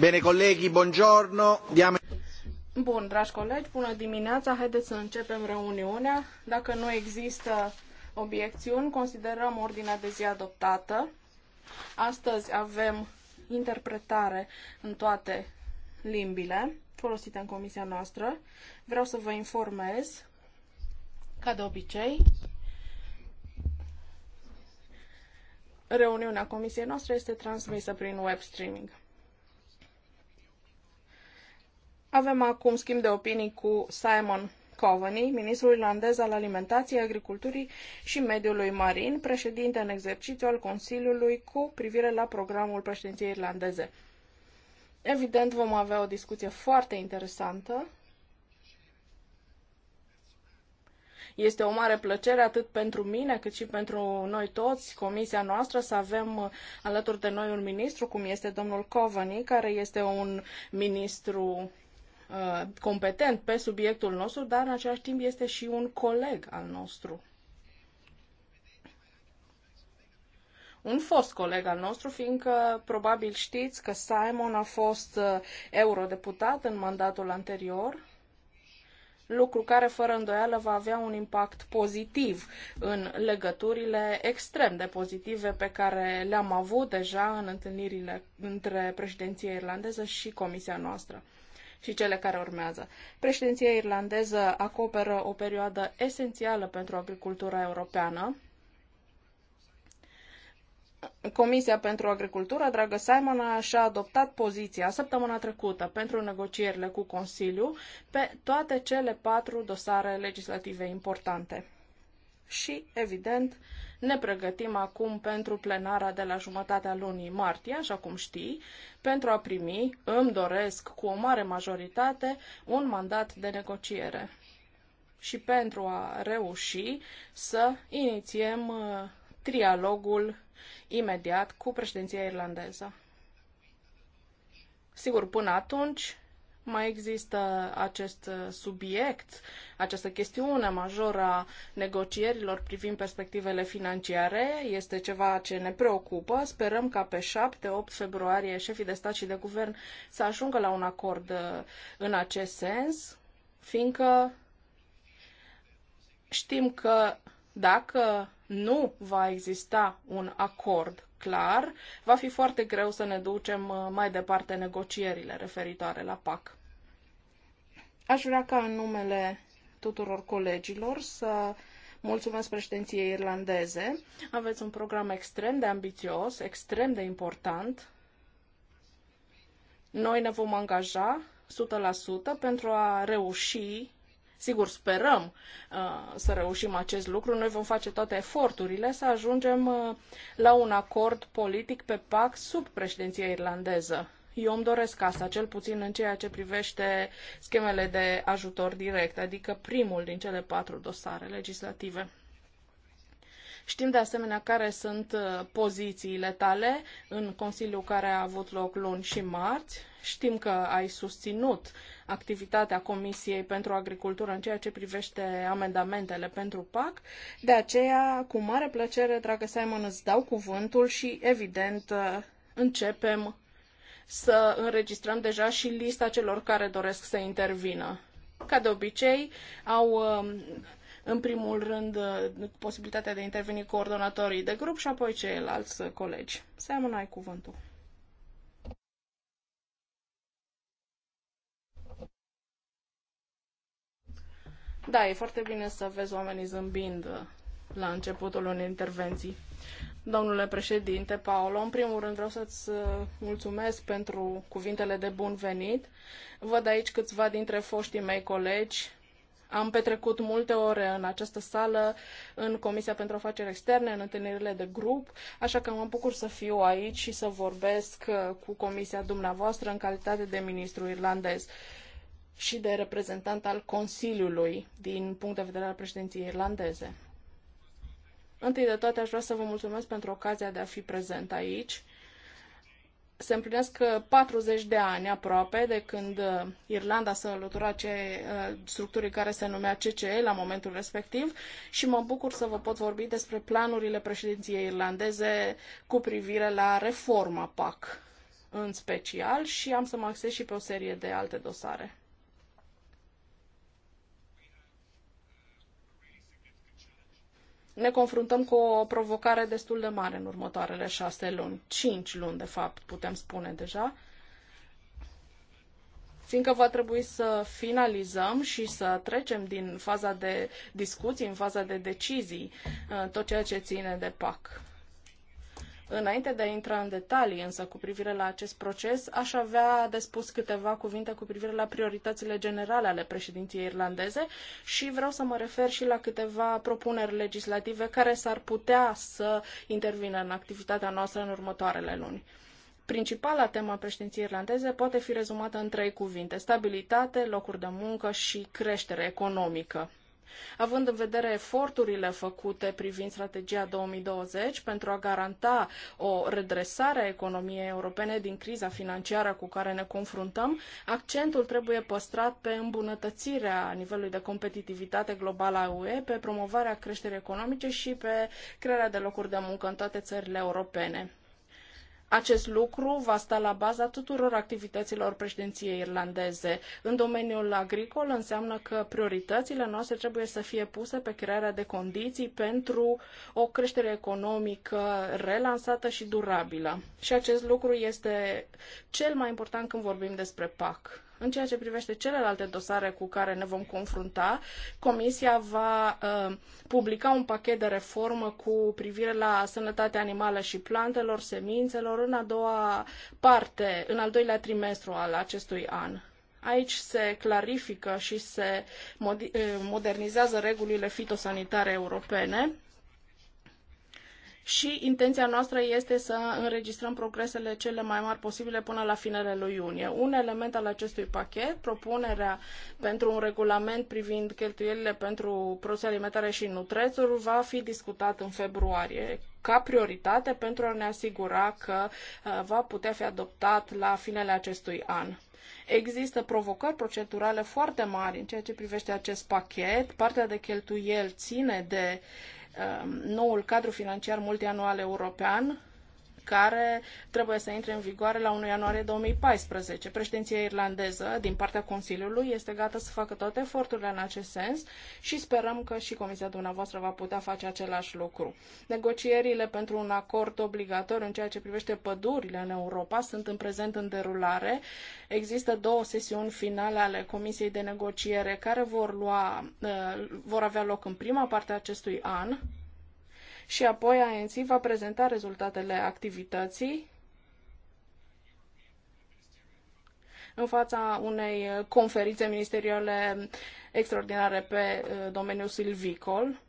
Bine, colegi, buongiorno. Diamo... Bun, dragi colegi, bună dimineața. Haideți să începem reuniunea. Dacă nu există obiecțiuni, considerăm ordinea de zi adoptată. Astăzi avem interpretare în toate limbile folosite în comisia noastră. Vreau să vă informez, ca de obicei, reuniunea comisiei noastre este transmisă prin web streaming. Avem acum schimb de opinii cu Simon Coveney, ministrul irlandez al alimentației, agriculturii și mediului marin, președinte în exercițiu al Consiliului cu privire la programul președinției irlandeze. Evident, vom avea o discuție foarte interesantă. Este o mare plăcere atât pentru mine cât și pentru noi toți, comisia noastră, să avem alături de noi un ministru, cum este domnul Coveney, care este un ministru Uh, competent pe subiectul nostru, dar în același timp este și un coleg al nostru. un fost coleg al nostru, fiindcă probabil știți că Simon a fost uh, eurodeputat în mandatul anterior, lucru care fără îndoială va avea un impact pozitiv în legăturile extrem de pozitive pe care le-am avut deja în întâlnirile între președinția irlandeză și comisia noastră și cele care urmează. Președinția irlandeză acoperă o perioadă esențială pentru agricultura europeană, Comisia pentru Agricultură, dragă Simon, și-a adoptat poziția săptămâna trecută pentru negocierile cu Consiliu pe toate cele patru dosare legislative importante. Și, evident, ne pregătim acum pentru plenara de la jumătatea lunii martie, așa cum știi, pentru a primi, îmi doresc cu o mare majoritate, un mandat de negociere și pentru a reuși să inițiem uh, trialogul imediat cu președinția irlandeză. Sigur, până atunci mai există acest uh, subiect, această chestiune majoră a negocierilor privind perspectivele financiare. Este ceva ce ne preocupă. Sperăm ca pe 7-8 februarie șefii de stat și de guvern să ajungă la un acord uh, în acest sens, fiindcă știm că dacă nu va exista un acord clar, va fi foarte greu să ne ducem uh, mai departe negocierile referitoare la PAC. Aș vrea ca în numele tuturor colegilor să mulțumesc președinției irlandeze. Aveți un program extrem de ambițios, extrem de important. Noi ne vom angaja 100% pentru a reuși Sigur, sperăm uh, să reușim acest lucru. Noi vom face toate eforturile să ajungem uh, la un acord politic pe PAC sub președinția irlandeză. Eu îmi doresc asta, cel puțin în ceea ce privește schemele de ajutor direct, adică primul din cele patru dosare legislative. Știm de asemenea care sunt uh, pozițiile tale în Consiliul care a avut loc luni și marți Știm că ai susținut activitatea Comisiei pentru Agricultură în ceea ce privește amendamentele pentru PAC. De aceea, cu mare plăcere, dragă Simon, îți dau cuvântul și, evident, începem să înregistrăm deja și lista celor care doresc să intervină. Ca de obicei, au um, în primul rând uh, posibilitatea de a interveni coordonatorii de grup și apoi ceilalți uh, colegi. Simon, ai cuvântul. Da, e foarte bine să vezi oamenii zâmbind uh, la începutul unei intervenții. Domnule președinte Paolo, în primul rând vreau să-ți uh, mulțumesc pentru cuvintele de bun venit. Văd aici câțiva dintre foștii mei colegi. Am petrecut multe ore în această sală, în Comisia pentru Afaceri Externe, în întâlnirile de grup, așa că mă bucur să fiu aici și să vorbesc uh, cu Comisia dumneavoastră în calitate de ministru irlandez și de reprezentant al Consiliului din punct de vedere al președinției irlandeze. Întâi de toate aș vrea să vă mulțumesc pentru ocazia de a fi prezent aici. Se împlinesc 40 uh, de ani aproape de când uh, Irlanda s-a alăturat ce, uh, structurii care se numea CCE la momentul respectiv și mă bucur să vă pot vorbi despre planurile președinției irlandeze cu privire la reforma PAC în special și am să mă axez și pe o serie de alte dosare. ne confruntăm cu o provocare destul de mare în următoarele șase luni, cinci luni, de fapt, putem spune deja, fiindcă va trebui să finalizăm și să trecem din faza de discuții în faza de decizii uh, tot ceea ce ține de PAC. Înainte de a intra în detalii însă cu privire la acest proces, aș avea de spus câteva cuvinte cu privire la prioritățile generale ale președinției irlandeze și vreau să mă refer și la câteva propuneri legislative care s-ar putea să intervină în activitatea noastră în următoarele luni. Principala tema președinției irlandeze poate fi rezumată în trei cuvinte: stabilitate, locuri de muncă și creștere economică. Având în vedere eforturile făcute privind strategia 2020 pentru a garanta o redresare a economiei europene din criza financiară cu care ne confruntăm, accentul trebuie păstrat pe îmbunătățirea nivelului de competitivitate globală a UE, pe promovarea creșterii economice și pe crearea de locuri de muncă în toate țările europene. Acest lucru va sta la baza tuturor activităților președinției irlandeze. În domeniul agricol înseamnă că prioritățile noastre trebuie să fie puse pe crearea de condiții pentru o creștere economică relansată și durabilă. Și acest lucru este cel mai important când vorbim despre PAC. În ceea ce privește celelalte dosare cu care ne vom confrunta, Comisia va uh, publica un pachet de reformă cu privire la sănătatea animală și plantelor, semințelor, în a doua parte, în al doilea trimestru al acestui an. Aici se clarifică și se uh, modernizează regulile fitosanitare europene și intenția noastră este să înregistrăm progresele cele mai mari posibile până la finele lui iunie. Un element al acestui pachet, propunerea pentru un regulament privind cheltuielile pentru produse alimentare și nutrețuri, va fi discutat în februarie ca prioritate pentru a ne asigura că uh, va putea fi adoptat la finele acestui an. Există provocări procedurale foarte mari în ceea ce privește acest pachet. Partea de cheltuieli ține de uh, Um, noul cadru financiar multianual european care trebuie să intre în vigoare la 1 ianuarie 2014. Președinția irlandeză, din partea Consiliului, este gata să facă toate eforturile în acest sens și sperăm că și Comisia dumneavoastră va putea face același lucru. Negocierile pentru un acord obligatoriu în ceea ce privește pădurile în Europa sunt în prezent în derulare. Există două sesiuni finale ale Comisiei de Negociere care vor, lua, uh, vor avea loc în prima parte a acestui an, și apoi ANC va prezenta rezultatele activității în fața unei conferințe ministeriale extraordinare pe uh, domeniul silvicol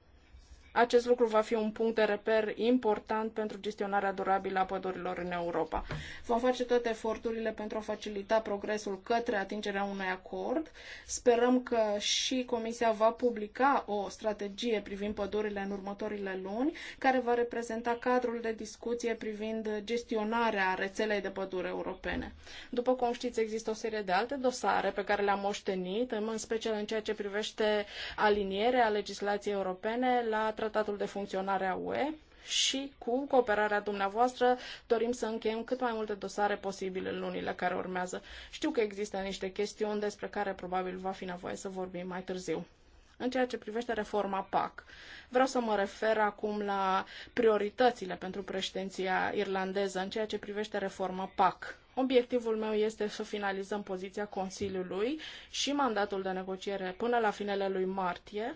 acest lucru va fi un punct de reper important pentru gestionarea durabilă a pădurilor în Europa. Vom face toate eforturile pentru a facilita progresul către atingerea unui acord. Sperăm că și Comisia va publica o strategie privind pădurile în următorile luni, care va reprezenta cadrul de discuție privind gestionarea rețelei de păduri europene. După cum știți, există o serie de alte dosare pe care le-am moștenit, în special în ceea ce privește alinierea legislației europene la tratatul de funcționare a UE și cu cooperarea dumneavoastră dorim să încheiem cât mai multe dosare posibile în lunile care urmează. Știu că există niște chestiuni despre care probabil va fi nevoie să vorbim mai târziu. În ceea ce privește reforma PAC, vreau să mă refer acum la prioritățile pentru președinția irlandeză în ceea ce privește reforma PAC. Obiectivul meu este să finalizăm poziția Consiliului și mandatul de negociere până la finele lui martie,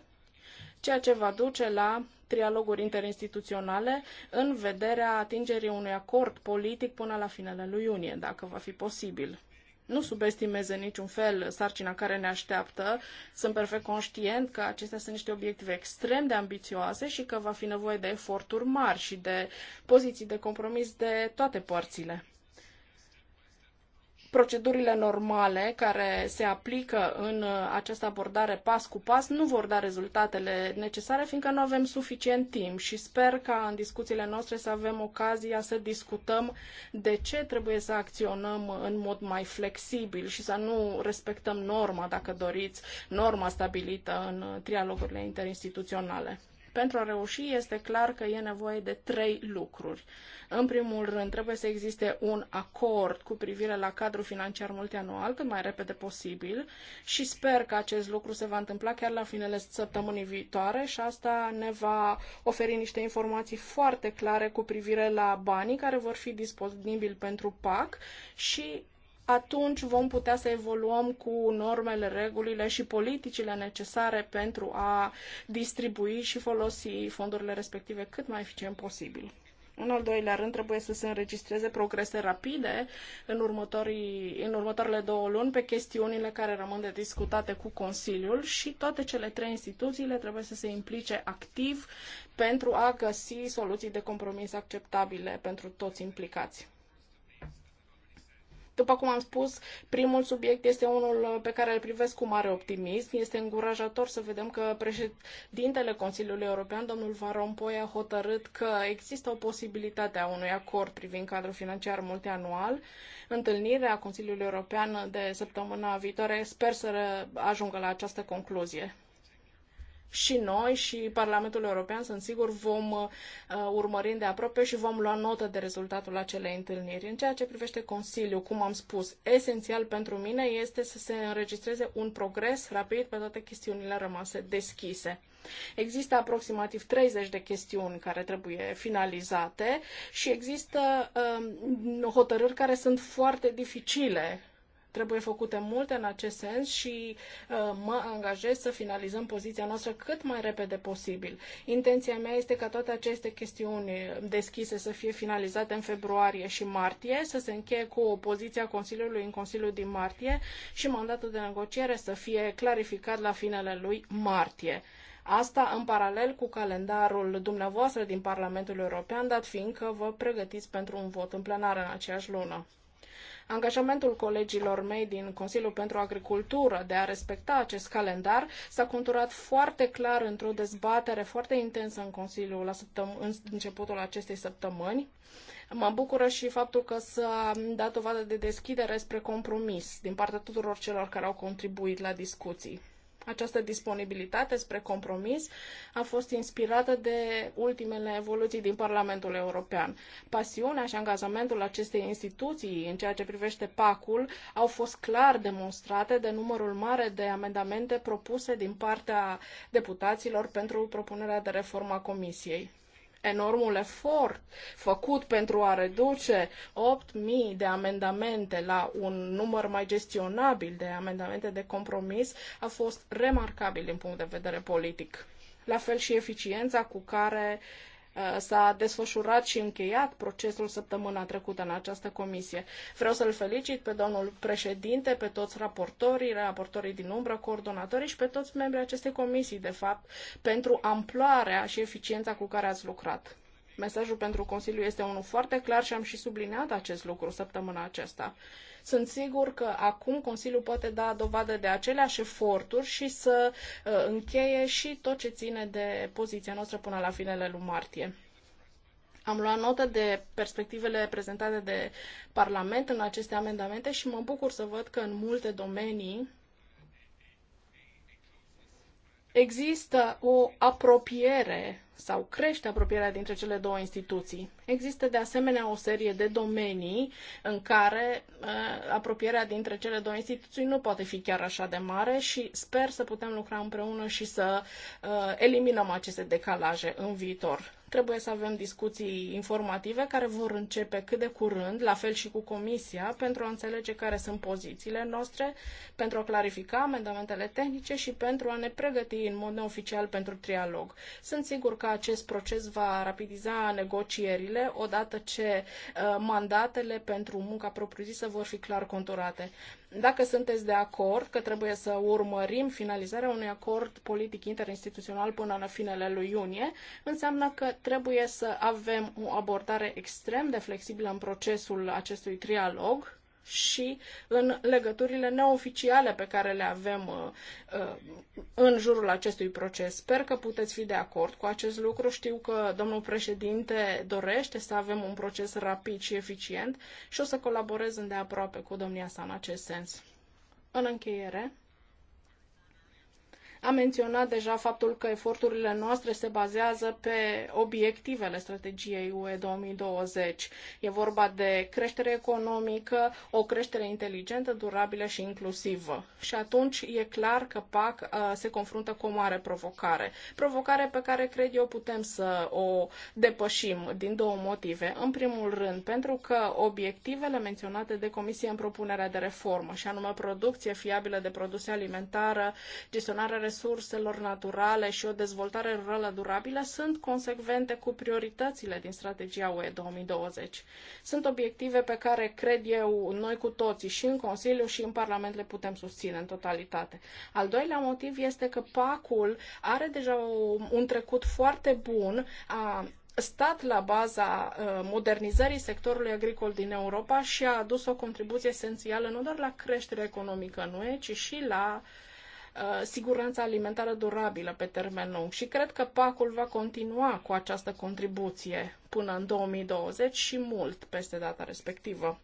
ceea ce va duce la trialoguri interinstituționale în vederea atingerii unui acord politic până la finele lui iunie, dacă va fi posibil nu subestimeze niciun fel sarcina care ne așteaptă. Sunt perfect conștient că acestea sunt niște obiective extrem de ambițioase și că va fi nevoie de eforturi mari și de poziții de compromis de toate părțile procedurile normale care se aplică în uh, această abordare pas cu pas nu vor da rezultatele necesare, fiindcă nu avem suficient timp și sper ca în discuțiile noastre să avem ocazia să discutăm de ce trebuie să acționăm în mod mai flexibil și să nu respectăm norma, dacă doriți, norma stabilită în trialogurile interinstituționale. Pentru a reuși, este clar că e nevoie de trei lucruri. În primul rând, trebuie să existe un acord cu privire la cadrul financiar multianual cât mai repede posibil și sper că acest lucru se va întâmpla chiar la finele săptămânii viitoare și asta ne va oferi niște informații foarte clare cu privire la banii care vor fi disponibili pentru PAC și atunci vom putea să evoluăm cu normele, regulile și politicile necesare pentru a distribui și folosi fondurile respective cât mai eficient posibil. În al doilea rând, trebuie să se înregistreze progrese rapide în, în următoarele două luni pe chestiunile care rămân de discutate cu Consiliul și toate cele trei instituțiile trebuie să se implice activ pentru a găsi soluții de compromis acceptabile pentru toți implicați. După cum am spus, primul subiect este unul pe care îl privesc cu mare optimism. Este încurajator să vedem că președintele Consiliului European, domnul Van Rompuy, a hotărât că există o posibilitate a unui acord privind cadrul financiar multianual. Întâlnirea Consiliului European de săptămâna viitoare sper să ajungă la această concluzie și noi și Parlamentul European, sunt sigur, vom uh, urmări de aproape și vom lua notă de rezultatul acelei întâlniri. În ceea ce privește Consiliul, cum am spus, esențial pentru mine este să se înregistreze un progres rapid pe toate chestiunile rămase deschise. Există aproximativ 30 de chestiuni care trebuie finalizate și există uh, hotărâri care sunt foarte dificile Trebuie făcute multe în acest sens și uh, mă angajez să finalizăm poziția noastră cât mai repede posibil. Intenția mea este ca toate aceste chestiuni deschise să fie finalizate în februarie și martie, să se încheie cu poziția Consiliului în Consiliul din martie și mandatul de negociere să fie clarificat la finele lui martie. Asta în paralel cu calendarul dumneavoastră din Parlamentul European, dat fiindcă vă pregătiți pentru un vot în plenară în aceeași lună. Angajamentul colegilor mei din Consiliul pentru Agricultură de a respecta acest calendar s-a conturat foarte clar într-o dezbatere foarte intensă în Consiliu la săptăm- în începutul acestei săptămâni. Mă bucură și faptul că s-a dat dovadă de deschidere spre compromis din partea tuturor celor care au contribuit la discuții. Această disponibilitate spre compromis a fost inspirată de ultimele evoluții din Parlamentul European. Pasiunea și angajamentul acestei instituții în ceea ce privește pacul au fost clar demonstrate de numărul mare de amendamente propuse din partea deputaților pentru propunerea de reformă a Comisiei enormul efort făcut pentru a reduce 8.000 de amendamente la un număr mai gestionabil de amendamente de compromis a fost remarcabil din punct de vedere politic. La fel și eficiența cu care Uh, s-a desfășurat și încheiat procesul săptămâna trecută în această comisie. Vreau să-l felicit pe domnul președinte, pe toți raportorii, raportorii din umbră, coordonatorii și pe toți membrii acestei comisii, de fapt, pentru amploarea și eficiența cu care ați lucrat. Mesajul pentru Consiliu este unul foarte clar și am și subliniat acest lucru săptămâna aceasta. Sunt sigur că acum Consiliul poate da dovadă de aceleași eforturi și să uh, încheie și tot ce ține de poziția noastră până la finele lui martie. Am luat notă de perspectivele prezentate de Parlament în aceste amendamente și mă bucur să văd că în multe domenii există o apropiere sau crește apropierea dintre cele două instituții. Există de asemenea o serie de domenii în care uh, apropierea dintre cele două instituții nu poate fi chiar așa de mare și sper să putem lucra împreună și să uh, eliminăm aceste decalaje în viitor. Trebuie să avem discuții informative care vor începe cât de curând, la fel și cu Comisia, pentru a înțelege care sunt pozițiile noastre, pentru a clarifica amendamentele tehnice și pentru a ne pregăti în mod neoficial pentru trialog. Sunt sigur că acest proces va rapidiza negocierile odată ce uh, mandatele pentru munca propriu-zisă vor fi clar conturate. Dacă sunteți de acord că trebuie să urmărim finalizarea unui acord politic interinstituțional până în finele lui iunie, înseamnă că trebuie să avem o abordare extrem de flexibilă în procesul acestui trialog și în legăturile neoficiale pe care le avem uh, uh, în jurul acestui proces. Sper că puteți fi de acord cu acest lucru. Știu că domnul președinte dorește să avem un proces rapid și eficient și o să colaborez îndeaproape cu domnia sa în acest sens. În încheiere, am menționat deja faptul că eforturile noastre se bazează pe obiectivele strategiei UE 2020. E vorba de creștere economică, o creștere inteligentă, durabilă și inclusivă. Și atunci e clar că PAC uh, se confruntă cu o mare provocare. Provocare pe care cred eu putem să o depășim din două motive. În primul rând, pentru că obiectivele menționate de Comisie în propunerea de reformă, și anume producție fiabilă de produse alimentare, gestionarea resurselor naturale și o dezvoltare rurală durabilă sunt consecvente cu prioritățile din strategia UE 2020. Sunt obiective pe care, cred eu, noi cu toții și în Consiliu și în Parlament le putem susține în totalitate. Al doilea motiv este că PAC-ul are deja un trecut foarte bun a stat la baza uh, modernizării sectorului agricol din Europa și a adus o contribuție esențială nu doar la creșterea economică în UE, ci și la uh, Uh, siguranța alimentară durabilă pe termen lung și cred că PAC-ul va continua cu această contribuție până în 2020 și mult peste data respectivă.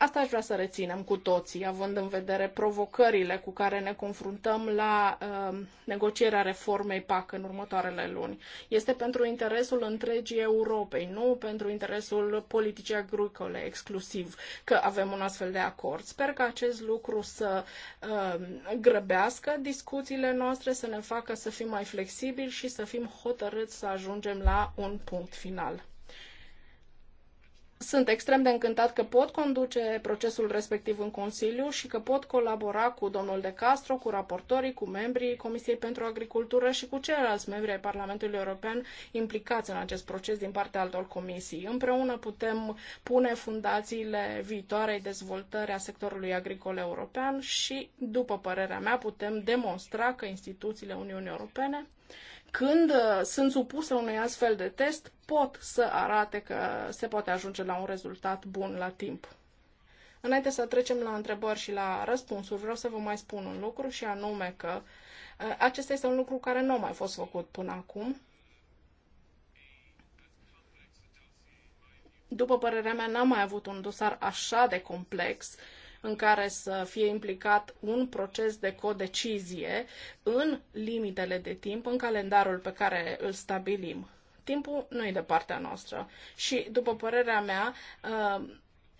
Asta aș vrea să reținem cu toții, având în vedere provocările cu care ne confruntăm la uh, negocierea reformei PAC în următoarele luni. Este pentru interesul întregii Europei, nu pentru interesul politicii agricole exclusiv că avem un astfel de acord. Sper că acest lucru să uh, grăbească discuțiile noastre, să ne facă să fim mai flexibili și să fim hotărâți să ajungem la un punct final. Sunt extrem de încântat că pot conduce procesul respectiv în Consiliu și că pot colabora cu domnul De Castro, cu raportorii, cu membrii Comisiei pentru Agricultură și cu ceilalți membri ai Parlamentului European implicați în acest proces din partea altor comisii. Împreună putem pune fundațiile viitoarei dezvoltări a sectorului agricol european și, după părerea mea, putem demonstra că instituțiile Uniunii Europene când uh, sunt supuse unui astfel de test, pot să arate că se poate ajunge la un rezultat bun la timp. Înainte să trecem la întrebări și la răspunsuri, vreau să vă mai spun un lucru și anume că uh, acesta este un lucru care nu a mai fost făcut până acum. După părerea mea, n-am mai avut un dosar așa de complex uh, în care să fie implicat un proces de codecizie în limitele de timp, în calendarul pe care îl stabilim. Timpul nu e de partea noastră și, după părerea mea, uh,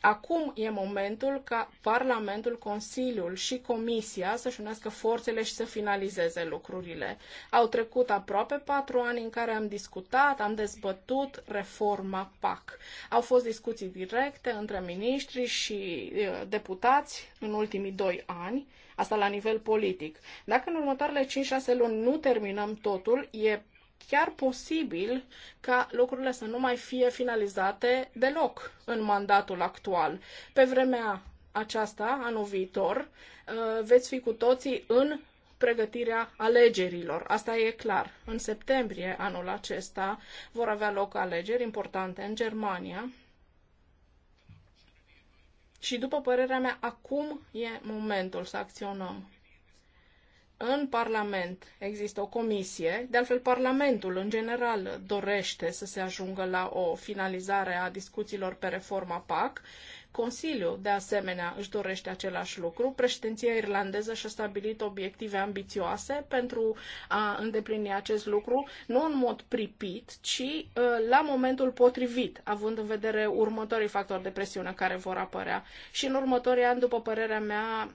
Acum e momentul ca Parlamentul, Consiliul și Comisia să-și unească forțele și să finalizeze lucrurile. Au trecut aproape patru ani în care am discutat, am dezbătut reforma PAC. Au fost discuții directe între miniștri și deputați în ultimii doi ani, asta la nivel politic. Dacă în următoarele 5-6 luni nu terminăm totul, e chiar posibil ca lucrurile să nu mai fie finalizate deloc în mandatul actual. Pe vremea aceasta, anul viitor, uh, veți fi cu toții în pregătirea alegerilor. Asta e clar. În septembrie anul acesta vor avea loc alegeri importante în Germania. Și după părerea mea, acum e momentul să acționăm în Parlament există o comisie, de altfel Parlamentul în general dorește să se ajungă la o finalizare a discuțiilor pe reforma PAC, Consiliul de asemenea își dorește același lucru, președinția irlandeză și-a stabilit obiective ambițioase pentru a îndeplini acest lucru, nu în mod pripit, ci uh, la momentul potrivit, având în vedere următorii factori de presiune care vor apărea. Și în următorii ani, după părerea mea,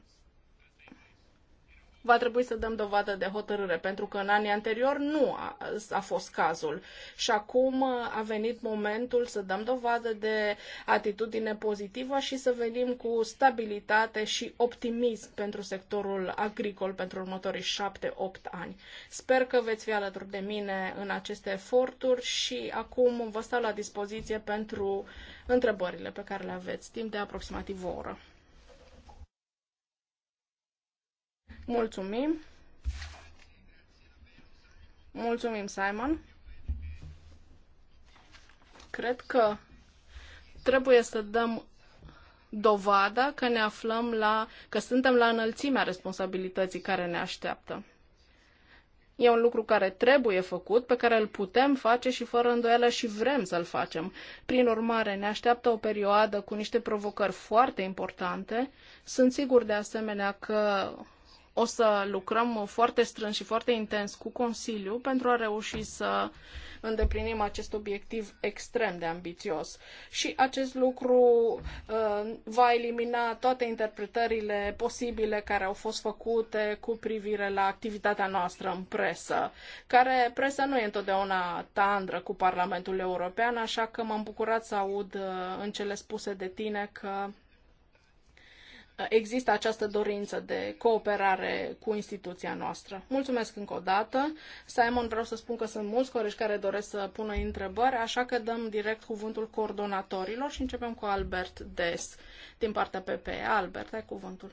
va trebui să dăm dovadă de hotărâre, pentru că în anii anterior nu a, a fost cazul. Și acum uh, a venit momentul să dăm dovadă de atitudine pozitivă și să venim cu stabilitate și optimism pentru sectorul agricol pentru următorii 7-8 ani. Sper că veți fi alături de mine în aceste eforturi și acum vă stau la dispoziție pentru întrebările pe care le aveți timp de aproximativ o oră. Mulțumim! Mulțumim, Simon! Cred că trebuie să dăm dovada că ne aflăm la, că suntem la înălțimea responsabilității care ne așteaptă. E un lucru care trebuie făcut, pe care îl putem face și fără îndoială și vrem să-l facem. Prin urmare, ne așteaptă o perioadă cu niște provocări foarte importante. Sunt sigur de asemenea că o să lucrăm foarte strâns și foarte intens cu Consiliul pentru a reuși să îndeplinim acest obiectiv extrem de ambițios. Și acest lucru uh, va elimina toate interpretările posibile care au fost făcute cu privire la activitatea noastră în presă, care presa nu e întotdeauna tandră cu Parlamentul European, așa că m-am bucurat să aud uh, în cele spuse de tine că există această dorință de cooperare cu instituția noastră. Mulțumesc încă o dată. Simon, vreau să spun că sunt mulți colegi care doresc să pună întrebări, așa că dăm direct cuvântul coordonatorilor și începem cu Albert Des din partea PP. Albert, ai cuvântul.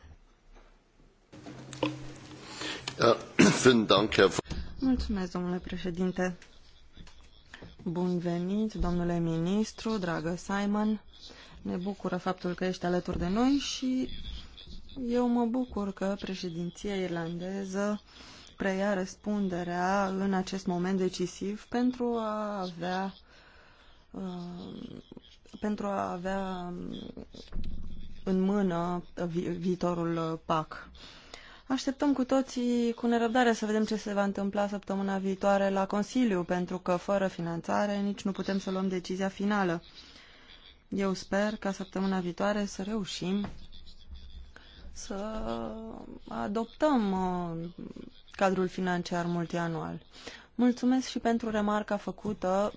Mulțumesc, domnule președinte. Bun venit, domnule ministru, dragă Simon. Ne bucură faptul că ești alături de noi și eu mă bucur că președinția irlandeză preia răspunderea în acest moment decisiv pentru a avea uh, pentru a avea um, în mână vi viitorul PAC. Așteptăm cu toții cu nerăbdare să vedem ce se va întâmpla săptămâna viitoare la Consiliu, pentru că fără finanțare nici nu putem să luăm decizia finală. Eu sper ca săptămâna viitoare să reușim să adoptăm uh, cadrul financiar multianual. Mulțumesc și pentru remarca făcută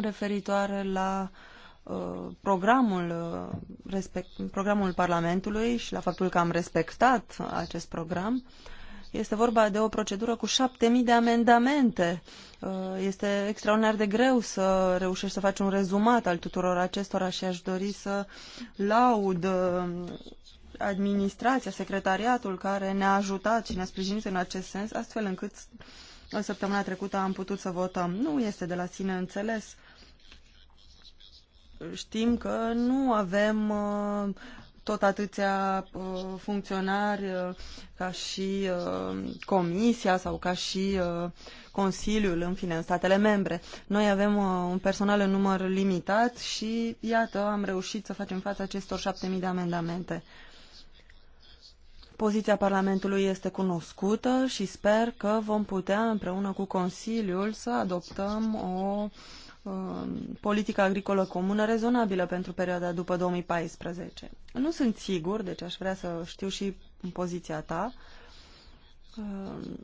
referitoare la uh, programul, uh, respect, programul Parlamentului și la faptul că am respectat acest program. Este vorba de o procedură cu șapte mii de amendamente. Uh, este extraordinar de greu să reușești să faci un rezumat al tuturor acestora și aș dori să laud uh, administrația, secretariatul care ne-a ajutat și ne-a sprijinit în acest sens, astfel încât săptămâna trecută am putut să votăm. Nu este de la sine înțeles știm că nu avem uh, tot atâția uh, funcționari uh, ca și uh, Comisia sau ca și Consiliul, în fine, în statele membre. Noi avem un personal în număr limitat și, iată, am reușit să facem față acestor șapte mii de amendamente. Poziția Parlamentului este cunoscută și sper că vom putea, împreună cu Consiliul, să adoptăm o uh, Um, politica agricolă comună rezonabilă pentru perioada după 2014. Nu sunt sigur, deci aș vrea să știu și poziția ta, um,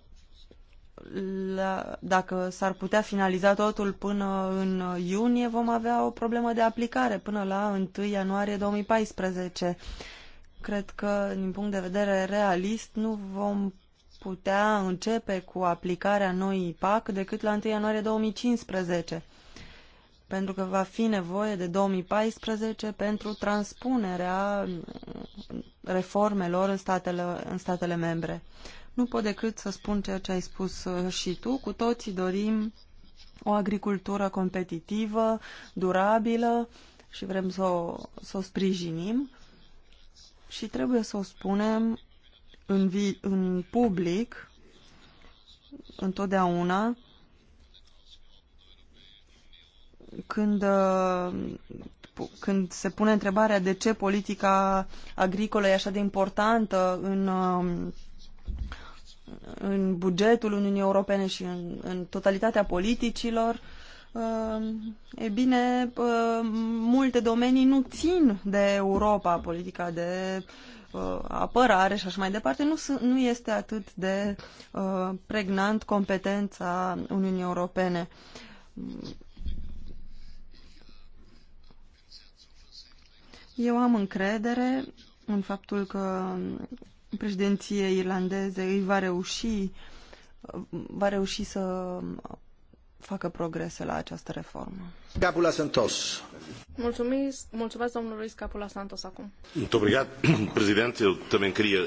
la, dacă s-ar putea finaliza totul până în iunie, vom avea o problemă de aplicare până la 1 ianuarie 2014. Cred că, din punct de vedere realist, nu vom putea începe cu aplicarea noii PAC decât la 1 ianuarie 2015 pentru că va fi nevoie de 2014 pentru transpunerea mm, reformelor în statele, în statele membre. Nu pot decât să spun ceea ce ai spus uh, și tu. Cu toții dorim o agricultură competitivă, durabilă și vrem să o, să o sprijinim și trebuie să o spunem în, vi- în public întotdeauna când, uh, când se pune întrebarea de ce politica agricolă e așa de importantă în, uh, în bugetul Uniunii Europene și în, în totalitatea politicilor, uh, e bine, multe domenii nu țin de Europa, politica de apărare și așa mai departe, nu, nu este atât de pregnant competența Uniunii Europene Eu am încredere în faptul că președinție irlandeze îi va reuși, va reuși să facă progrese la această reformă. Capula Santos. Mulțumesc, mulțumesc domnului Capula Santos acum. obrigat, președinte. Eu também queria,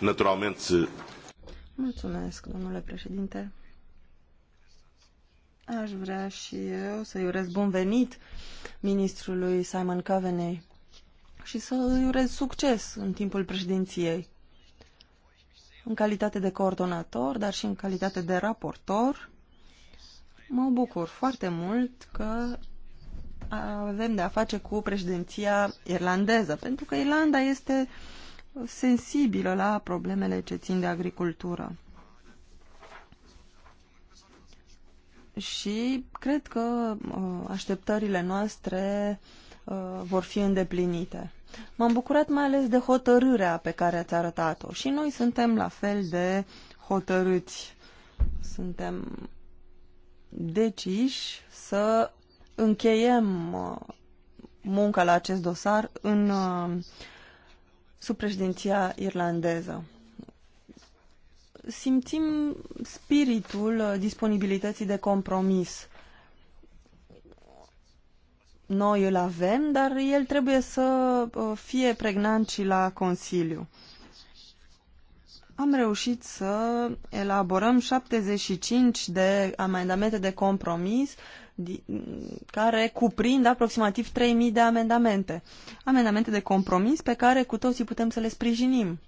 naturalmente, Mulțumesc, domnule președinte. Aș vrea și eu să-i urez bun venit ministrului Simon Coveney și să îi urez succes în timpul președinției. În calitate de coordonator, dar și în calitate de raportor, mă bucur foarte mult că avem de a face cu președinția irlandeză, pentru că Irlanda este sensibilă la problemele ce țin de agricultură. Și cred că uh, așteptările noastre Uh, vor fi îndeplinite. M-am bucurat mai ales de hotărârea pe care ați arătat-o și noi suntem la fel de hotărâți. Suntem deciși să încheiem uh, munca la acest dosar în uh, sub președinția irlandeză. Simțim spiritul disponibilității de compromis noi îl avem, dar el trebuie să uh, fie pregnant și la Consiliu. Am reușit să elaborăm 75 de amendamente de compromis care cuprind aproximativ 3.000 de amendamente. Amendamente de compromis pe care cu toții putem să le sprijinim.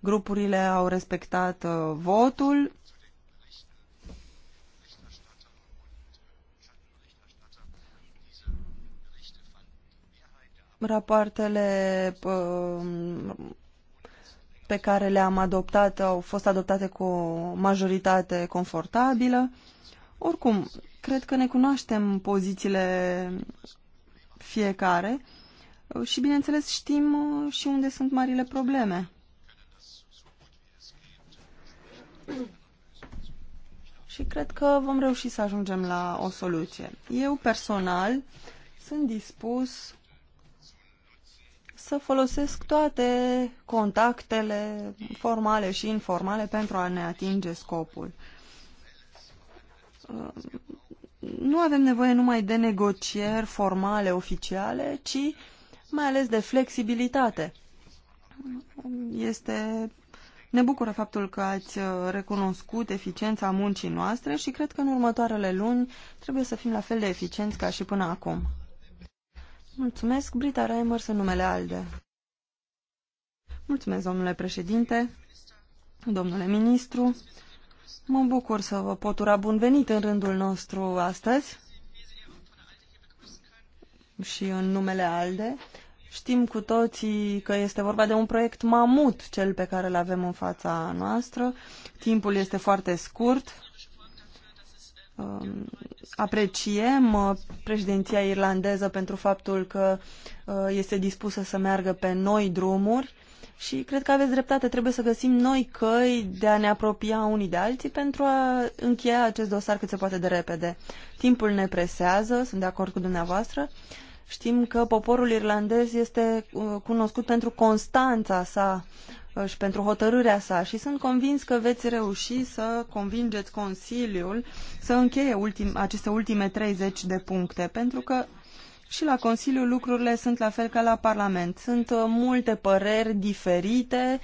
Grupurile au respectat uh, votul Rapoartele um, pe care le-am adoptat au fost adoptate cu o majoritate confortabilă. Oricum, cred că ne cunoaștem pozițiile fiecare și, bineînțeles, știm uh, și unde sunt marile probleme. Și cred că vom reuși să ajungem la o soluție. Eu, personal, sunt dispus să folosesc toate contactele formale și informale pentru a ne atinge scopul. Uh, nu avem nevoie numai de negocieri formale, oficiale, ci mai ales de flexibilitate. Este ne bucură faptul că ați uh, recunoscut eficiența muncii noastre și cred că în următoarele luni trebuie să fim la fel de eficienți ca și până acum. Mulțumesc, Brita Reimers, în numele ALDE. Mulțumesc, domnule președinte, domnule ministru. Mă bucur să vă pot ura bun venit în rândul nostru astăzi și în numele ALDE. Știm cu toții că este vorba de un proiect mamut, cel pe care îl avem în fața noastră. Timpul este foarte scurt Um, apreciem uh, președinția irlandeză pentru faptul că uh, este dispusă să meargă pe noi drumuri și cred că aveți dreptate, trebuie să găsim noi căi de a ne apropia unii de alții pentru a încheia acest dosar cât se poate de repede. Timpul ne presează, sunt de acord cu dumneavoastră. Știm că poporul irlandez este uh, cunoscut pentru constanța sa și pentru hotărârea sa și sunt convins că veți reuși să convingeți Consiliul să încheie ultim, aceste ultime 30 de puncte, pentru că și la Consiliu lucrurile sunt la fel ca la Parlament. Sunt uh, multe păreri diferite,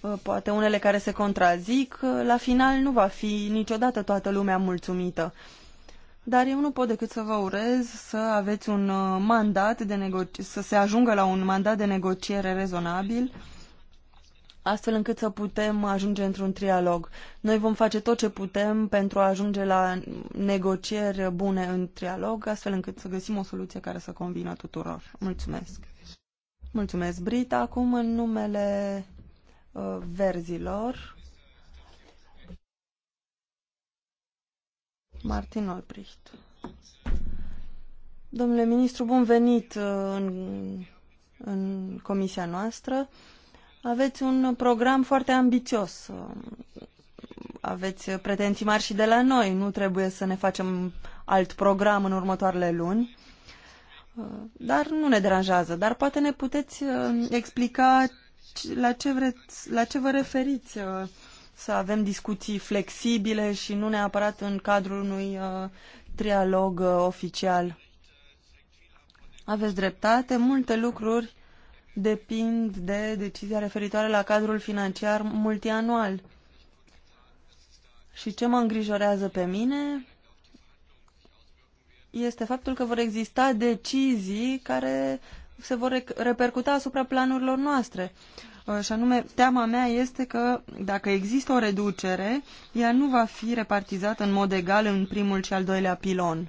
uh, poate unele care se contrazic. Uh, la final nu va fi niciodată toată lumea mulțumită. Dar eu nu pot decât să vă urez să aveți un mandat de negoci- să se ajungă la un mandat de negociere rezonabil astfel încât să putem ajunge într-un trialog. Noi vom face tot ce putem pentru a ajunge la negocieri bune în trialog, astfel încât să găsim o soluție care să convină tuturor. Mulțumesc! Mulțumesc, Brita. Acum, în numele uh, verzilor, Martin Olbricht. Domnule ministru, bun venit uh, în, în comisia noastră. Aveți un program foarte ambițios. Aveți pretenții mari și de la noi. Nu trebuie să ne facem alt program în următoarele luni. Dar nu ne deranjează. Dar poate ne puteți uh, explica la ce, vreți, la ce vă referiți uh, să avem discuții flexibile și nu neapărat în cadrul unui uh, trialog oficial. Aveți dreptate, multe lucruri depind de decizia referitoare la cadrul financiar multianual. Și ce mă îngrijorează pe mine este faptul că vor exista decizii care se vor repercuta asupra planurilor noastre. Uh, și anume, teama mea este că dacă există o reducere, ea nu va fi repartizată în mod egal în primul și al doilea pilon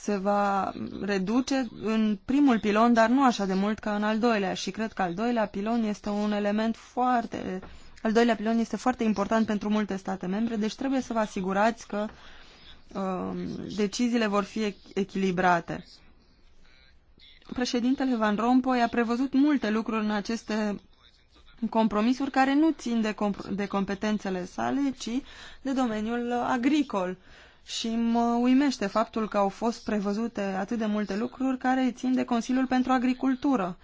se va reduce în primul pilon, dar nu așa de mult ca în al doilea. Și cred că al doilea pilon este un element foarte... Al doilea pilon este foarte important pentru multe state membre, deci trebuie să vă asigurați că um, deciziile vor fi echilibrate. Președintele Van Rompuy a prevăzut multe lucruri în aceste compromisuri care nu țin de, comp- de competențele sale, ci de domeniul agricol. Uh, și mă uimește faptul că au fost prevăzute atât de multe lucruri care țin de Consiliul pentru Agricultură.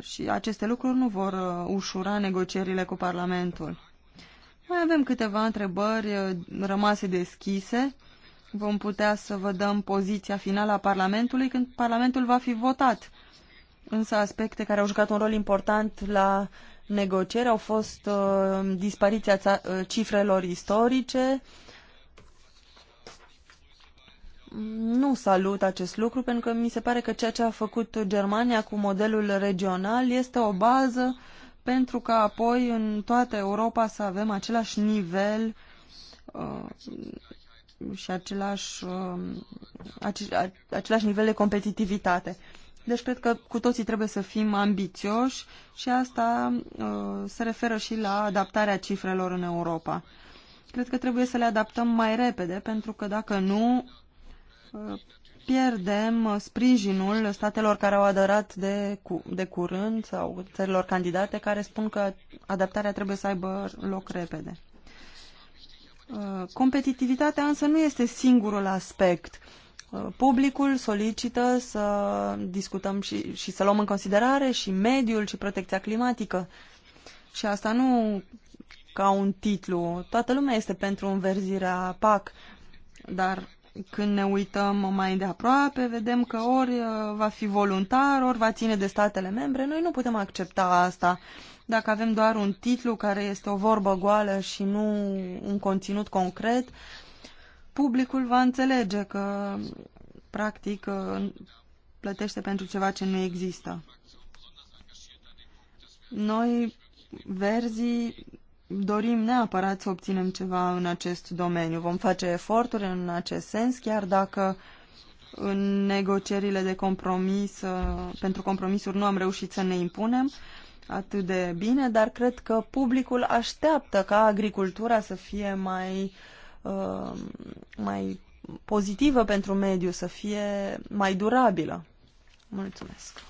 Și aceste lucruri nu vor uh, ușura negocierile cu Parlamentul. Mai avem câteva întrebări uh, rămase deschise. Vom putea să vă dăm poziția finală a Parlamentului când Parlamentul va fi votat. Însă aspecte care au jucat un rol important la negocieri au fost uh, dispariția uh, cifrelor istorice, uh, nu salut acest lucru pentru că mi se pare că ceea ce a făcut Germania cu modelul regional este o bază pentru ca apoi în toată Europa să avem același nivel uh, și același, uh, ace, a, același nivel de competitivitate. Deci cred că cu toții trebuie să fim ambițioși și asta uh, se referă și la adaptarea cifrelor în Europa. Cred că trebuie să le adaptăm mai repede, pentru că dacă nu, pierdem sprijinul statelor care au aderat de, cu, de curând sau țărilor candidate care spun că adaptarea trebuie să aibă loc repede. Uh, competitivitatea însă nu este singurul aspect. Uh, publicul solicită să discutăm și, și să luăm în considerare și mediul și protecția climatică. Și asta nu ca un titlu. Toată lumea este pentru înverzirea PAC, dar când ne uităm mai de aproape, vedem că ori uh, va fi voluntar, ori va ține de statele membre. Noi nu putem accepta asta. Dacă avem doar un titlu care este o vorbă goală și nu un conținut concret, publicul va înțelege că, practic, uh, plătește pentru ceva ce nu există. Noi, verzii, dorim neapărat să obținem ceva în acest domeniu. Vom face eforturi în acest sens, chiar dacă în negocierile de compromis, uh, pentru compromisuri nu am reușit să ne impunem atât de bine, dar cred că publicul așteaptă ca agricultura să fie mai, uh, mai pozitivă pentru mediu, să fie mai durabilă. Mulțumesc!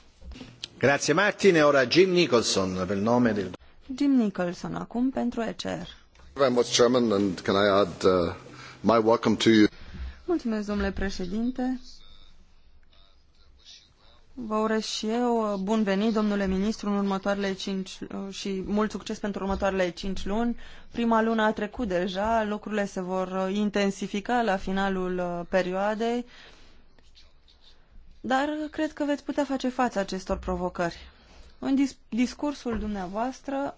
Grazie Martine, ora Jim Nicholson per il nome del... Jim Nicholson acum pentru ECR. Uh, Mulțumesc, domnule președinte. Vă urez și eu uh, bun venit, domnule ministru, în următoarele cinci uh, și mult succes pentru următoarele cinci luni. Prima lună a trecut deja, lucrurile se vor intensifica la finalul perioadei, dar cred că veți putea face față acestor provocări. În dis discursul dumneavoastră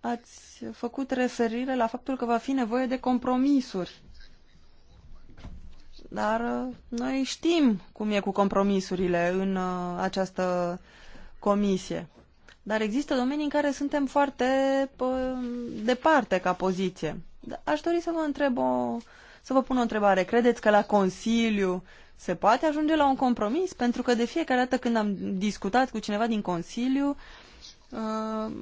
ați făcut referire la faptul că va fi nevoie de compromisuri. Dar uh, noi știm cum e cu compromisurile în uh, această comisie. Dar există domenii în care suntem foarte departe ca poziție. Aș dori să vă întreb o, să vă pun o întrebare. Credeți că la Consiliu se poate ajunge la un compromis? Pentru că de fiecare dată când am discutat cu cineva din Consiliu, uh,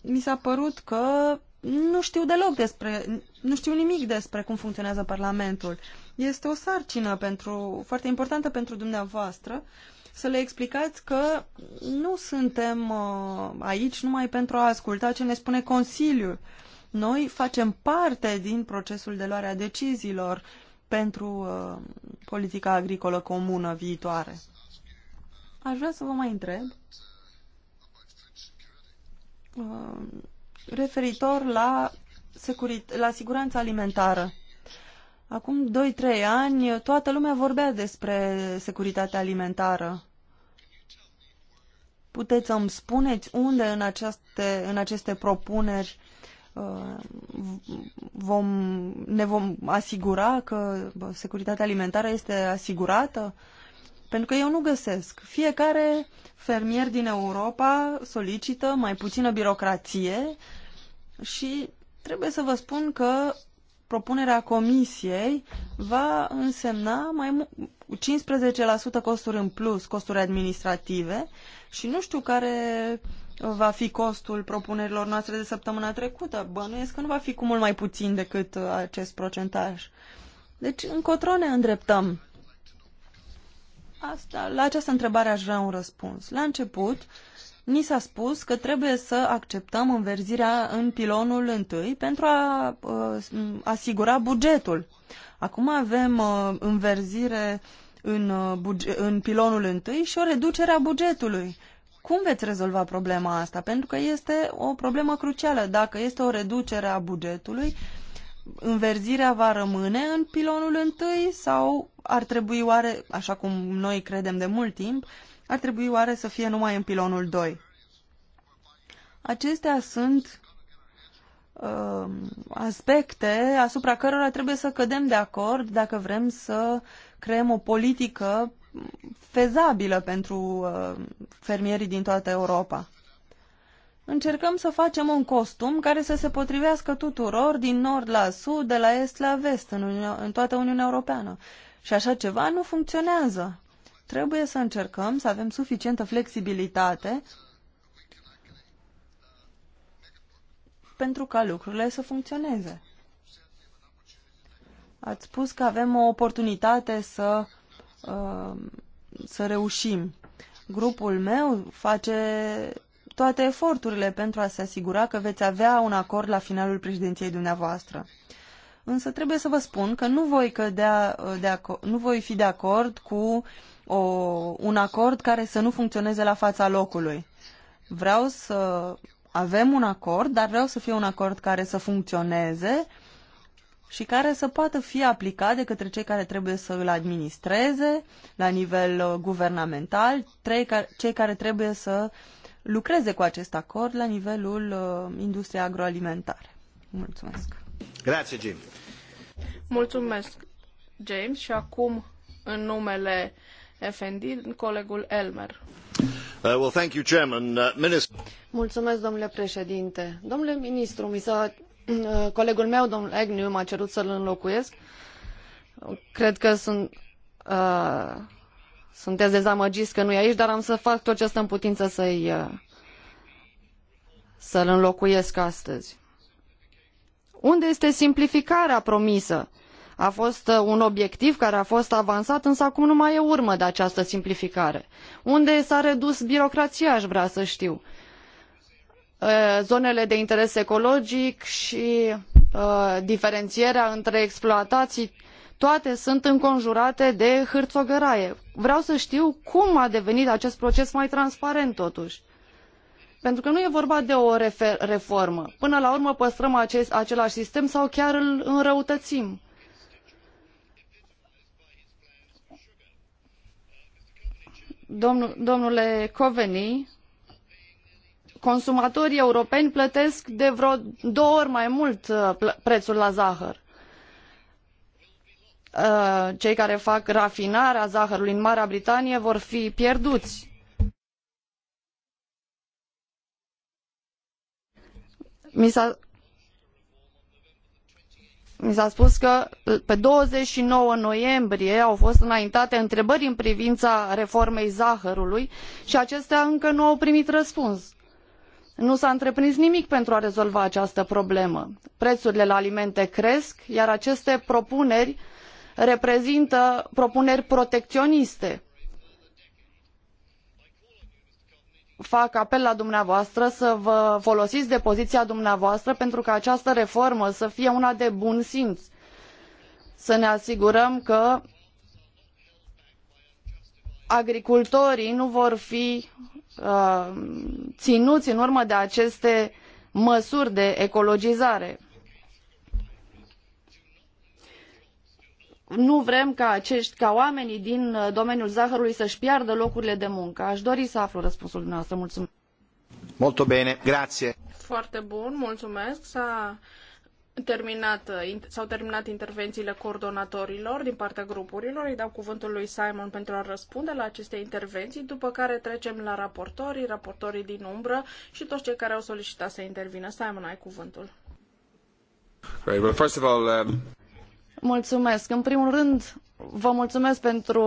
mi s-a părut că nu știu deloc despre, nu știu nimic despre cum funcționează Parlamentul. Este o sarcină pentru, foarte importantă pentru dumneavoastră să le explicați că nu suntem uh, aici numai pentru a asculta ce ne spune Consiliul. Noi facem parte din procesul de luare a deciziilor pentru uh, politica agricolă comună viitoare. Aș vrea să vă mai întreb uh, referitor la, securit- la siguranța alimentară. Acum 2-3 ani toată lumea vorbea despre securitatea alimentară. Puteți să-mi spuneți unde în aceste, în aceste propuneri uh, Uh, vom, ne vom asigura că securitatea alimentară este asigurată? Pentru că eu nu găsesc. Fiecare fermier din Europa solicită mai puțină birocrație și trebuie să vă spun că propunerea comisiei va însemna mai 15% costuri în plus, costuri administrative și nu știu care va fi costul propunerilor noastre de săptămâna trecută. Bănuiesc că nu va fi cu mult mai puțin decât uh, acest procentaj. Deci încotro ne îndreptăm. Asta, la această întrebare aș vrea un răspuns. La început, ni s-a spus că trebuie să acceptăm înverzirea în pilonul întâi pentru a uh, asigura bugetul. Acum avem uh, înverzire în, uh, buge- în pilonul întâi și o reducere a bugetului. Cum veți rezolva problema asta? Pentru că este o problemă crucială. Dacă este o reducere a bugetului, înverzirea va rămâne în pilonul întâi sau ar trebui oare, așa cum noi credem de mult timp, ar trebui oare să fie numai în pilonul 2? Acestea sunt uh, aspecte asupra cărora trebuie să cădem de acord dacă vrem să creăm o politică fezabilă pentru uh, fermierii din toată Europa. Încercăm să facem un costum care să se potrivească tuturor din nord la sud, de la est la vest, în, Uni- în toată Uniunea Europeană. Și așa ceva nu funcționează. Trebuie să încercăm să avem suficientă flexibilitate pentru ca lucrurile să funcționeze. Ați spus că avem o oportunitate să Um, să reușim. Grupul meu face toate eforturile pentru a se asigura că veți avea un acord la finalul președinției dumneavoastră. Însă trebuie să vă spun că nu voi, cădea uh, de nu voi fi de acord cu o, un acord care să nu funcționeze la fața locului. Vreau să avem un acord, dar vreau să fie un acord care să funcționeze și care să poată fi aplicat de către cei care trebuie să îl administreze la nivel uh, guvernamental, cei care trebuie să lucreze cu acest acord la nivelul uh, industriei agroalimentare. Mulțumesc. Grazie, Jim. Mulțumesc, James. Și acum, în numele FND, colegul Elmer. Uh, well, thank you, Chairman. Uh, Minister... Mulțumesc, domnule președinte. Domnule ministru, mi s-a Mm, colegul meu, domnul Agnew, m-a cerut să-l înlocuiesc. Cred că sunt, uh, sunteți dezamăgiți că nu e aici, dar am să fac tot ce stă în putință să-i, uh, să-l înlocuiesc astăzi. Unde este simplificarea promisă? A fost uh, un obiectiv care a fost avansat, însă acum nu mai e urmă de această simplificare. Unde s-a redus birocrația, aș vrea să știu. Uh, zonele de interes ecologic și uh, diferențierea între exploatații, toate sunt înconjurate de hârtogăraie. Vreau să știu cum a devenit acest proces mai transparent totuși. Pentru că nu e vorba de o reformă. Până la urmă păstrăm acest, același sistem sau chiar îl înrăutăim. Domnul, domnule Coveni, consumatorii europeni plătesc de vreo două ori mai mult uh, prețul la zahăr. Uh, cei care fac rafinarea zahărului în Marea Britanie vor fi pierduți. Mi s-a mi s a spus că pe 29 noiembrie au fost înaintate întrebări în privința reformei zahărului și acestea încă nu au primit răspuns nu s-a întreprins nimic pentru a rezolva această problemă. Prețurile la alimente cresc, iar aceste propuneri reprezintă propuneri protecționiste. Fac apel la dumneavoastră să vă folosiți de poziția dumneavoastră pentru ca această reformă să fie una de bun simț. Să ne asigurăm că agricultorii nu vor fi Uh, ținuți în urmă de aceste măsuri de ecologizare. Nu vrem ca, acești, ca oamenii din uh, domeniul zahărului să-și piardă locurile de muncă. Aș dori să aflu răspunsul dumneavoastră. Mulțumesc. Molto bine. grazie. Foarte bun, mulțumesc. S-a terminat, uh, s-au terminat intervențiile coordonatorilor din partea grupurilor. Îi dau cuvântul lui Simon pentru a răspunde la aceste intervenții, după care trecem la raportorii, raportorii din umbră și toți cei care au solicitat să intervină. Simon, ai cuvântul. well, first of all, um... Mulțumesc. În primul rând, vă mulțumesc pentru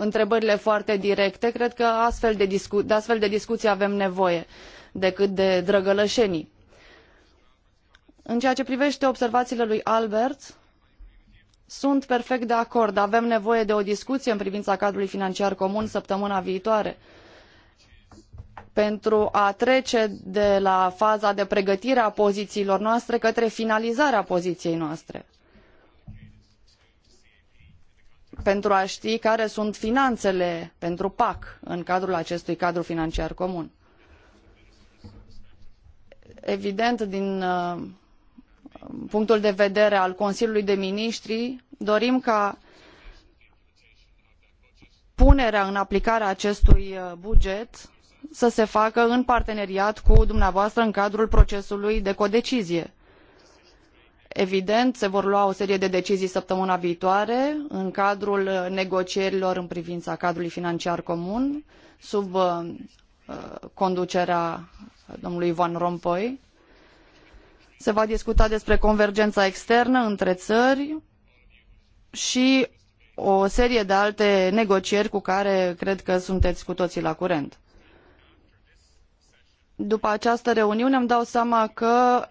întrebările foarte directe. Cred că astfel de, discu- de astfel de discuții avem nevoie decât de drăgălășenii în ceea ce privește observațiile lui Albert, sunt perfect de acord. Avem nevoie de o discuție în privința cadrului financiar comun săptămâna viitoare pentru a trece de la faza de pregătire a pozițiilor noastre către finalizarea poziției noastre. Pentru a ști care sunt finanțele pentru PAC în cadrul acestui cadru financiar comun. Evident, din uh, punctul de vedere al Consiliului de Ministri, dorim ca punerea în aplicare a acestui uh, buget să se facă în parteneriat cu dumneavoastră în cadrul procesului de codecizie. Evident, se vor lua o serie de decizii săptămâna viitoare în cadrul uh, negocierilor în privința cadrului financiar comun sub uh, conducerea domnului Van Rompuy se va discuta despre convergența externă între țări și o serie de alte negocieri cu care cred că sunteți cu toii la curent. După această reuniune îmi dau seama că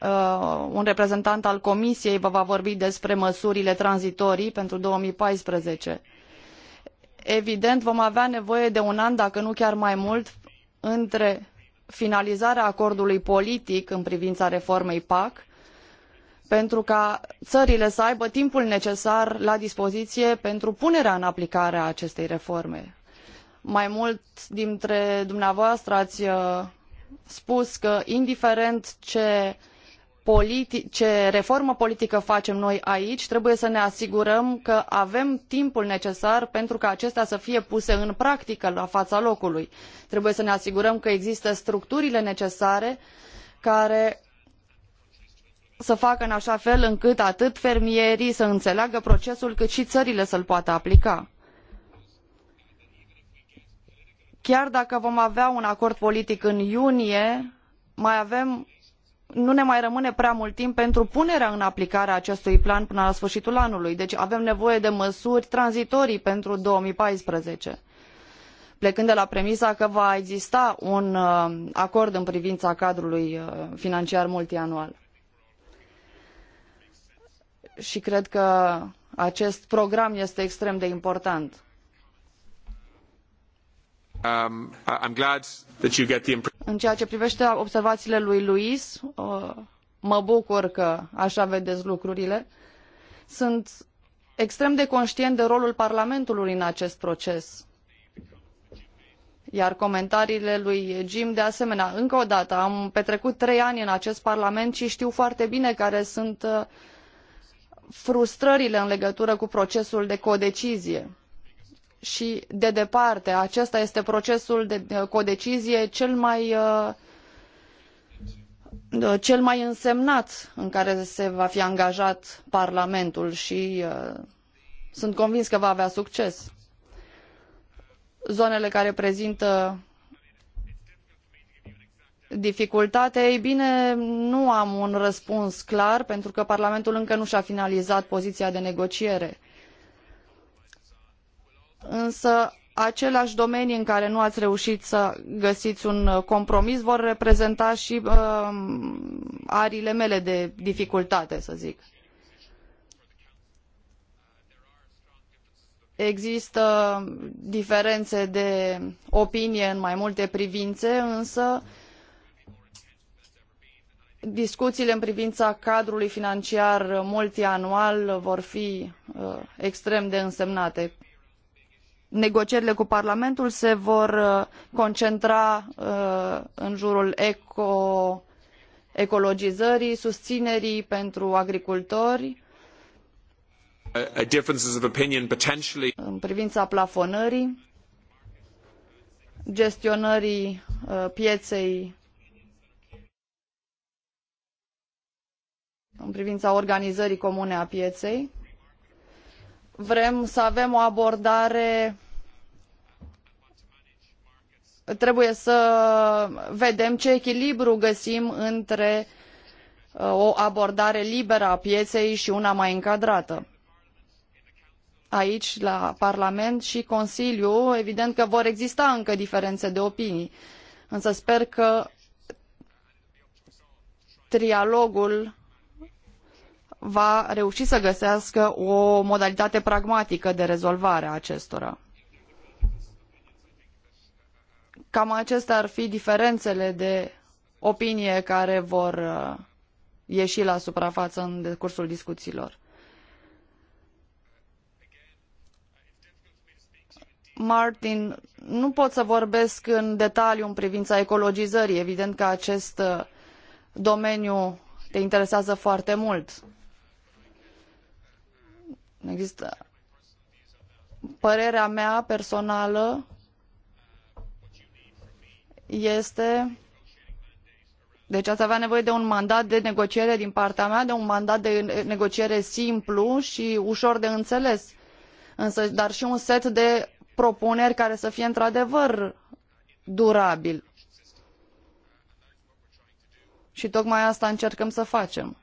uh, un reprezentant al Comisiei vă va vorbi despre măsurile tranzitorii pentru 2014. Evident, vom avea nevoie de un an, dacă nu chiar mai mult, între finalizarea acordului politic în privina reformei pac pentru ca ările să aibă timpul necesar la dispoziie pentru punerea în aplicare a acestei reforme. mai muli dintre dumneavoastră ai uh, spus că indiferent ce ce reformă politică facem noi aici trebuie să ne asigurăm că avem timpul necesar pentru ca acestea să fie puse în practică la faa locului trebuie să ne asigurăm că există structurile necesare care să facă în aa fel încât atât fermierii să îneleagă procesul cât i ările să l poată aplica chiar dacă vom avea un acord politic în iunie mai avem nu ne mai rămâne prea mult timp pentru punerea în aplicare a acestui plan până la sfârșitul anului deci avem nevoie de măsuri tranzitorii pentru două mii paisprezece plecând de la premisa că va exista un uh, acord în privina cadrului uh, financiar multianual i cred că acest program este extrem de important Um, în ceea ce privește observațiile lui Luis, uh, mă bucur că așa vedeți lucrurile. Sunt extrem de conștient de rolul Parlamentului în acest proces. Iar comentariile lui Jim, de asemenea, încă o dată, am petrecut trei ani în acest Parlament și știu foarte bine care sunt uh, frustrările în legătură cu procesul de codecizie și de departe. Acesta este procesul de codecizie cel mai uh, uh, cel mai însemnat în care se va fi angajat Parlamentul și uh, sunt convins că va avea succes. Zonele care prezintă dificultate, ei bine, nu am un răspuns clar pentru că Parlamentul încă nu și-a finalizat poziția de negociere însă aceleai domenii în care nu ați reușit să găsiți un uh, compromis vor reprezenta și uh, ariile mele de dificultate, să zic. Există diferențe de opinie în mai multe privințe, însă discuțiile în privința cadrului financiar multianual vor fi uh, extrem de însemnate negocierile cu Parlamentul se vor uh, concentra uh, în jurul eco, ecologizării, susținerii pentru agricultori, în privința plafonării, gestionării uh, pieței în privința organizării comune a pieței. Vrem să avem o abordare trebuie să vedem ce echilibru găsim între uh, o abordare liberă a pieței și una mai încadrată. Aici, la Parlament și Consiliu, evident că vor exista încă diferențe de opinii, însă sper că trialogul va reuși să găsească o modalitate pragmatică de rezolvare a acestora. Cam acestea ar fi diferențele de opinie care vor uh, ieși la suprafață în decursul discuțiilor. Martin, nu pot să vorbesc în detaliu în privința ecologizării. Evident că acest uh, domeniu te interesează foarte mult. Există părerea mea personală este deci ați avea nevoie de un mandat de negociere din partea mea, de un mandat de negociere simplu și ușor de înțeles, însă, dar și un set de propuneri care să fie într-adevăr durabil. Și tocmai asta încercăm să facem.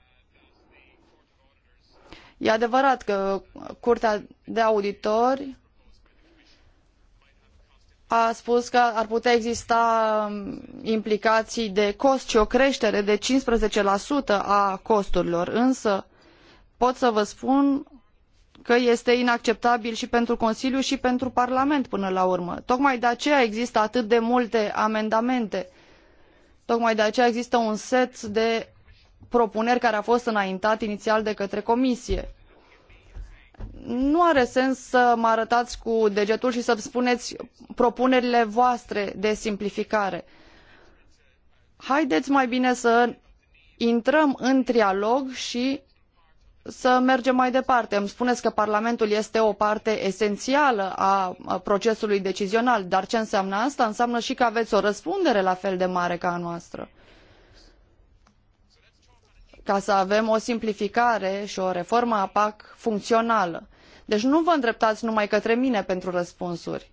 E adevărat că Curtea de Auditori a spus că ar putea exista um, implicații de cost și o creștere de 15% a costurilor, însă pot să vă spun că este inacceptabil și pentru Consiliu și pentru Parlament până la urmă. Tocmai de aceea există atât de multe amendamente. Tocmai de aceea există un set de propuneri care a fost înaintat inițial de către Comisie nu are sens să mă arătați cu degetul și să-mi spuneți propunerile voastre de simplificare. Haideți mai bine să intrăm în trialog și să mergem mai departe. Îmi spuneți că Parlamentul este o parte esențială a procesului decizional, dar ce înseamnă asta? Înseamnă și că aveți o răspundere la fel de mare ca a noastră ca să avem o simplificare și o reformă a PAC funcțională. Deci nu vă îndreptați numai către mine pentru răspunsuri.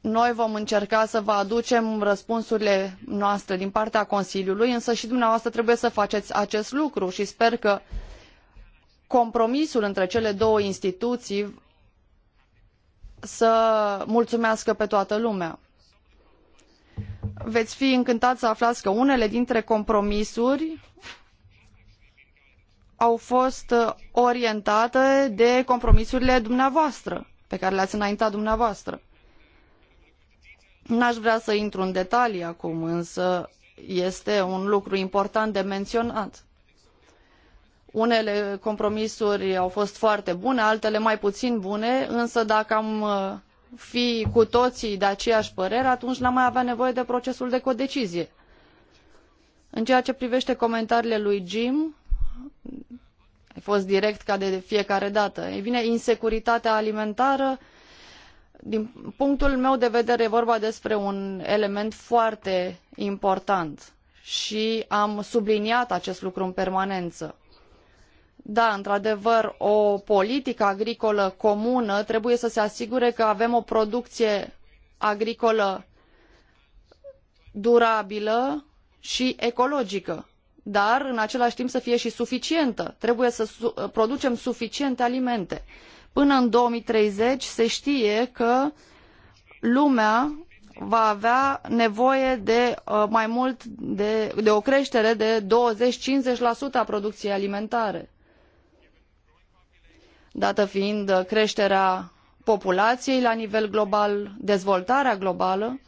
Noi vom încerca să vă aducem răspunsurile noastre din partea Consiliului, însă și dumneavoastră trebuie să faceți acest lucru și sper că compromisul între cele două instituții să mulțumească pe toată lumea veți fi încântat să aflați că unele dintre compromisuri au fost uh, orientate de compromisurile dumneavoastră, pe care le-ați înaintat dumneavoastră. N-aș vrea să intru în detalii acum, însă este un lucru important de menționat. Unele compromisuri au fost foarte bune, altele mai puțin bune, însă dacă am uh, fi cu toții de aceeași părere, atunci n-am mai avea nevoie de procesul de codecizie. În ceea ce privește comentariile lui Jim, a fost direct ca de fiecare dată. Ei bine, insecuritatea alimentară, din punctul meu de vedere, e vorba despre un element foarte important și am subliniat acest lucru în permanență da, într-adevăr, o politică agricolă comună trebuie să se asigure că avem o producție agricolă durabilă și ecologică, dar în același timp să fie și suficientă. Trebuie să su producem suficiente alimente. Până în 2030 se știe că lumea va avea nevoie de uh, mai mult de, de o creștere de 20-50% a producției alimentare dată fiind creșterea populației la nivel global, dezvoltarea globală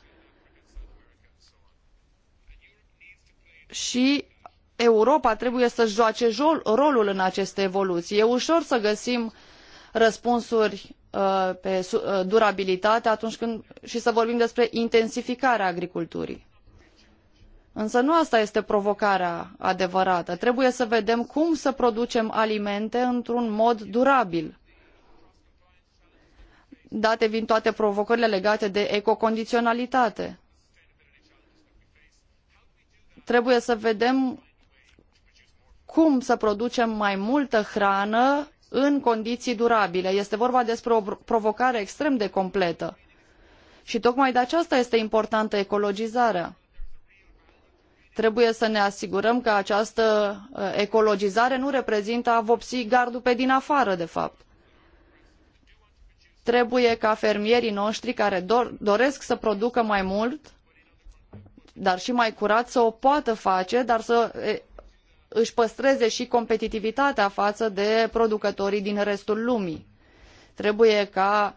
și Europa trebuie să joace rolul în aceste evoluții. E ușor să găsim răspunsuri uh, pe uh, durabilitate atunci când și să vorbim despre intensificarea agriculturii. Însă nu asta este provocarea adevărată. Trebuie să vedem cum să producem alimente într-un mod durabil. Date vin toate provocările legate de ecocondiționalitate. Trebuie să vedem cum să producem mai multă hrană în condiții durabile. Este vorba despre o provocare extrem de completă. Și tocmai de aceasta este importantă ecologizarea Trebuie să ne asigurăm că această uh, ecologizare nu reprezintă a vopsi gardul pe din afară, de fapt. Trebuie ca fermierii noștri care doresc să producă mai mult, dar și mai curat, să o poată face, dar să își păstreze și competitivitatea față de producătorii din restul lumii. Trebuie ca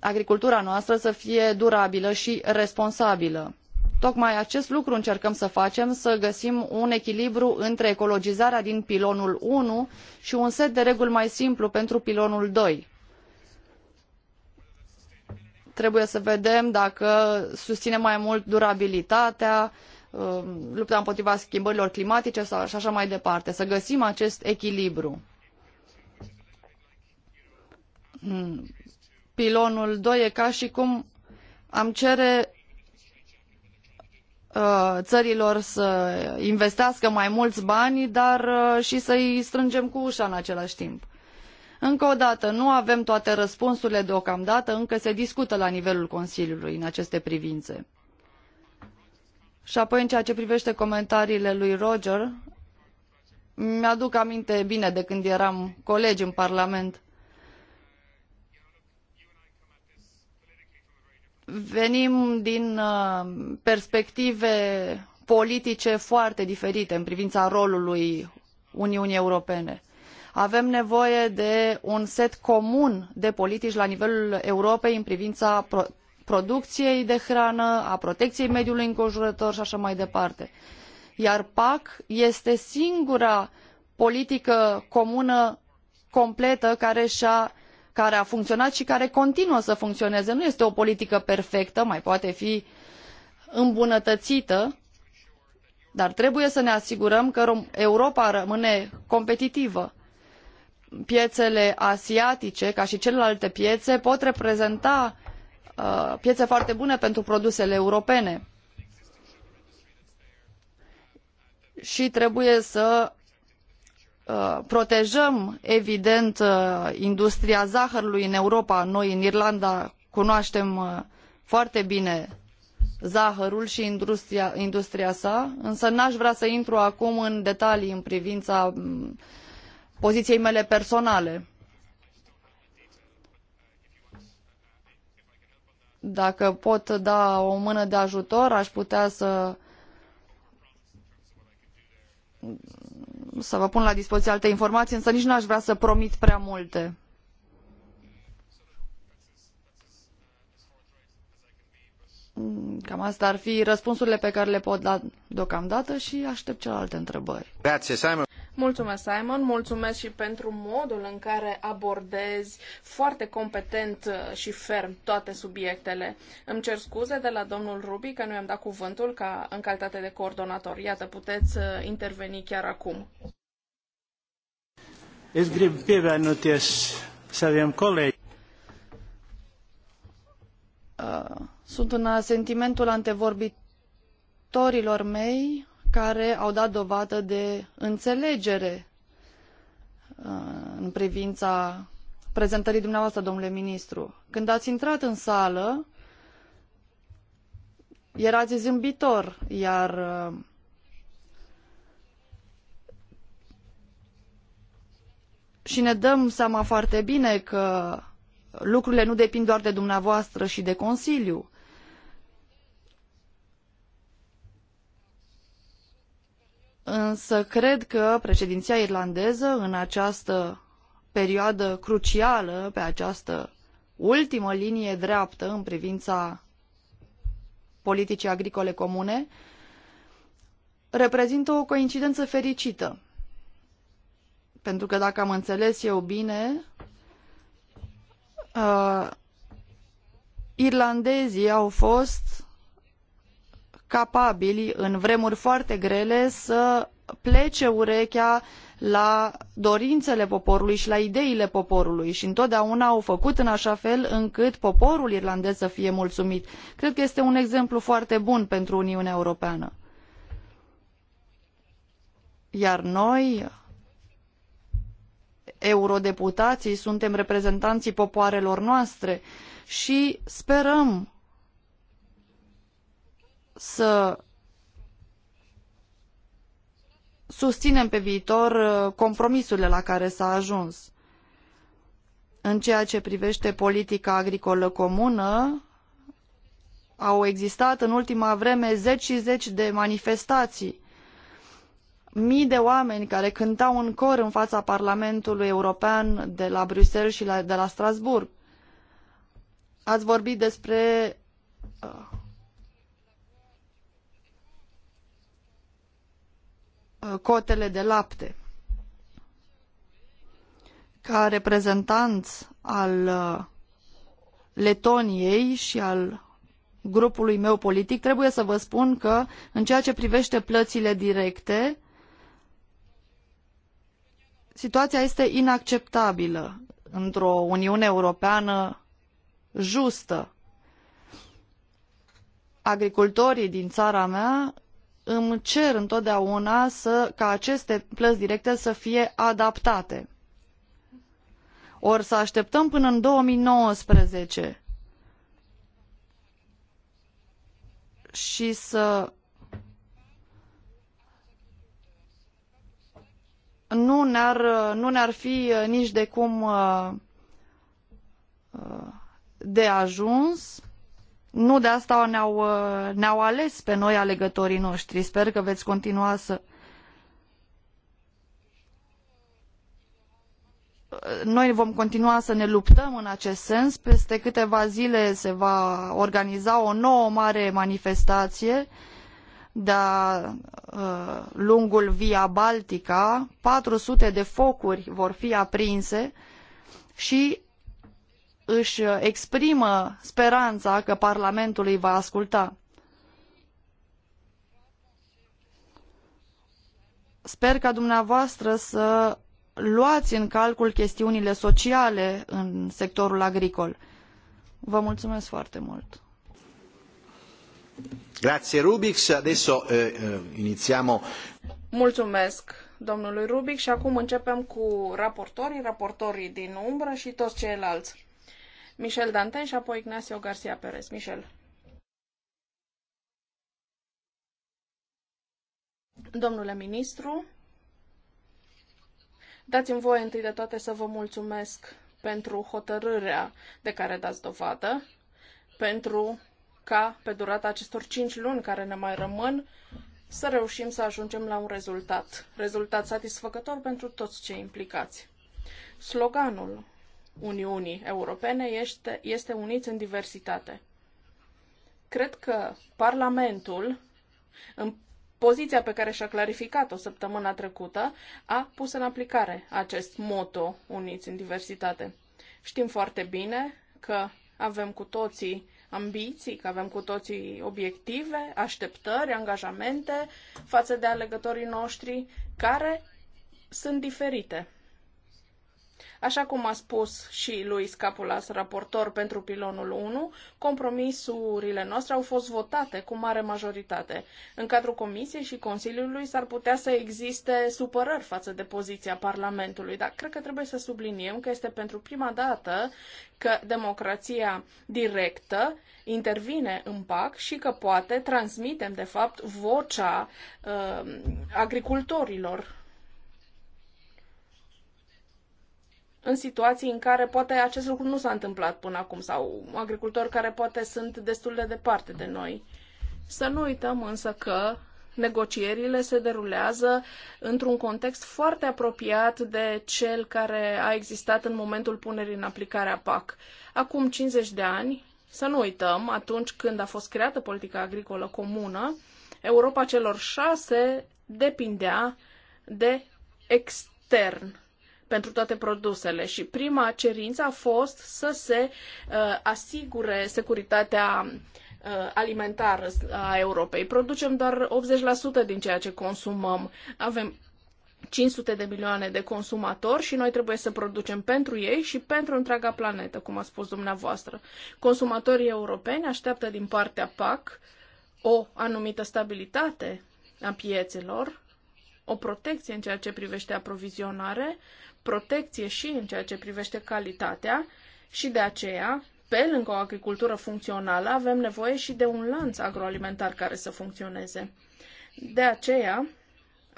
agricultura noastră să fie durabilă și responsabilă. Tocmai acest lucru încercăm să facem, să găsim un echilibru între ecologizarea din pilonul unu și un set de reguli mai simplu pentru pilonul doi. trebuie să vedem dacă susține mai mult durabilitatea, um, lupta împotriva schimbărilor climatice sau și așa mai departe. Să găsim acest echilibru. Hmm. Pilonul 2 e ca și cum am cere Uh, țărilor să investească mai mulți bani, dar uh, și să-i strângem cu ușa în același timp. Încă o dată, nu avem toate răspunsurile deocamdată, încă se discută la nivelul Consiliului în aceste privințe. Și apoi, în ceea ce privește comentariile lui Roger, mi-aduc aminte bine de când eram colegi în Parlament. venim din uh, perspective politice foarte diferite în privința rolului Uniunii Europene. Avem nevoie de un set comun de politici la nivelul Europei în privința pro- producției de hrană, a protecției mediului înconjurător și așa mai departe. Iar PAC este singura politică comună completă care și-a care a funcționat și care continuă să funcționeze. Nu este o politică perfectă, mai poate fi îmbunătățită, dar trebuie să ne asigurăm că Europa rămâne competitivă. Piețele asiatice, ca și celelalte piețe, pot reprezenta uh, piețe foarte bune pentru produsele europene. Și trebuie să Uh, protejăm evident uh, industria zahărului în europa noi în irlanda cunoatem uh, foarte bine zahărul i industria, industria sa însă n a vrea să intru acum în detalii în privina mm, poziiei mele personale. dacă pot da o mână de ajutor a putea să să vă pun la dispoziție alte informații, însă nici nu aș vrea să promit prea multe. Cam asta ar fi răspunsurile pe care le pot da deocamdată și aștept celelalte întrebări. Simon. Mulțumesc, Simon, mulțumesc și pentru modul în care abordezi foarte competent uh, și ferm toate subiectele. Îmi cer scuze de la domnul Rubi că nu i-am dat cuvântul ca în calitate de coordonator. Iată, puteți uh, interveni chiar acum. Es gribu pievienoties saviem kolēģiem. Uh, sunt în sentimentul antevorbitorilor mei care au dat dovadă de înțelegere uh, în privința prezentării dumneavoastră, domnule ministru. Când ați intrat în sală, erați zâmbitor, iar uh, și ne dăm seama foarte bine că lucrurile nu depind doar de dumneavoastră și de Consiliu. însă cred că președinția irlandeză în această perioadă crucială, pe această ultimă linie dreaptă în privința politicii agricole comune, reprezintă o coincidență fericită. Pentru că dacă am înțeles eu bine, uh, irlandezii au fost capabili în vremuri foarte grele să plece urechea la dorințele poporului și la ideile poporului și întotdeauna au făcut în așa fel încât poporul irlandez să fie mulțumit. Cred că este un exemplu foarte bun pentru Uniunea Europeană. Iar noi, eurodeputații, suntem reprezentanții popoarelor noastre și sperăm să susținem pe viitor uh, compromisurile la care s-a ajuns. În ceea ce privește politica agricolă comună, au existat în ultima vreme zeci și zeci de manifestații. Mii de oameni care cântau în cor în fața Parlamentului European de la Bruxelles și de la Strasbourg. Ați vorbit despre uh, Uh, cotele de lapte. Ca reprezentanți al uh, Letoniei și al grupului meu politic, trebuie să vă spun că în ceea ce privește plățile directe, situația este inacceptabilă într-o Uniune Europeană justă. Agricultorii din țara mea îmi cer întotdeauna să, ca aceste plăți directe să fie adaptate. Ori să așteptăm până în 2019 și să nu ne-ar, nu ne-ar fi nici de cum uh, uh, de ajuns nu de asta ne-au, uh, ne-au ales pe noi alegătorii noștri. Sper că veți continua să... Noi vom continua să ne luptăm în acest sens. Peste câteva zile se va organiza o nouă mare manifestație de-a uh, lungul Via Baltica. 400 de focuri vor fi aprinse și își exprimă speranța că Parlamentul îi va asculta. Sper ca dumneavoastră să luați în calcul chestiunile sociale în sectorul agricol. Vă mulțumesc foarte mult. Grazie Rubix, adesso eh, eh iniziamo. Mulțumesc domnului Rubic și acum începem cu raportorii, raportorii din umbră și toți ceilalți. Michel Danten și apoi Ignacio Garcia Perez. Michel. Domnule ministru, dați-mi voie întâi de toate să vă mulțumesc pentru hotărârea de care dați dovadă, pentru ca, pe durata acestor cinci luni care ne mai rămân, să reușim să ajungem la un rezultat. Rezultat satisfăcător pentru toți cei implicați. Sloganul Uniunii Europene este, este uniți în diversitate. Cred că Parlamentul, în poziția pe care și-a clarificat-o săptămâna trecută, a pus în aplicare acest moto uniți în diversitate. Știm foarte bine că avem cu toții ambiții, că avem cu toții obiective, așteptări, angajamente față de alegătorii noștri care sunt diferite. Așa cum a spus și Luis Capulas, raportor pentru pilonul 1, compromisurile noastre au fost votate cu mare majoritate. În cadrul Comisiei și Consiliului s-ar putea să existe supărări față de poziția Parlamentului, dar cred că trebuie să subliniem că este pentru prima dată că democrația directă intervine în PAC și că poate transmitem, de fapt, vocea uh, agricultorilor în situații în care poate acest lucru nu s-a întâmplat până acum sau agricultori care poate sunt destul de departe de noi. Să nu uităm însă că negocierile se derulează într-un context foarte apropiat de cel care a existat în momentul punerii în aplicare a PAC. Acum 50 de ani, să nu uităm, atunci când a fost creată politica agricolă comună, Europa celor șase depindea de extern pentru toate produsele și prima cerință a fost să se uh, asigure securitatea uh, alimentară a Europei. Producem doar 80% din ceea ce consumăm. Avem 500 de milioane de consumatori și noi trebuie să producem pentru ei și pentru întreaga planetă, cum a spus dumneavoastră. Consumatorii europeni așteaptă din partea PAC o anumită stabilitate a piețelor, o protecție în ceea ce privește aprovizionare, protecție și în ceea ce privește calitatea și de aceea, pe lângă o agricultură funcțională, avem nevoie și de un lanț agroalimentar care să funcționeze. De aceea,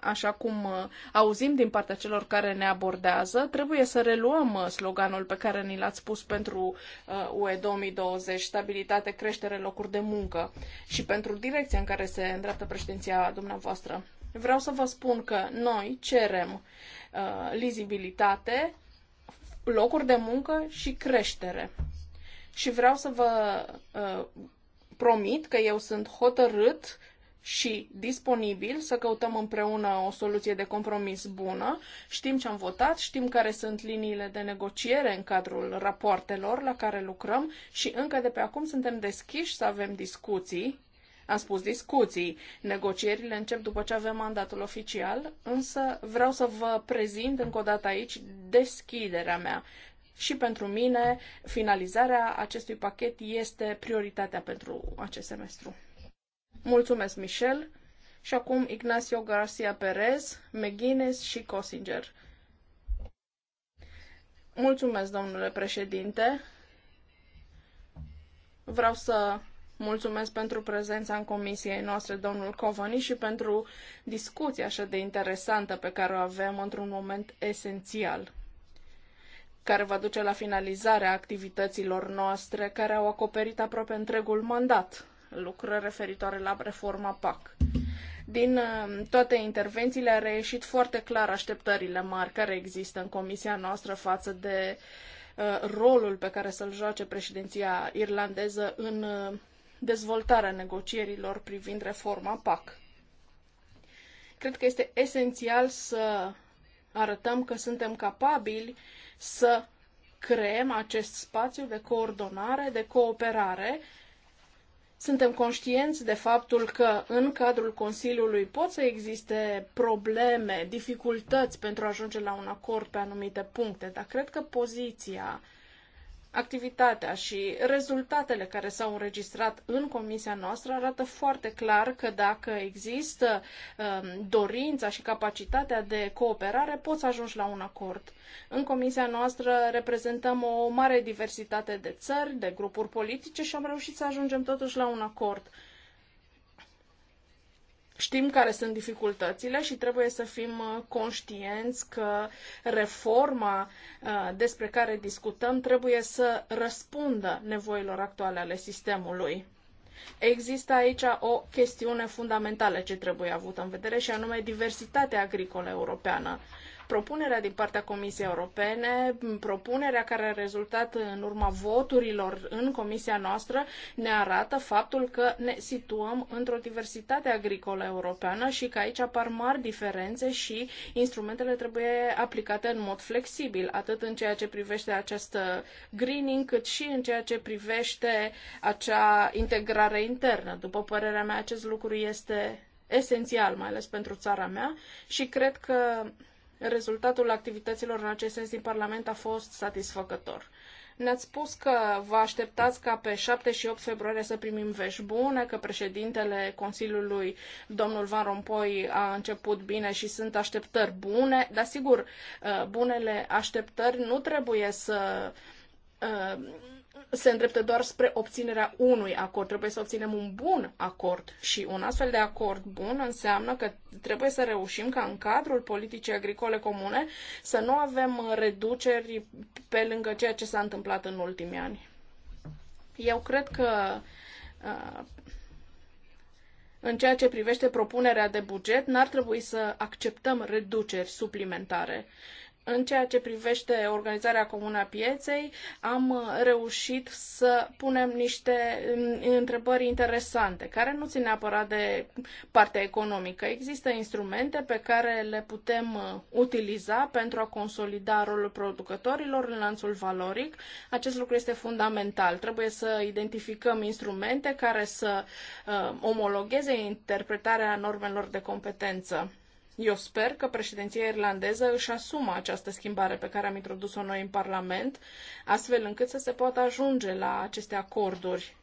așa cum uh, auzim din partea celor care ne abordează, trebuie să reluăm uh, sloganul pe care ni l-ați spus pentru uh, UE 2020, stabilitate, creștere, locuri de muncă și pentru direcția în care se îndreaptă președinția dumneavoastră. Vreau să vă spun că noi cerem Uh, lizibilitate, locuri de muncă și creștere. Și vreau să vă uh, promit că eu sunt hotărât și disponibil să căutăm împreună o soluție de compromis bună. Știm ce am votat, știm care sunt liniile de negociere în cadrul rapoartelor la care lucrăm și încă de pe acum suntem deschiși să avem discuții am spus discuții. Negocierile încep după ce avem mandatul oficial, însă vreau să vă prezint încă o dată aici deschiderea mea. Și pentru mine, finalizarea acestui pachet este prioritatea pentru acest semestru. Mulțumesc, Michel. Și acum Ignacio Garcia Perez, McGuinness și Cosinger. Mulțumesc, domnule președinte. Vreau să Mulțumesc pentru prezența în comisiei noastre, domnul Covani, și pentru discuția așa de interesantă pe care o avem într-un moment esențial care va duce la finalizarea activităților noastre care au acoperit aproape întregul mandat, lucrări referitoare la reforma PAC. Din uh, toate intervențiile a reieșit foarte clar așteptările mari care există în comisia noastră față de uh, rolul pe care să-l joace președinția irlandeză în uh, dezvoltarea negocierilor privind reforma PAC. Cred că este esențial să arătăm că suntem capabili să creăm acest spațiu de coordonare, de cooperare. Suntem conștienți de faptul că în cadrul Consiliului pot să existe probleme, dificultăți pentru a ajunge la un acord pe anumite puncte, dar cred că poziția activitatea și rezultatele care s-au înregistrat în comisia noastră arată foarte clar că dacă există um, dorința și capacitatea de cooperare, poți să ajungi la un acord. În comisia noastră reprezentăm o mare diversitate de țări, de grupuri politice și am reușit să ajungem totuși la un acord. Știm care sunt dificultățile și trebuie să fim uh, conștienți că reforma uh, despre care discutăm trebuie să răspundă nevoilor actuale ale sistemului. Există aici o chestiune fundamentală ce trebuie avută în vedere și anume diversitatea agricolă europeană propunerea din partea Comisiei Europene, propunerea care a rezultat în urma voturilor în Comisia noastră, ne arată faptul că ne situăm într-o diversitate agricolă europeană și că aici apar mari diferențe și instrumentele trebuie aplicate în mod flexibil, atât în ceea ce privește acest greening, cât și în ceea ce privește acea integrare internă. După părerea mea, acest lucru este esențial, mai ales pentru țara mea și cred că rezultatul activităților în acest sens din Parlament a fost satisfăcător. Ne-ați spus că vă așteptați ca pe 7 și 8 februarie să primim vești bune, că președintele Consiliului, domnul Van Rompuy, a început bine și sunt așteptări bune, dar sigur, uh, bunele așteptări nu trebuie să uh, se îndreptă doar spre obținerea unui acord. Trebuie să obținem un bun acord și un astfel de acord bun înseamnă că trebuie să reușim ca în cadrul politicii agricole comune să nu avem reduceri pe lângă ceea ce s-a întâmplat în ultimii ani. Eu cred că uh, în ceea ce privește propunerea de buget, n-ar trebui să acceptăm reduceri suplimentare. În ceea ce privește organizarea comună a pieței, am reușit să punem niște mm, întrebări interesante, care nu țin neapărat de partea economică. Există instrumente pe care le putem uh, utiliza pentru a consolida rolul producătorilor în lanțul valoric. Acest lucru este fundamental. Trebuie să identificăm instrumente care să uh, omologheze interpretarea normelor de competență eu sper că președinția irlandeză își asumă această schimbare pe care am introdus-o noi în Parlament, astfel încât să se poată ajunge la aceste acorduri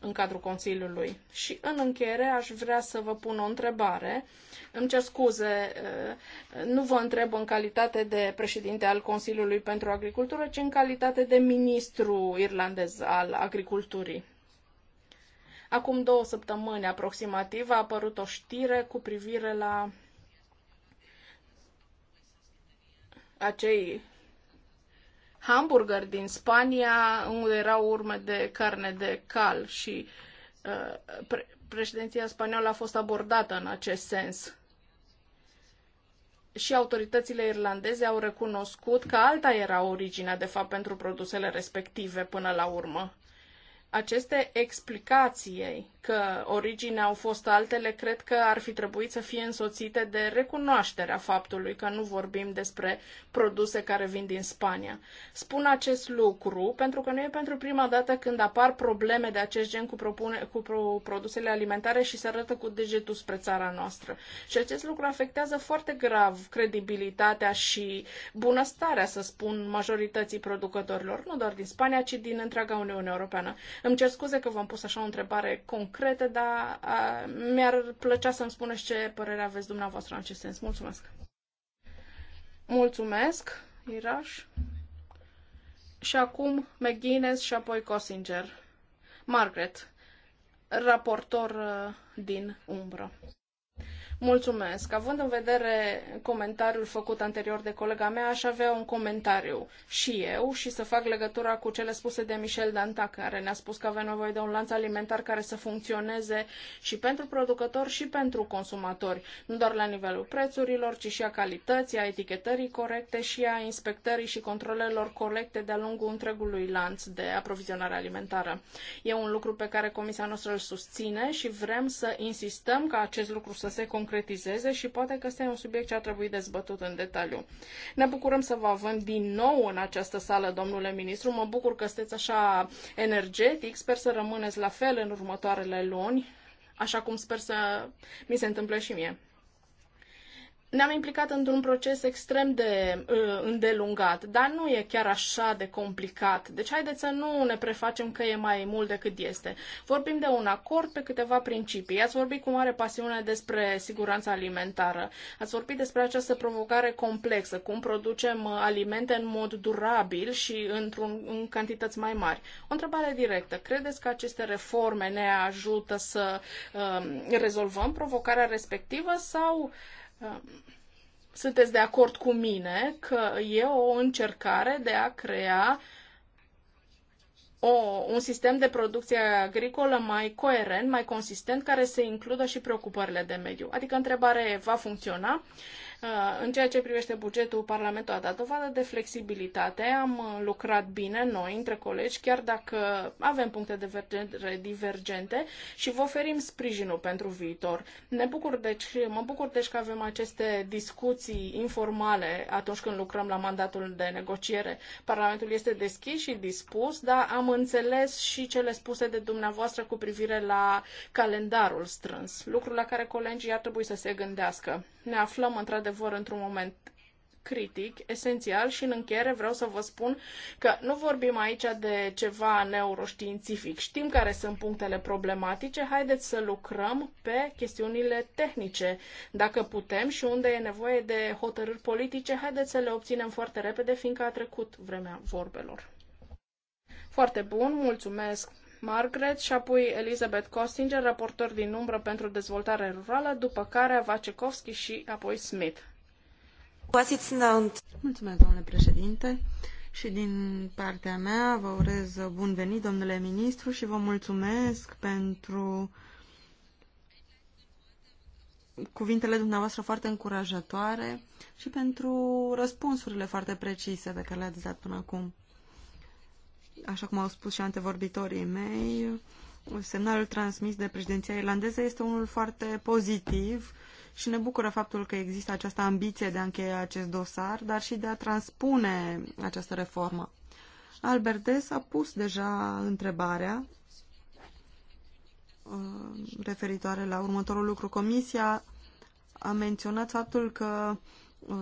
în cadrul Consiliului. Și în încheiere aș vrea să vă pun o întrebare. Îmi cer scuze, eh, nu vă întreb în calitate de președinte al Consiliului pentru Agricultură, ci în calitate de ministru irlandez al agriculturii. Acum două săptămâni aproximativ a apărut o știre cu privire la acei hamburgeri din Spania unde erau urme de carne de cal și uh, pre- președinția spaniolă a fost abordată în acest sens. Și autoritățile irlandeze au recunoscut că alta era originea, de fapt, pentru produsele respective până la urmă aceste explicații că originea au fost altele, cred că ar fi trebuit să fie însoțite de recunoașterea faptului că nu vorbim despre produse care vin din Spania. Spun acest lucru pentru că nu e pentru prima dată când apar probleme de acest gen cu, propune, cu produsele alimentare și se arată cu degetul spre țara noastră. Și acest lucru afectează foarte grav credibilitatea și bunăstarea, să spun, majorității producătorilor, nu doar din Spania, ci din întreaga Uniune Europeană. Îmi cer scuze că v-am pus așa o întrebare concretă, dar mi-ar plăcea să-mi spuneți ce părere aveți dumneavoastră în acest sens. Mulțumesc! Mulțumesc, Iraș! Și acum McGuinness și apoi Cosinger. Margaret, raportor uh, din umbră. Mulțumesc. Având în vedere comentariul făcut anterior de colega mea, aș avea un comentariu și eu și să fac legătura cu cele spuse de Michel Danta, care ne-a spus că avem nevoie de un lanț alimentar care să funcționeze și pentru producători și pentru consumatori, nu doar la nivelul prețurilor, ci și a calității, a etichetării corecte și a inspectării și controlelor corecte de-a lungul întregului lanț de aprovizionare alimentară. E un lucru pe care comisia noastră îl susține și vrem să insistăm ca acest lucru să se concretizeze concretizeze și poate că ăsta e un subiect ce ar trebui dezbătut în detaliu. Ne bucurăm să vă avem din nou în această sală, domnule ministru. Mă bucur că sunteți așa energetic. Sper să rămâneți la fel în următoarele luni, așa cum sper să mi se întâmple și mie ne-am implicat într-un proces extrem de uh, îndelungat, dar nu e chiar așa de complicat. Deci haideți să nu ne prefacem că e mai mult decât este. Vorbim de un acord pe câteva principii. Ați vorbit cu mare pasiune despre siguranța alimentară. Ați vorbit despre această provocare complexă, cum producem uh, alimente în mod durabil și într-un, în cantități mai mari. O întrebare directă. Credeți că aceste reforme ne ajută să uh, rezolvăm provocarea respectivă sau uh, Um, sunteți de acord cu mine că e o încercare de a crea o, un sistem de producție agricolă mai coerent, mai consistent, care să includă și preocupările de mediu. Adică întrebarea e, va funcționa? Uh, în ceea ce privește bugetul, Parlamentul a dat dovadă de flexibilitate. Am uh, lucrat bine noi, între colegi, chiar dacă avem puncte de vedere divergente și vă oferim sprijinul pentru viitor. Ne bucur, deci, mă bucur deci că avem aceste discuții informale atunci când lucrăm la mandatul de negociere. Parlamentul este deschis și dispus, dar am înțeles și cele spuse de dumneavoastră cu privire la calendarul strâns, lucru la care colegii ar trebui să se gândească. Ne aflăm într-adevăr într-un moment critic, esențial și în încheiere vreau să vă spun că nu vorbim aici de ceva neuroștiințific. Știm care sunt punctele problematice, haideți să lucrăm pe chestiunile tehnice. Dacă putem și unde e nevoie de hotărâri politice, haideți să le obținem foarte repede, fiindcă a trecut vremea vorbelor. Foarte bun, mulțumesc Margaret și apoi Elizabeth Costinger, raportor din umbră pentru dezvoltare rurală, după care Vacekovski și apoi Smith. Mulțumesc, domnule președinte. Și din partea mea vă urez bun venit, domnule ministru, și vă mulțumesc pentru cuvintele dumneavoastră foarte încurajatoare și pentru răspunsurile foarte precise pe care le-ați dat până acum așa cum au spus și antevorbitorii mei, semnalul transmis de președinția irlandeză este unul foarte pozitiv și ne bucură faptul că există această ambiție de a încheia acest dosar, dar și de a transpune această reformă. Albert Des a pus deja întrebarea uh, referitoare la următorul lucru. Comisia a menționat faptul că uh,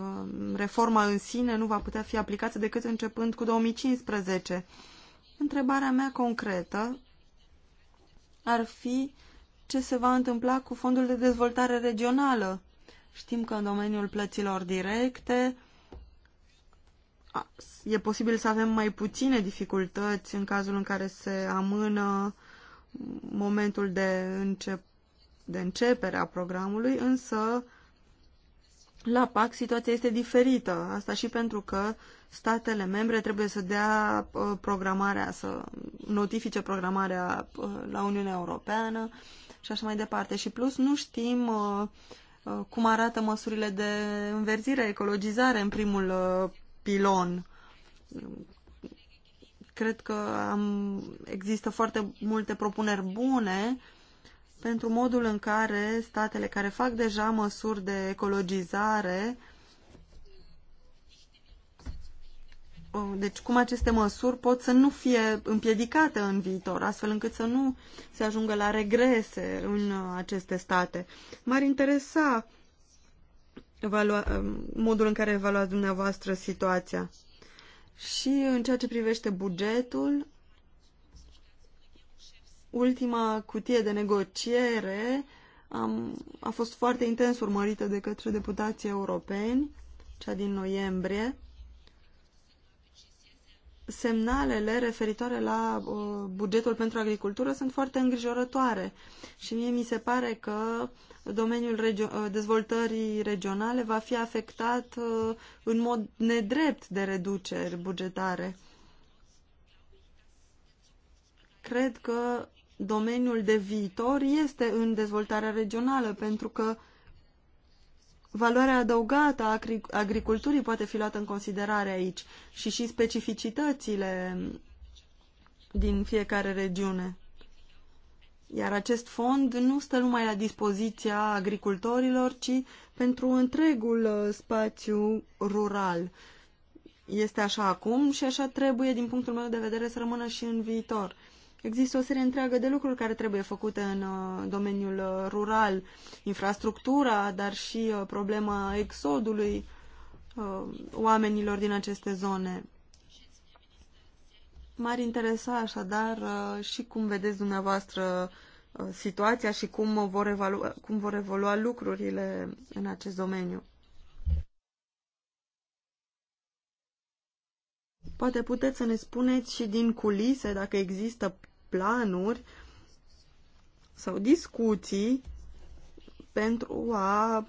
reforma în sine nu va putea fi aplicată decât începând cu 2015 Întrebarea mea concretă ar fi ce se va întâmpla cu fondul de dezvoltare regională. Știm că în domeniul plăților directe e posibil să avem mai puține dificultăți în cazul în care se amână momentul de, încep, de începere a programului, însă la PAC situația este diferită, asta și pentru că statele membre trebuie să dea uh, programarea, să notifice programarea uh, la Uniunea Europeană și așa mai departe. Și plus nu știm uh, cum arată măsurile de înverzire, ecologizare în primul pilon. Cred că există foarte multe propuneri bune pentru modul în care statele care fac deja măsuri de ecologizare deci cum aceste măsuri pot să nu fie împiedicate în viitor, astfel încât să nu se ajungă la regrese în aceste state. M-ar interesa evalua, um, modul în care evaluați dumneavoastră situația. Și în ceea ce privește bugetul, ultima cutie de negociere am, a fost foarte intens urmărită de către deputații europeni, cea din noiembrie. Semnalele referitoare la uh, bugetul pentru agricultură sunt foarte îngrijorătoare și mie mi se pare că domeniul regio- uh, dezvoltării regionale va fi afectat uh, în mod nedrept de reduceri bugetare. Cred că domeniul de viitor este în dezvoltarea regională, pentru că valoarea adăugată a agriculturii poate fi luată în considerare aici și și specificitățile din fiecare regiune. Iar acest fond nu stă numai la dispoziția agricultorilor, ci pentru întregul uh, spațiu rural. Este așa acum și așa trebuie, din punctul meu de vedere, să rămână și în viitor. Există o serie întreagă de lucruri care trebuie făcute în uh, domeniul uh, rural, infrastructura, dar și uh, problema exodului oamenilor din aceste zone. M-ar interesa așadar și cum vedeți dumneavoastră situația și cum vor, evalua, cum vor evolua lucrurile în acest domeniu. Poate puteți să ne spuneți și din culise dacă există planuri sau discuții pentru a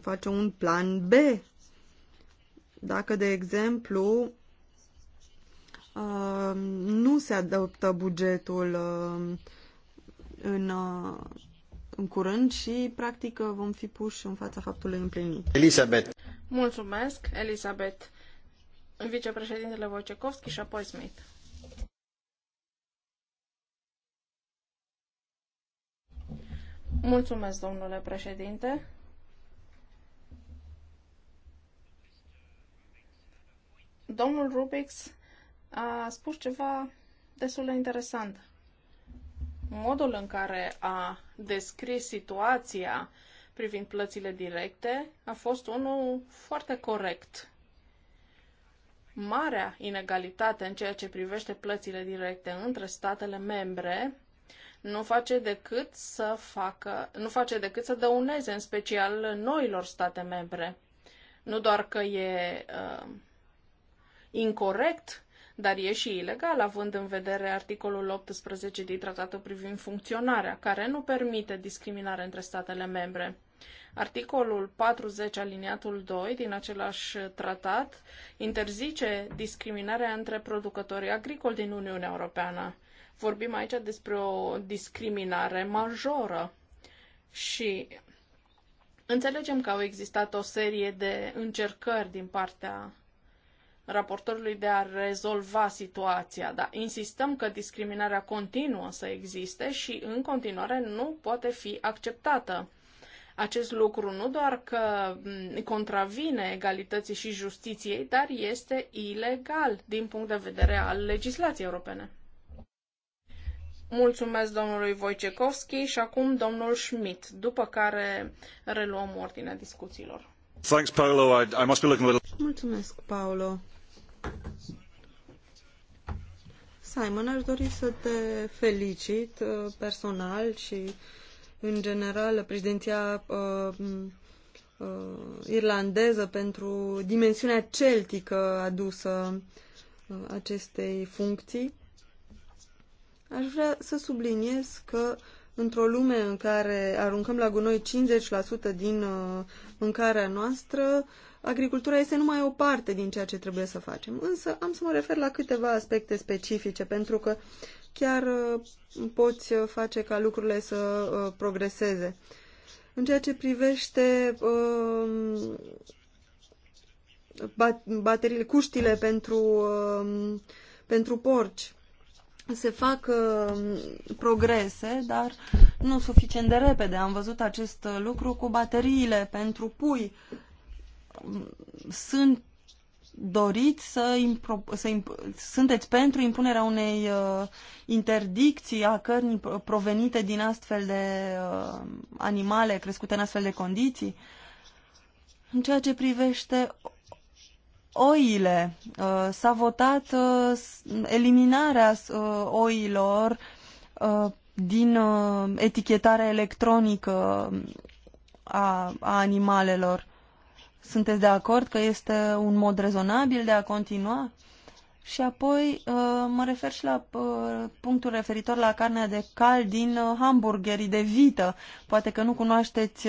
face un plan B. Dacă, de exemplu, uh, nu se adoptă bugetul uh, în, uh, în curând și, practic, vom fi puși în fața faptului împlinit. Elisabeth. Mulțumesc, Elisabeth. Vicepreședintele Wojciechowski și apoi Smith. Mulțumesc, domnule președinte. Domnul Rubix a spus ceva destul de interesant. Modul în care a descris situația privind plățile directe a fost unul foarte corect. Marea inegalitate în ceea ce privește plățile directe între statele membre nu face decât să facă, nu face decât să dăuneze în special noilor state membre. Nu doar că e uh, incorrect, dar e și ilegal, având în vedere articolul 18 din tratatul privind funcționarea, care nu permite discriminare între statele membre. Articolul 40 aliniatul 2 din același tratat interzice discriminarea între producătorii agricoli din Uniunea Europeană. Vorbim aici despre o discriminare majoră și înțelegem că au existat o serie de încercări din partea raportorului de a rezolva situația, dar insistăm că discriminarea continuă să existe și în continuare nu poate fi acceptată. Acest lucru nu doar că contravine egalității și justiției, dar este ilegal din punct de vedere al legislației europene. Mulțumesc domnului Wojciechowski și acum domnul Schmidt, după care reluăm ordinea discuțiilor. Thanks, Paolo. I, I must be looking a little... Mulțumesc, Paolo. Simon, aș dori să te felicit uh, personal și, în general, președinția uh, uh, irlandeză pentru dimensiunea celtică adusă uh, acestei funcții Aș vrea să subliniez că într-o lume în care aruncăm la gunoi 50% din uh, mâncarea noastră, agricultura este numai o parte din ceea ce trebuie să facem. Însă am să mă refer la câteva aspecte specifice, pentru că chiar uh, poți face ca lucrurile să uh, progreseze. În ceea ce privește bateriile, cuștile pentru, pentru porci, se fac uh, progrese, dar nu suficient de repede. Am văzut acest lucru cu bateriile pentru pui. Sunt doriți să, impro, să imp, sunteți pentru impunerea unei uh, interdicții a cărnii provenite din astfel de uh, animale crescute în astfel de condiții? În ceea ce privește oile. Uh, s-a votat uh, eliminarea uh, oilor din etichetarea electronică a, a animalelor. Sunteți de acord că este un mod rezonabil de a continua? Și apoi mă refer și la punctul referitor la carnea de cal din hamburgerii de vită. Poate că nu cunoașteți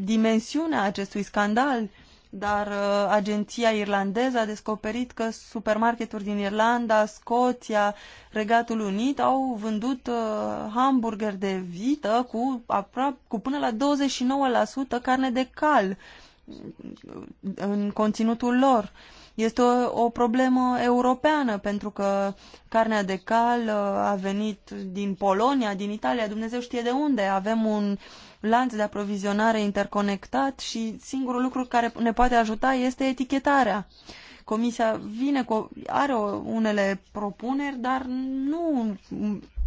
dimensiunea acestui scandal dar uh, agenția irlandeză a descoperit că supermarketuri din Irlanda, Scoția, Regatul Unit au vândut uh, hamburger de vită cu, aproape, cu până la 29% carne de cal uh, în conținutul lor. Este o, o problemă europeană, pentru că carnea de cal uh, a venit din Polonia, din Italia, Dumnezeu știe de unde. Avem un uh, lanț de aprovizionare interconectat și singurul lucru care ne poate ajuta este etichetarea. Comisia vine cu, are unele propuneri, dar nu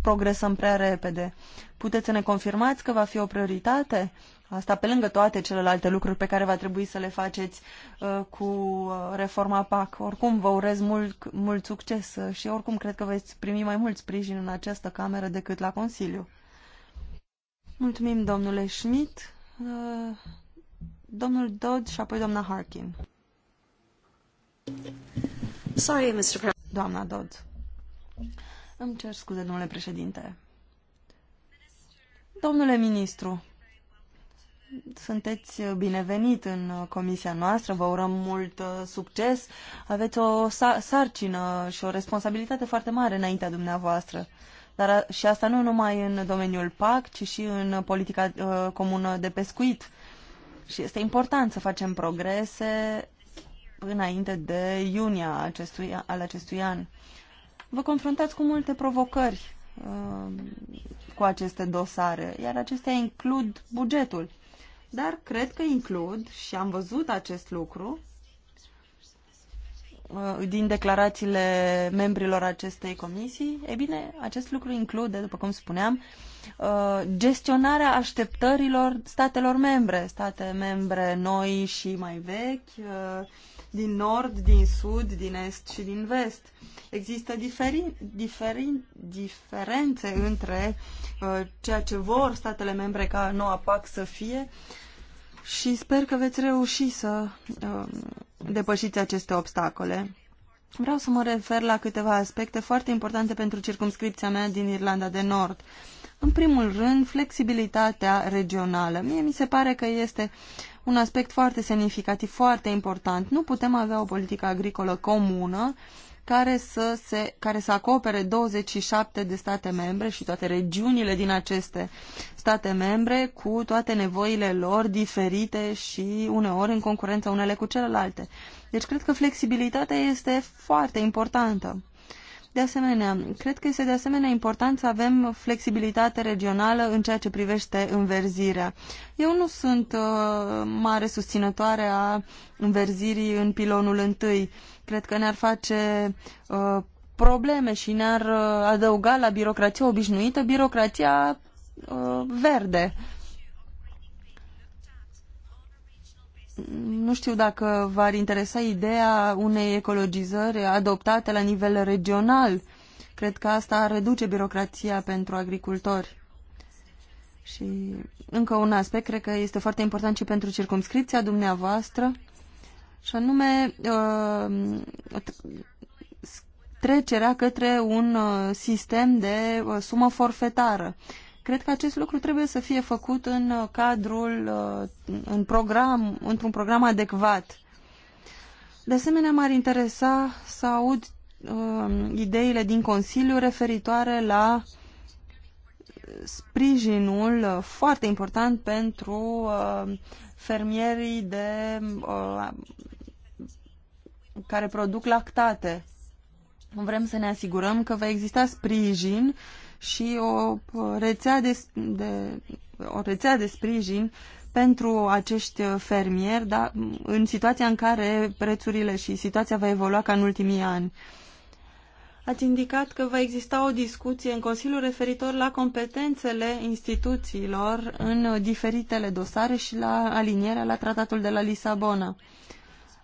progresăm prea repede. Puteți să ne confirmați că va fi o prioritate? Asta pe lângă toate celelalte lucruri pe care va trebui să le faceți uh, cu uh, reforma PAC. Oricum, vă urez mult, mult succes uh, și oricum cred că veți primi mai mult sprijin în această cameră decât la Consiliu. Mulțumim, domnule Schmidt, domnul Dodd și apoi doamna Harkin. Sorry, Mr. Pre doamna Dodd. Îmi cer scuze, domnule președinte. Domnule ministru, sunteți binevenit în comisia noastră, vă urăm mult uh, succes. Aveți o sarcină și o responsabilitate foarte mare înaintea dumneavoastră. Uh, dar și asta nu numai în domeniul PAC, ci și în politica uh, comună de pescuit. Și este important să facem progrese înainte de iunie acestui, al acestui an. Vă confruntați cu multe provocări uh, cu aceste dosare, iar acestea includ bugetul. Dar cred că includ, și am văzut acest lucru, Uh, din declarațiile membrilor acestei comisii, e bine, acest lucru include, după cum spuneam, uh, gestionarea așteptărilor statelor membre, state membre noi și mai vechi, uh, din nord, din sud, din est și din vest. Există diferi, diferi, diferențe între ceea ce vor statele membre ca noua PAC să fie și sper că veți reuși să um, depășiți aceste obstacole. Vreau să mă refer la câteva aspecte foarte importante pentru circumscripția mea din Irlanda de Nord. În primul rând, flexibilitatea regională. Mie mi se pare că este un aspect foarte semnificativ, foarte important. Nu putem avea o politică agricolă comună care să, se, care să acopere 27 de state membre și toate regiunile din aceste state membre cu toate nevoile lor diferite și uneori în concurență unele cu celelalte. Deci cred că flexibilitatea este foarte importantă. De asemenea, cred că este de asemenea important să avem flexibilitate regională în ceea ce privește înverzirea. Eu nu sunt uh, mare susținătoare a înverzirii în pilonul întâi. Cred că ne-ar face uh, probleme și ne-ar uh, adăuga la birocrația obișnuită birocrația uh, verde. Uh, nu știu dacă v-ar interesa ideea unei ecologizări adoptate la nivel regional. Cred că asta ar reduce birocrația pentru agricultori. Și încă un aspect, cred că este foarte important și pentru circumscripția dumneavoastră, și anume uh, trecerea către un uh, sistem de uh, sumă forfetară. Cred că acest lucru trebuie să fie făcut în uh, cadrul, uh, în program, într-un program adecvat. De asemenea, m-ar interesa să aud uh, ideile din Consiliu referitoare la sprijinul uh, foarte important pentru uh, fermierii de, uh, care produc lactate. Vrem să ne asigurăm că va exista sprijin uh, și o rețea de, de, o rețea de sprijin pentru acești fermieri da, în situația în care prețurile și situația va evolua ca în ultimii ani. Ați indicat că va exista o discuție în Consiliu referitor la competențele instituțiilor în diferitele dosare și la alinierea la tratatul de la Lisabona.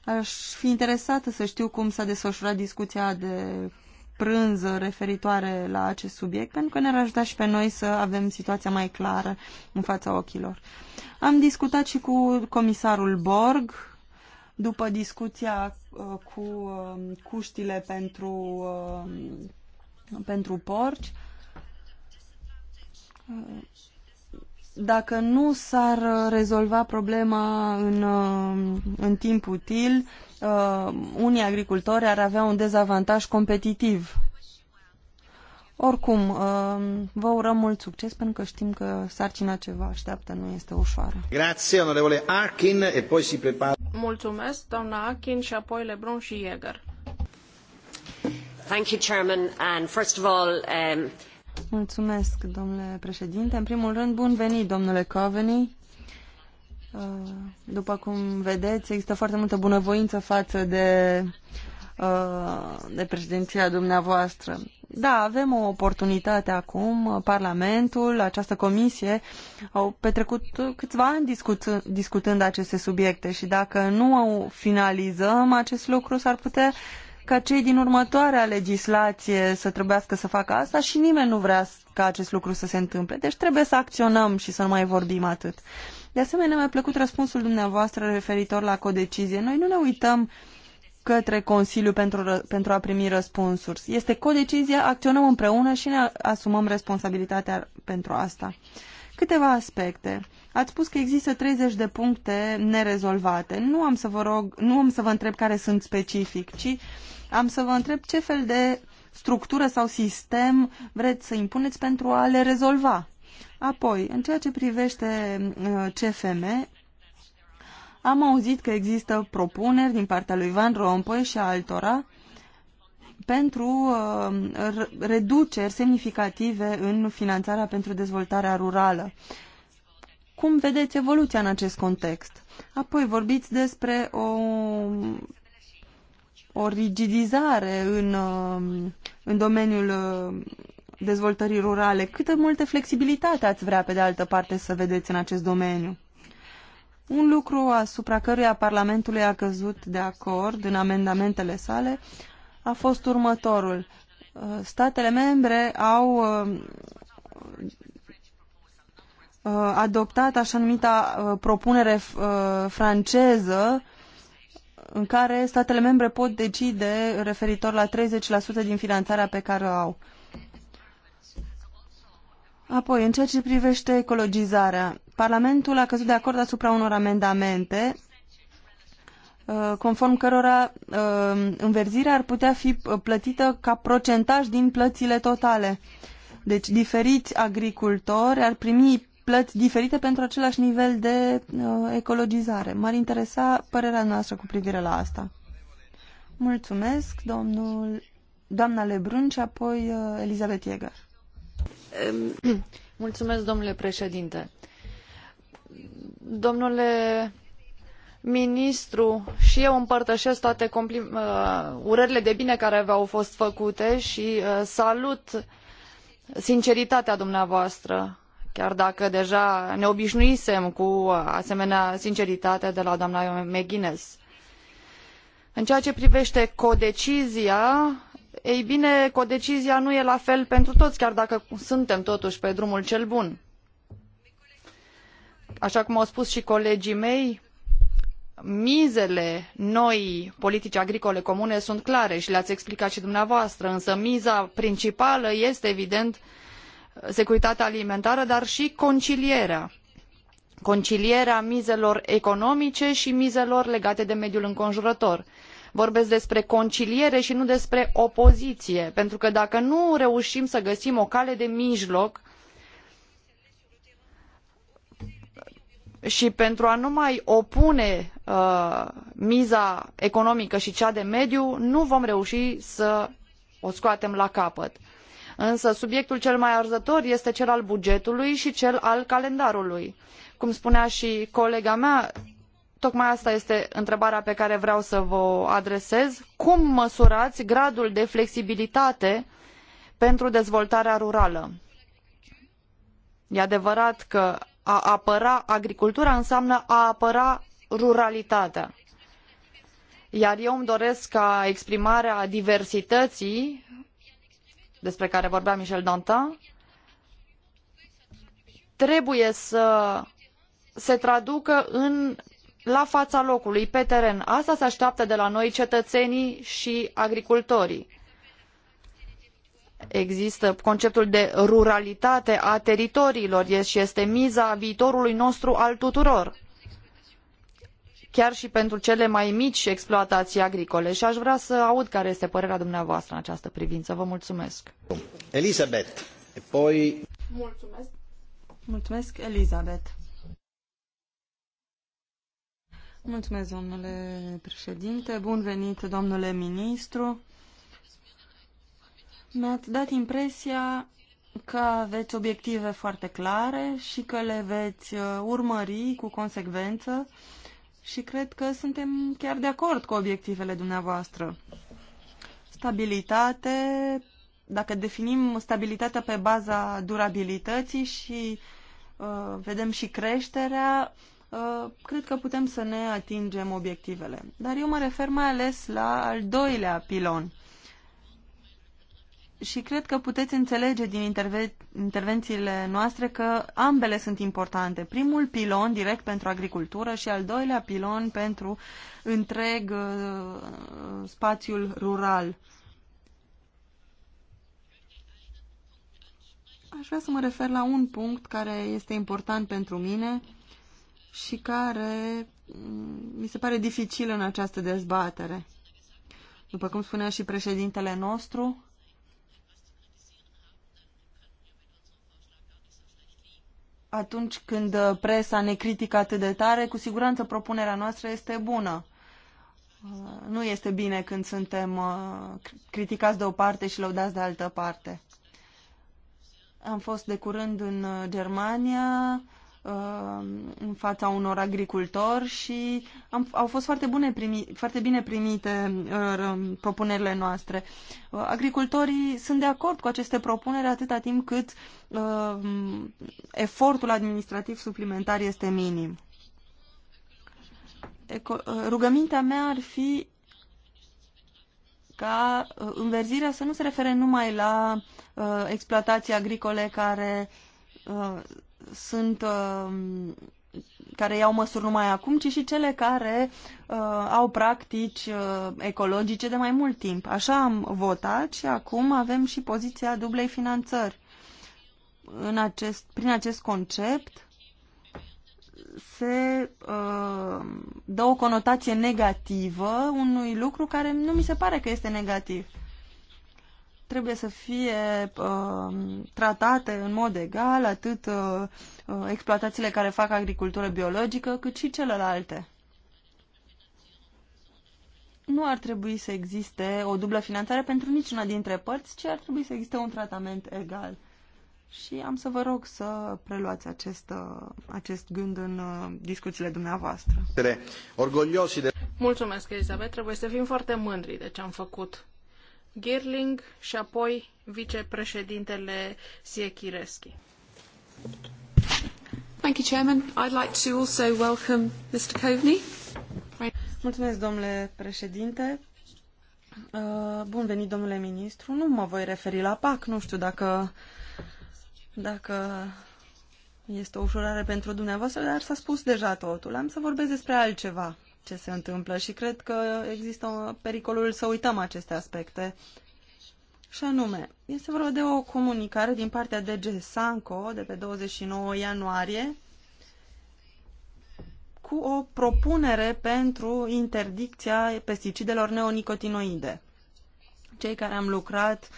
Aș fi interesată să știu cum s-a desfășurat discuția de prânz referitoare la acest subiect, pentru că ne-ar ajuta și pe noi să avem situația mai clară în fața ochilor. Am discutat și cu comisarul Borg, după discuția uh, cu um, cuștile pentru, um, pentru porci. Uh, dacă nu s-ar rezolva problema în, uh, în timp util, uh, unii agricultori ar avea un dezavantaj competitiv. Oricum, uh, vă urăm mult succes pentru că știm că sarcina ce vă așteaptă nu este ușoară. Grazie, onorevole e poi si prepara. Mulțumesc, doamna Akin și apoi Lebron și Jäger. Thank you, Chairman, and first of all, um... Mulțumesc, domnule președinte. În primul rând, bun venit, domnule Coveney Uh, după cum vedeți, există foarte multă bunăvoință față de, uh, de președinția dumneavoastră. Da, avem o oportunitate acum. Parlamentul, această comisie au petrecut câțiva ani discut, discutând aceste subiecte și dacă nu finalizăm acest lucru, s-ar putea ca cei din următoarea legislație să trebuiască să facă asta și nimeni nu vrea ca acest lucru să se întâmple. Deci trebuie să acționăm și să nu mai vorbim atât. Uh, de asemenea, mi-a plăcut răspunsul dumneavoastră referitor la codecizie. Noi nu ne uităm către Consiliu pentru, pentru a primi răspunsuri. Este codecizia, acționăm împreună și ne asumăm responsabilitatea pentru asta. Câteva aspecte. Ați spus că există 30 de puncte nerezolvate. Nu am să vă rog, nu am să vă întreb care sunt specific, ci am să vă întreb ce fel de structură sau sistem vreți să impuneți pentru a le rezolva. Apoi, în ceea ce privește uh, CFM, am auzit că există propuneri din partea lui Van Rompuy și a altora pentru uh, reduceri semnificative în finanțarea pentru dezvoltarea rurală. Cum vedeți evoluția în acest context? Apoi vorbiți despre o, o rigidizare în, uh, în domeniul dezvoltării rurale. Câtă multă flexibilitate ați vrea, pe de altă parte, să vedeți în acest domeniu? Un lucru asupra căruia Parlamentului a căzut de acord în amendamentele sale a fost următorul. Uh, statele membre au uh, uh, adoptat așa numita propunere franceză în care statele membre pot decide referitor la 30% din finanțarea pe care o au. Apoi, în ceea ce privește ecologizarea, Parlamentul a căzut de acord asupra unor amendamente uh, conform cărora uh, înverzirea ar putea fi uh, plătită ca procentaj din plățile totale. Deci diferiți agricultori ar primi plăți diferite pentru același nivel de ecologizare. M-ar interesa părerea noastră cu privire la asta. Mulțumesc, domnul, doamna Lebrun și apoi Elizabeth Mulțumesc, domnule președinte. Domnule ministru și eu împărtășesc toate uh, urările de bine care v-au fost făcute și uh, salut sinceritatea dumneavoastră, chiar dacă deja ne obișnuisem cu asemenea sinceritate de la doamna McGuinness. În ceea ce privește codecizia, ei bine, codecizia nu e la fel pentru toți, chiar dacă suntem totuși pe drumul cel bun. Așa cum au spus și colegii mei, mizele noii politici agricole comune sunt clare și le-ați explicat și dumneavoastră, însă miza principală este, evident, securitatea alimentară, dar și concilierea. Concilierea mizelor economice și mizelor legate de mediul înconjurător vorbesc despre conciliere și nu despre opoziție, pentru că dacă nu reușim să găsim o cale de mijloc și pentru a nu mai opune uh, miza economică și cea de mediu, nu vom reuși să o scoatem la capăt. Însă subiectul cel mai arzător este cel al bugetului și cel al calendarului. Cum spunea și colega mea, Tocmai asta este întrebarea pe care vreau să vă adresez. Cum măsurați gradul de flexibilitate pentru dezvoltarea rurală? E adevărat că a apăra agricultura înseamnă a apăra ruralitatea. Iar eu îmi doresc ca exprimarea diversității, despre care vorbea Michel Dantin, trebuie să se traducă în la fața locului, pe teren. Asta se așteaptă de la noi cetăenii și agricultorii. Există conceptul de ruralitate a teritoriilor și este miza viitorului nostru al tuturor chiar și pentru cele mai mici exploatații agricole și a vrea să aud care este părerea dumneavoastră în această privință. Vă mulțumesc. Elizabeth, apoi... Mulțumesc. Mulțumesc, Elizabeth. Mulțumesc, domnule președinte. Bun venit, domnule ministru. Mi-ați dat impresia că aveți obiective foarte clare și că le veți uh, urmări cu consecvență și cred că suntem chiar de acord cu obiectivele dumneavoastră. Stabilitate, dacă definim stabilitatea pe baza durabilității și uh, vedem și creșterea, Uh, cred că putem să ne atingem obiectivele. Dar eu mă refer mai ales la al doilea pilon. Și cred că puteți înțelege din interve- intervențiile noastre că ambele sunt importante. Primul pilon direct pentru agricultură și al doilea pilon pentru întreg uh, spațiul rural. Aș vrea să mă refer la un punct care este important pentru mine și care mm, mi se pare dificil în această dezbatere. După cum spunea și președintele nostru, atunci când presa ne critică atât de tare, cu siguranță propunerea noastră este bună. Nu este bine când suntem uh, criticați de o parte și lăudați de altă parte. Am fost de curând în uh, Germania, Uh, în fața unor agricultori și am, au fost foarte, bune primi, foarte bine primite uh, propunerile noastre. Uh, agricultorii sunt de acord cu aceste propuneri atâta timp cât uh, efortul administrativ suplimentar este minim. Eco, uh, rugămintea mea ar fi ca uh, înverzirea să nu se refere numai la uh, exploatații agricole care uh, sunt uh, care iau măsuri numai acum, ci și cele care uh, au practici uh, ecologice de mai mult timp. Așa am votat și acum avem și poziția dublei finanțări. În acest, prin acest concept se uh, dă o conotație negativă unui lucru care nu mi se pare că este negativ trebuie să fie uh, tratate în mod egal atât uh, uh, exploatațiile care fac agricultură biologică, cât și celelalte. Nu ar trebui să existe o dublă finanțare pentru niciuna dintre părți, ci ar trebui să existe un tratament egal. Și am să vă rog să preluați acest, uh, acest gând în uh, discuțiile dumneavoastră. Mulțumesc, Elizabeth. Trebuie să fim foarte mândri de ce am făcut Girling și apoi vicepreședintele Siekierski. Thank you, Chairman. I'd like to also welcome Mr. Coveney. Mulțumesc, domnule președinte. Uh, bun venit, domnule ministru. Nu mă voi referi la PAC. Nu știu dacă, dacă este o ușurare pentru dumneavoastră, dar s-a spus deja totul. Am să vorbesc despre altceva ce se întâmplă și cred că există pericolul să uităm aceste aspecte. Și anume, este vorba de o comunicare din partea DG Sanco de pe 29 ianuarie cu o propunere pentru interdicția pesticidelor neonicotinoide. Cei care am lucrat uh,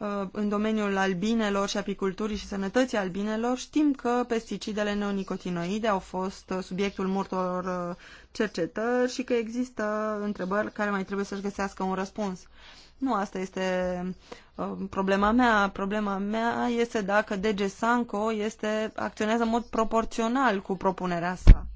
Uh, în domeniul albinelor și apiculturii și sănătății albinelor, știm că pesticidele neonicotinoide au fost uh, subiectul multor uh, cercetări și că există întrebări care mai trebuie să-și găsească un răspuns. Nu asta este problema mea. Problema mea este dacă DG Sanco este, acționează în mod proporțional cu propunerea sa.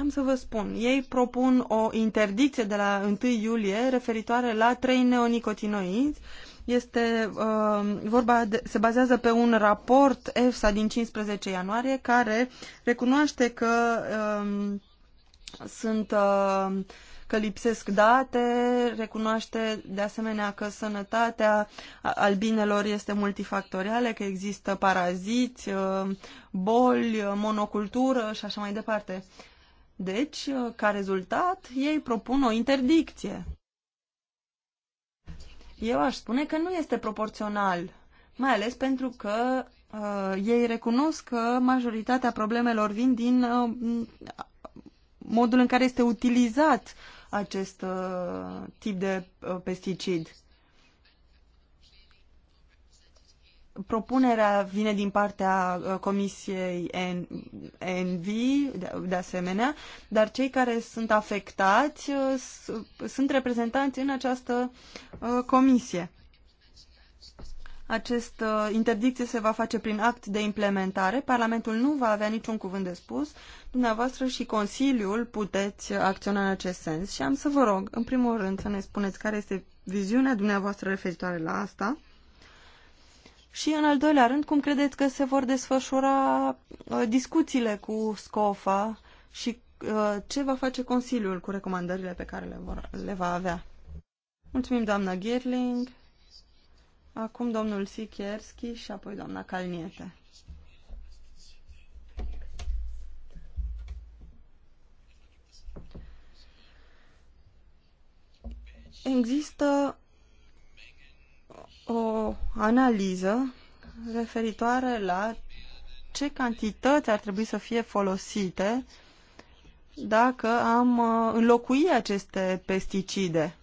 Am să vă spun, ei propun o interdicție de la 1 iulie referitoare la trei neonicotinoizi. Este uh, vorba, de, se bazează pe un raport EFSA din 15 ianuarie care recunoaște că uh, sunt uh, că lipsesc date, recunoaște de asemenea că sănătatea albinelor este multifactorială, că există paraziți, uh, boli, monocultură și așa mai departe. Deci, uh, ca rezultat, ei propun o interdicție. Eu aș spune că nu este proporțional, mai ales pentru că uh, ei recunosc că majoritatea problemelor vin din uh, modul în care este utilizat acest uh, tip de uh, pesticid. Propunerea vine din partea uh, Comisiei ENVI, de asemenea, dar cei care sunt afectați uh, sunt reprezentanți în această uh, comisie. Acest interdicție se va face prin act de implementare. Parlamentul nu va avea niciun cuvânt de spus. Dumneavoastră și Consiliul puteți acționa în acest sens. Și am să vă rog, în primul rând, să ne spuneți care este viziunea dumneavoastră referitoare la asta și, în al doilea rând, cum credeți că se vor desfășura uh, discuțiile cu SCOFA și uh, ce va face Consiliul cu recomandările pe care le, vor, le va avea? Mulțumim, doamna Girling. Acum domnul Sikierski și apoi doamna Calniete. Există o analiză referitoare la ce cantități ar trebui să fie folosite dacă am uh, înlocui aceste pesticide.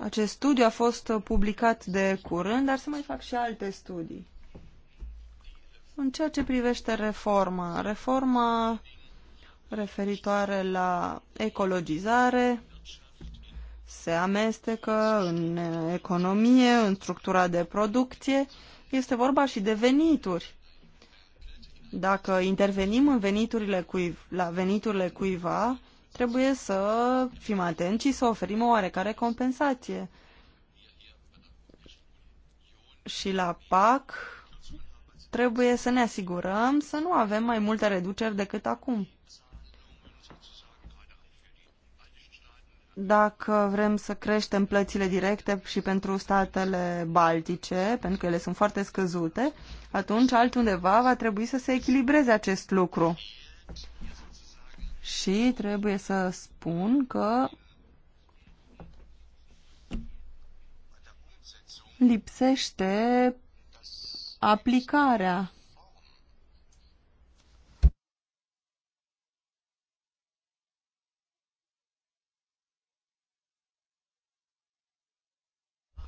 Acest studiu a fost uh, publicat de curând, dar se mai fac și alte studii. În ceea ce privește reforma, reforma referitoare la ecologizare, se amestecă în economie, în structura de producție. Este vorba și de venituri. Dacă intervenim în veniturile cuiv- la veniturile cuiva, trebuie să fim atenți și să oferim o oarecare compensație. Și la PAC trebuie să ne asigurăm să nu avem mai multe reduceri decât acum. dacă vrem să creștem plățile directe și pentru statele baltice, pentru că ele sunt foarte scăzute, atunci altundeva va trebui să se echilibreze acest lucru. Și trebuie să spun că lipsește aplicarea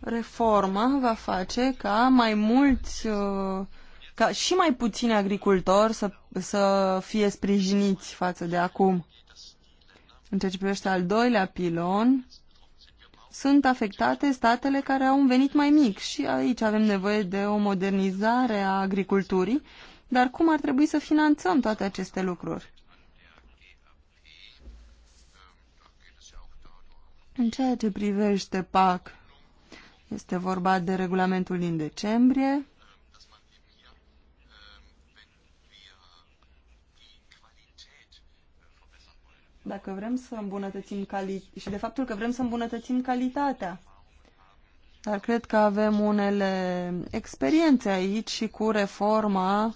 reforma va face ca mai mulți, uh, ca și mai puțini agricultori să, să fie sprijiniți față de acum. În ceea ce privește al doilea pilon, sunt afectate statele care au un venit mai mic și aici avem nevoie de o modernizare a agriculturii, dar cum ar trebui să finanțăm toate aceste lucruri? În ceea ce privește PAC, este vorba de regulamentul din decembrie. Dacă vrem să îmbunătățim calitatea și de faptul că vrem să îmbunătățim calitatea. Dar cred că avem unele experiențe aici și cu reforma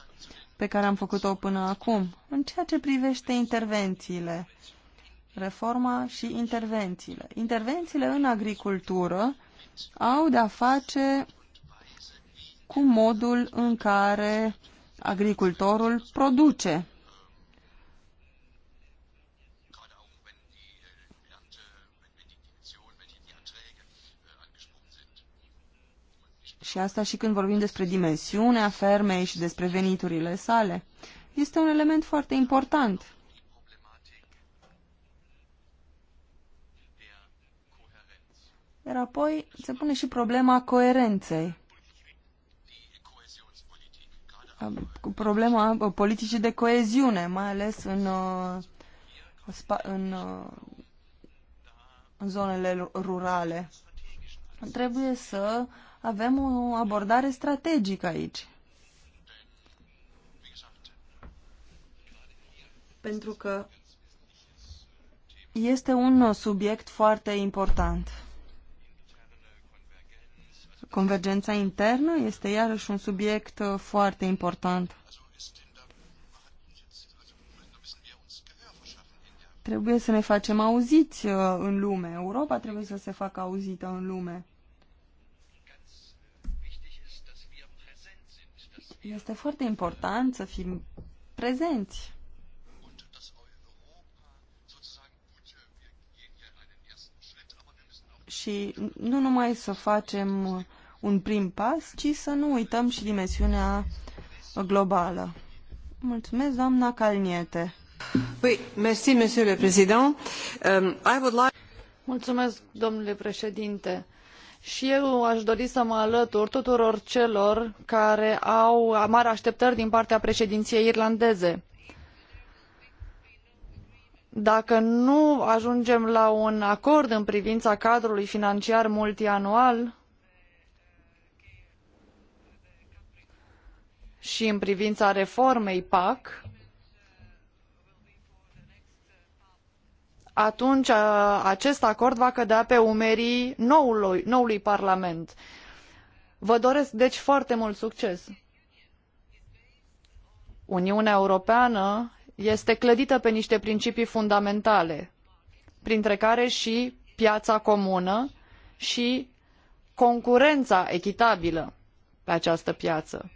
pe care am făcut-o până acum. În ceea ce privește intervențiile, reforma și intervențiile. Intervențiile în agricultură au de-a face cu modul în care agricultorul produce. Și asta și când vorbim despre dimensiunea fermei și despre veniturile sale. Este un element foarte important. Iar apoi se pune și problema coerenței. Problema uh, politicii de coeziune, mai ales în, uh, în, în uh, zonele rurale. Trebuie să avem o abordare strategică aici. Pentru că este un subiect foarte important. Convergența internă este iarăși un subiect uh, foarte important. Trebuie să ne facem auziți uh, în lume. Europa trebuie să se facă auzită în lume. Este foarte important să fim prezenți. Și nu numai să facem uh, un prim pas, ci să nu uităm și dimensiunea globală. Mulțumesc, doamna Calniete. Oui, merci, monsieur le président. Um, I would like... Mulțumesc, domnule președinte. Și eu aș dori să mă alătur tuturor celor care au mari așteptări din partea președinției irlandeze dacă nu ajungem la un acord în privința cadrului financiar multianual și în privința reformei PAC, atunci acest acord va cădea pe umerii noului, noului Parlament. Vă doresc deci foarte mult succes. Uniunea Europeană este clădită pe niște principii fundamentale, printre care și piața comună și concurența echitabilă pe această piață.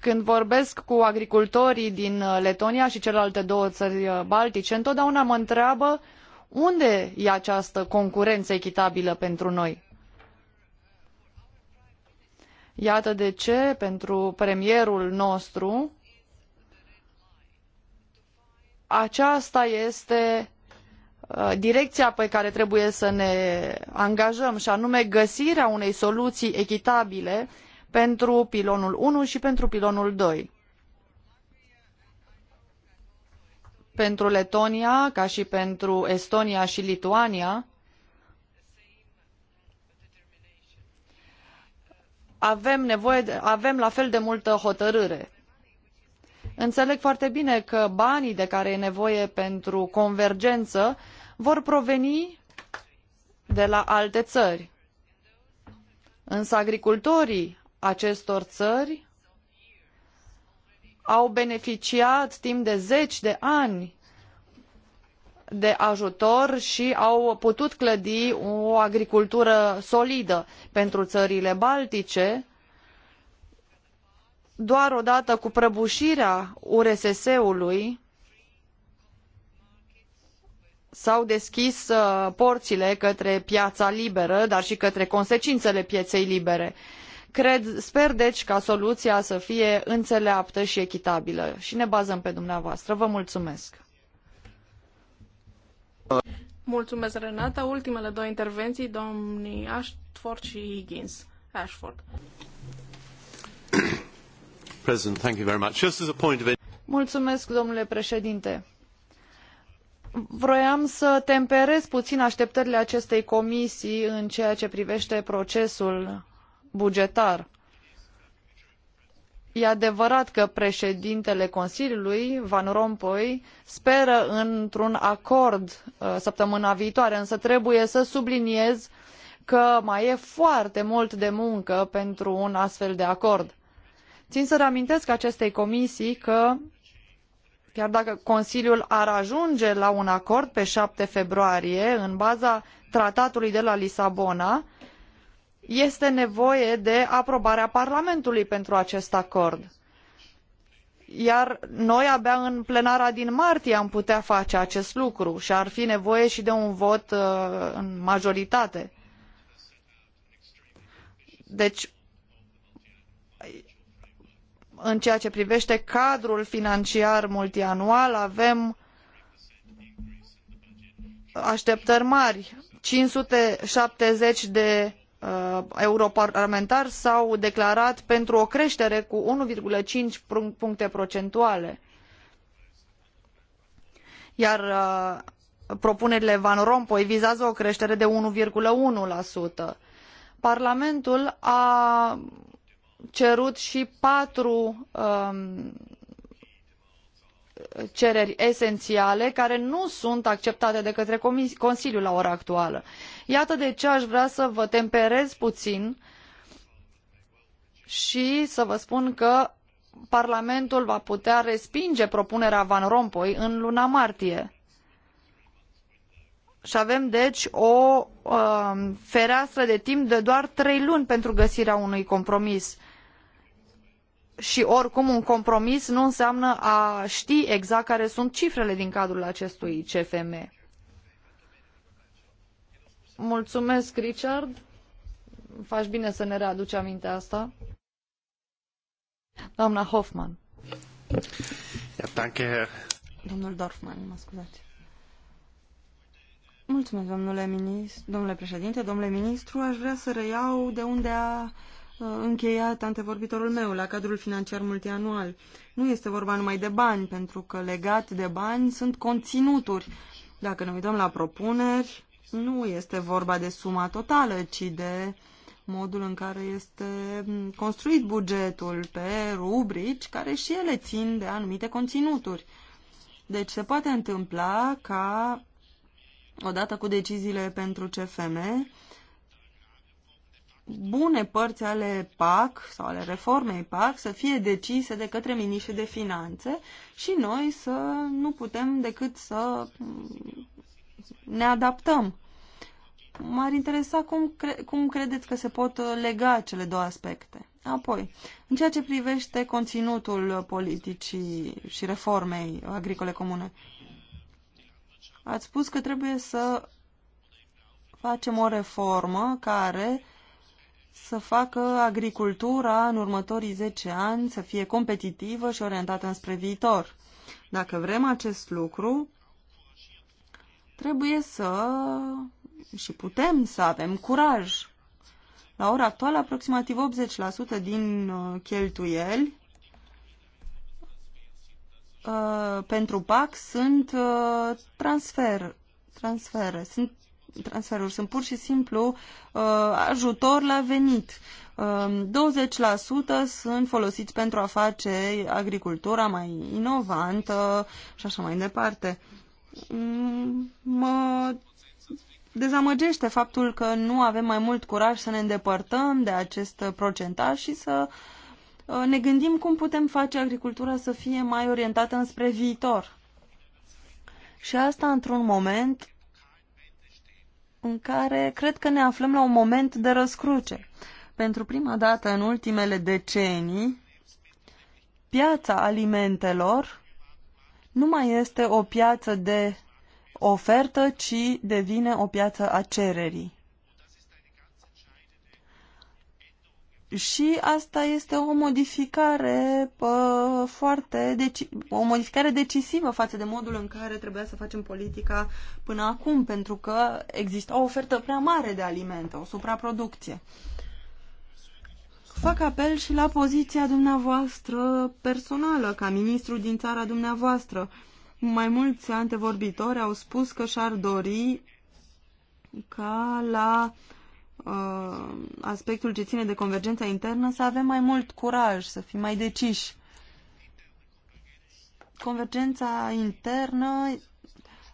Când vorbesc cu agricultorii din uh, Letonia și celelalte două țări uh, baltice, întotdeauna mă întreabă unde e această concurență echitabilă pentru noi. Iată de ce pentru premierul nostru aceasta este uh, direcția pe care trebuie să ne angajăm și anume găsirea unei soluții echitabile pentru pilonul 1 și pentru pilonul 2. Pentru Letonia, ca și pentru Estonia și Lituania, avem, nevoie de, avem la fel de multă hotărâre. Înțeleg foarte bine că banii de care e nevoie pentru convergență vor proveni de la alte țări. Însă agricultorii acestor ări au beneficiat timp de zeci de ani de ajutor și au putut clădi o agricultură solidă pentru țările baltice. Doar odată cu prăbușirea URSS-ului s-au deschis uh, porțile către piața liberă, dar și către consecințele pieței libere. Cred, sper deci ca soluția să fie înțeleaptă și echitabilă și ne bazăm pe dumneavoastră. Vă mulțumesc! Mulțumesc, Renata. Ultimele două intervenții, domnii Ashford și Higgins. Ashford. President, thank you very much. Just as a point of... Mulțumesc, domnule președinte. Vroiam să temperez puțin așteptările acestei comisii în ceea ce privește procesul bugetar. E adevărat că președintele Consiliului, Van Rompuy, speră într-un acord uh, săptămâna viitoare, însă trebuie să subliniez că mai e foarte mult de muncă pentru un astfel de acord. Țin să reamintesc acestei comisii că chiar dacă Consiliul ar ajunge la un acord pe 7 februarie, în baza tratatului de la Lisabona, este nevoie de aprobarea Parlamentului pentru acest acord. Iar noi abia în plenara din martie am putea face acest lucru și ar fi nevoie și de un vot uh, în majoritate. Deci, în ceea ce privește cadrul financiar multianual, avem așteptări mari. 570 de Uh, europarlamentar s-au declarat pentru o creștere cu 1,5 puncte procentuale. Iar uh, propunerile Van Rompuy vizează o creștere de 1,1%. Parlamentul a cerut și patru um, cereri esențiale care nu sunt acceptate de către Consiliu la ora actuală. Iată de ce aș vrea să vă temperez puțin și să vă spun că Parlamentul va putea respinge propunerea Van Rompuy în luna martie. Și avem, deci, o uh, fereastră de timp de doar trei luni pentru găsirea unui compromis. Și oricum un compromis nu înseamnă a ști exact care sunt cifrele din cadrul acestui CFM. Mulțumesc, Richard. Faci bine să ne readuci aminte asta. Doamna Hoffman. Danke. Domnul Dorfman, mă scuzați. Mulțumesc, domnule, ministru, domnule președinte, domnule ministru. Aș vrea să reiau de unde a uh, încheiat antevorbitorul meu la cadrul financiar multianual. Nu este vorba numai de bani, pentru că legat de bani sunt conținuturi. Dacă ne uităm la propuneri, nu este vorba de suma totală, ci de modul în care este construit bugetul pe rubrici care și ele țin de anumite conținuturi. Deci se poate întâmpla ca, odată cu deciziile pentru CFM, bune părți ale PAC sau ale reformei PAC să fie decise de către miniștri de finanțe și noi să nu putem decât să ne adaptăm. M-ar interesa cum, cre- cum credeți că se pot lega cele două aspecte. Apoi, în ceea ce privește conținutul politicii și reformei agricole comune, ați spus că trebuie să facem o reformă care să facă agricultura în următorii 10 ani să fie competitivă și orientată înspre viitor. Dacă vrem acest lucru, Trebuie să și putem să avem curaj. La ora actuală, aproximativ 80% din uh, cheltuieli uh, pentru PAC sunt uh, transfer, transfere, sunt transferuri, sunt pur și simplu ajutor la venit. 20% um, sunt folosiți pentru a face agricultura mai inovantă și așa mai departe mă dezamăgește faptul că nu avem mai mult curaj să ne îndepărtăm de acest procentaj și să uh, ne gândim cum putem face agricultura să fie mai orientată înspre viitor. Și asta într-un moment în care cred că ne aflăm la un moment de răscruce. Pentru prima dată în ultimele decenii, piața alimentelor nu mai este o piață de ofertă, ci devine o piață a cererii. Și asta este o modificare pă, foarte deci o modificare decisivă față de modul în care trebuia să facem politica până acum, pentru că exista o ofertă prea mare de alimente, o supraproducție. Uh, fac apel și la poziția dumneavoastră personală, ca ministru din țara dumneavoastră. Mai mulți antevorbitori au spus că și-ar dori ca la uh, aspectul ce ține de convergența internă să avem mai mult curaj, să fim mai deciși. Convergența internă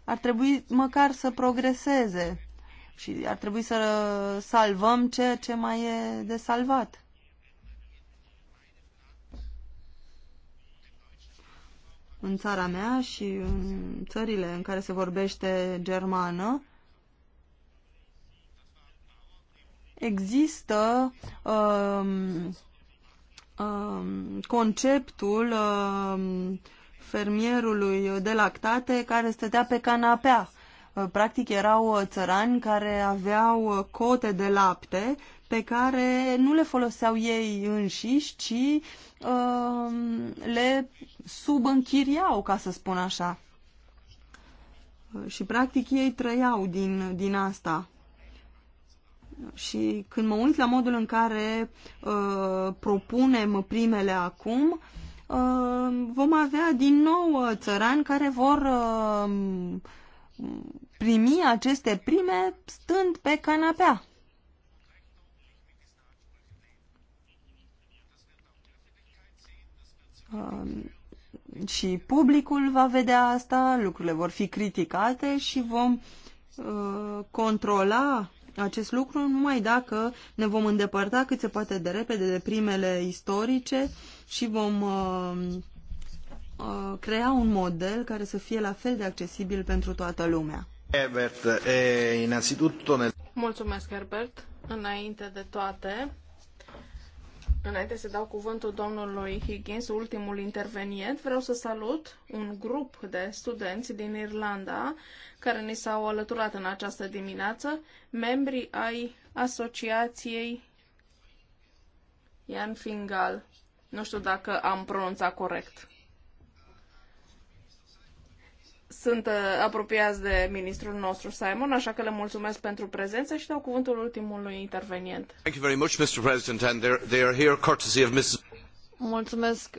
ar trebui măcar să progreseze și ar trebui să salvăm ceea ce mai e de salvat. în țara mea și în țările în care se vorbește germană, există um, um, conceptul um, fermierului de lactate care stătea pe canapea. Uh, practic erau uh, țărani care aveau uh, cote de lapte pe care nu le foloseau ei înșiși, ci um, le subînchiriau, ca să spun așa. Și practic ei trăiau din, din asta. Și când mă uit la modul în care uh, propunem primele acum, uh, vom avea din nou uh, țărani care vor uh, primi aceste prime stând pe canapea. Um, și publicul va vedea asta, lucrurile vor fi criticate și vom uh, controla acest lucru numai dacă ne vom îndepărta cât se poate de repede de primele istorice și vom uh, uh, crea un model care să fie la fel de accesibil pentru toată lumea. Herbert, e, Mulțumesc, Herbert. Înainte de toate, Înainte să dau cuvântul domnului Higgins, ultimul intervenient, vreau să salut un grup de studenți din Irlanda care ni s-au alăturat în această dimineață, membrii ai Asociației Ian Fingal. Nu știu dacă am pronunțat corect sunt uh, apropiați de ministrul nostru Simon, așa că le mulțumesc pentru prezență și dau cuvântul ultimului intervenient. Thank you very much, Mr. President, and they are here courtesy of Mrs. Mulțumesc.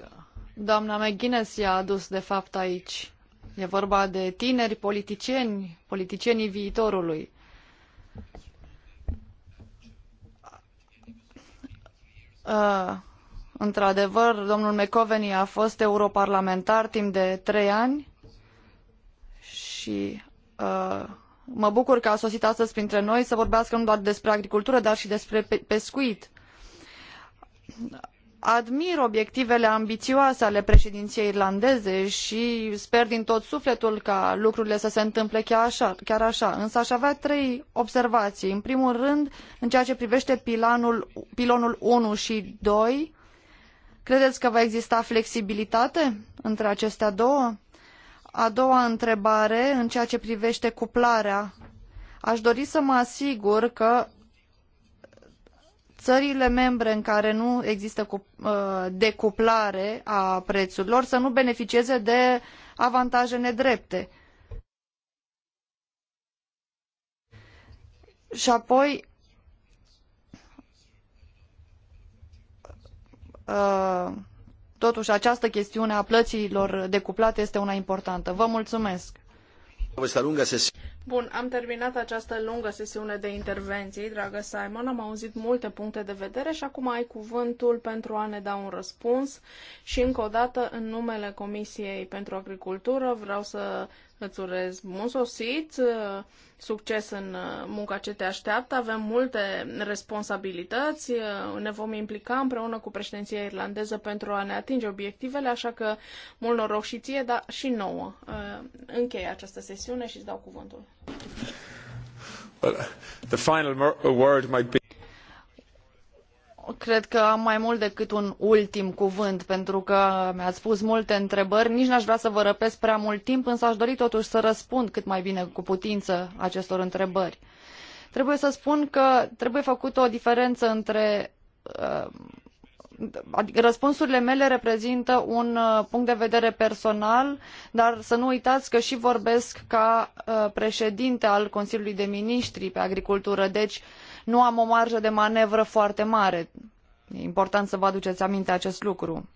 Doamna McGuinness i-a adus, de fapt, aici. E vorba de tineri politicieni, politicienii viitorului. Uh, într-adevăr, domnul McCoveny a fost europarlamentar timp de trei ani și uh, mă bucur că a sosit astăzi printre noi să vorbească nu doar despre agricultură, dar și despre pescuit. Admir obiectivele ambițioase ale președinției irlandeze și sper din tot sufletul ca lucrurile să se întâmple chiar așa. Chiar așa. Însă aș avea trei observații. În primul rând, în ceea ce privește pilanul, pilonul 1 și 2, credeți că va exista flexibilitate între acestea două? a doua întrebare, în ceea ce privește cuplarea, aș dori să mă asigur că țările membre în care nu există uh, decuplare a prețurilor să nu beneficieze de avantaje nedrepte. Și apoi uh, Totuși, această chestiune a plăților decuplate este una importantă. Vă mulțumesc! Bun, am terminat această lungă sesiune de intervenții, dragă Simon. Am auzit multe puncte de vedere și acum ai cuvântul pentru a ne da un răspuns. Și încă o dată, în numele Comisiei pentru Agricultură, vreau să îți urez bun sosit, succes în munca ce te așteaptă. Avem multe responsabilități, ne vom implica împreună cu președinția irlandeză pentru a ne atinge obiectivele, așa că mult noroc și ție, dar și nouă. Închei această sesiune și îți dau cuvântul. The final word might be... Cred că am mai mult decât un ultim cuvânt, pentru că mi-ați pus multe întrebări. Nici n-aș vrea să vă răpesc prea mult timp, însă aș dori totuși să răspund cât mai bine cu putință acestor întrebări. Trebuie să spun că trebuie făcută o diferență între uh, Adică răspunsurile mele reprezintă un uh, punct de vedere personal, dar să nu uitați că și vorbesc ca uh, președinte al Consiliului de Ministri pe Agricultură, deci nu am o marjă de manevră foarte mare. E important să vă aduceți aminte acest lucru.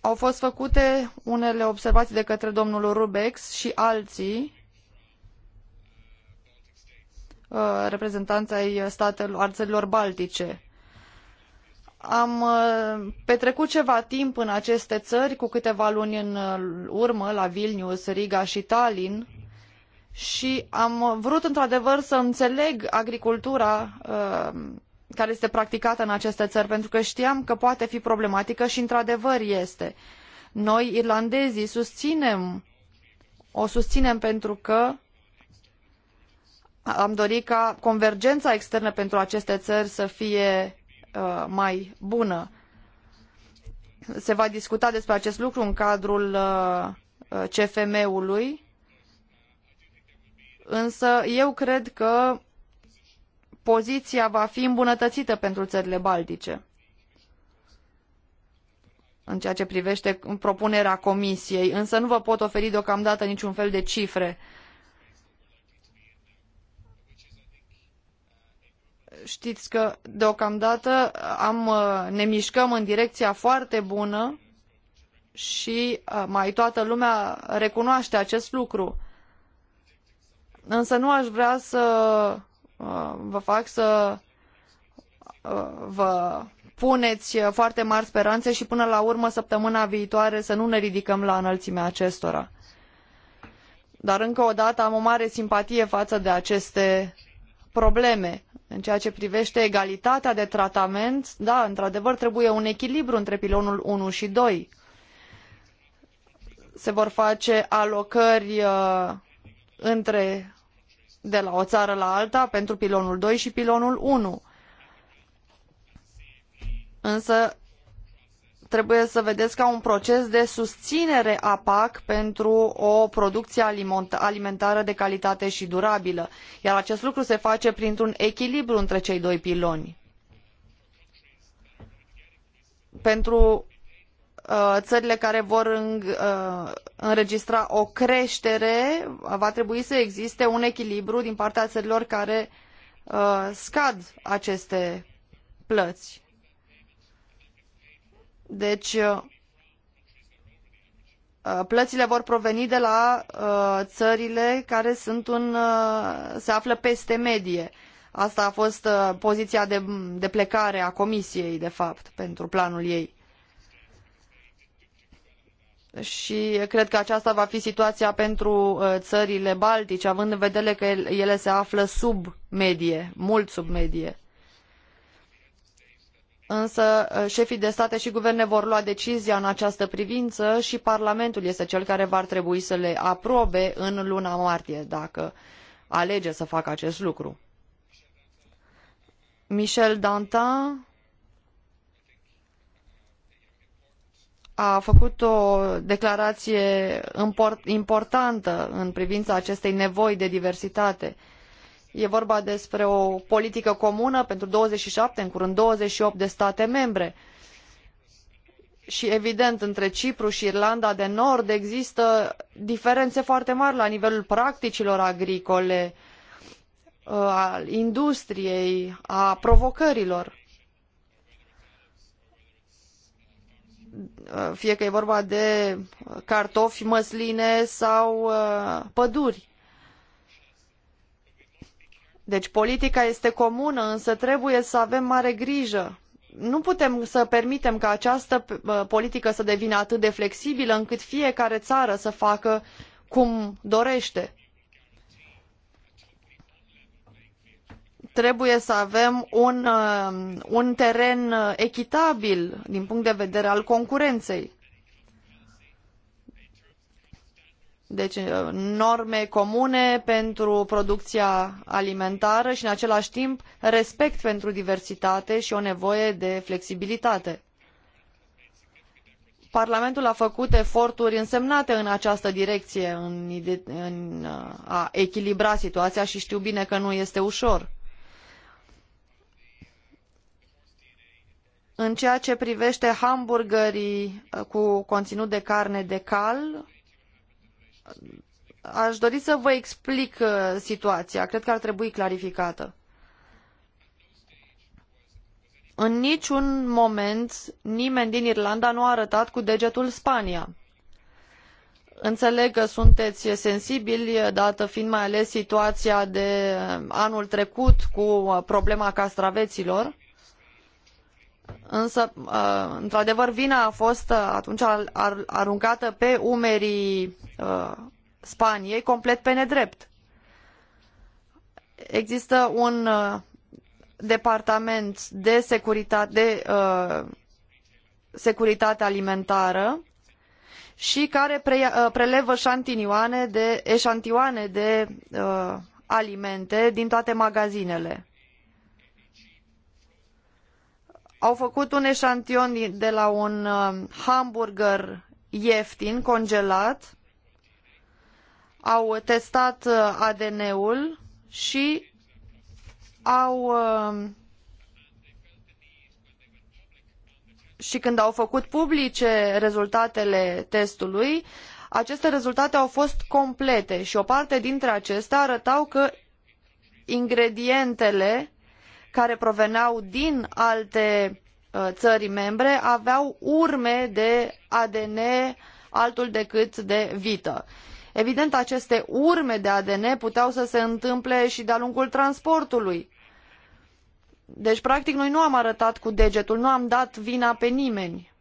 Au fost făcute unele observații de către domnul Rubex și alții reprezentanța uh, reprezentanți ai statelor, țărilor baltice. Am uh, petrecut ceva timp în aceste țări, cu câteva luni în uh, urmă, la Vilnius, Riga și Tallinn, și am vrut într-adevăr să înțeleg agricultura care este practicată în aceste țări, pentru că știam că poate fi problematică și într-adevăr este. Noi, irlandezii, susținem, o susținem pentru că am dorit ca convergența externă pentru aceste țări să fie uh, mai bună. Se va discuta despre acest lucru în cadrul uh, CFM-ului, însă eu cred că poziția va fi îmbunătățită pentru țările baltice în ceea ce privește propunerea comisiei, însă nu vă pot oferi deocamdată niciun fel de cifre uh, știți că deocamdată uh, am, uh, ne mișcăm în direcția foarte bună și uh, mai toată lumea recunoaște acest lucru. Însă nu aș vrea să vă fac să vă puneți foarte mari speranțe și până la urmă săptămâna viitoare să nu ne ridicăm la înălțimea acestora. Dar încă o dată am o mare simpatie față de aceste probleme în ceea ce privește egalitatea de tratament, da, într-adevăr trebuie un echilibru între pilonul unu și doi. Se vor face alocări uh, între de la o țară la alta pentru pilonul doi și pilonul unu. Însă trebuie să vedeți ca un proces de susținere a PAC pentru o producție alimentară de calitate și durabilă, iar acest lucru se face printr-un echilibru între cei doi piloni. Pentru uh, țările care vor uh, înregistra o creștere, va trebui să existe un echilibru din partea țărilor care uh, scad aceste plăți deci, uh, uh, plățile vor proveni de la uh, țările care sunt un, se află peste medie. Asta a fost poziția de, de plecare a Comisiei, de fapt, pentru planul ei. Și cred că aceasta va fi situația pentru țările baltice, având în vedere că ele se află sub medie, mult sub medie însă uh, șefii de state și guverne vor lua decizia în această privință și Parlamentul este cel care va trebui să le aprobe în luna martie, dacă alege să facă acest lucru. Michel Dantin a făcut o declarație importantă în privința acestei nevoi de diversitate E vorba despre o politică comună pentru 27, în curând 28 de state membre. Și evident, între Cipru și Irlanda de Nord există diferențe foarte mari la nivelul practicilor agricole, uh, al industriei, a provocărilor. Uh, fie că e vorba de uh, cartofi, măsline sau păduri. Deci politica este comună, însă trebuie să avem mare grijă. Nu putem să permitem ca această uh, politică să devină atât de flexibilă încât fiecare țară să facă cum dorește. Trebuie să avem un, uh, un teren uh, echitabil din punct de vedere al concurenței. deci uh, norme comune pentru producția alimentară și în același timp respect pentru diversitate și o nevoie de flexibilitate. Parlamentul a făcut eforturi însemnate în această direcție, în, în uh, a echilibra situația și știu bine că nu este ușor. În ceea ce privește hamburgerii uh, cu conținut de carne de cal, aș dori să vă explic uh, situația. Cred că ar trebui clarificată. În niciun moment nimeni din Irlanda nu a arătat cu degetul Spania. Înțeleg că sunteți sensibili, dată fiind mai ales situația de uh, anul trecut cu uh, problema castraveților, Însă, într-adevăr, vina a fost atunci aruncată pe umerii Spaniei complet pe nedrept. Există un departament de securitate, de, securitate alimentară și care prelevă șantinioane de, eșantioane de uh, alimente din toate magazinele. Au făcut un eșantion de la un uh, hamburger ieftin, congelat, au testat uh, ADN-ul și au uh, și când au făcut publice rezultatele testului, aceste rezultate au fost complete și o parte dintre acestea arătau că ingredientele care proveneau din alte uh, țări membre aveau urme de ADN altul decât de vită. Evident, aceste urme de ADN puteau să se întâmple și de-a lungul transportului. Deci, practic, noi nu am arătat cu degetul, nu am dat vina pe nimeni.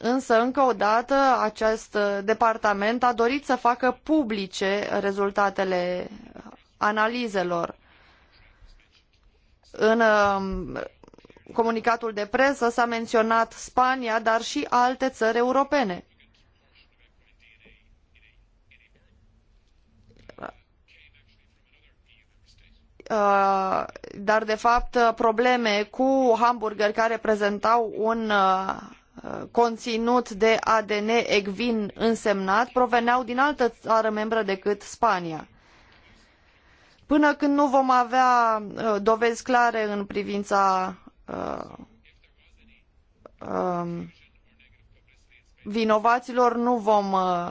Însă, încă o dată, acest departament a dorit să facă publice rezultatele analizelor. În um, comunicatul de presă s-a menționat Spania, dar și alte țări europene. Uh, dar de fapt probleme cu hamburgeri care prezentau un uh, conținut de ADN ecvin însemnat proveneau din altă țară membră decât Spania. Până când nu vom avea uh, dovezi clare în privința uh, uh, vinovaților, nu vom uh,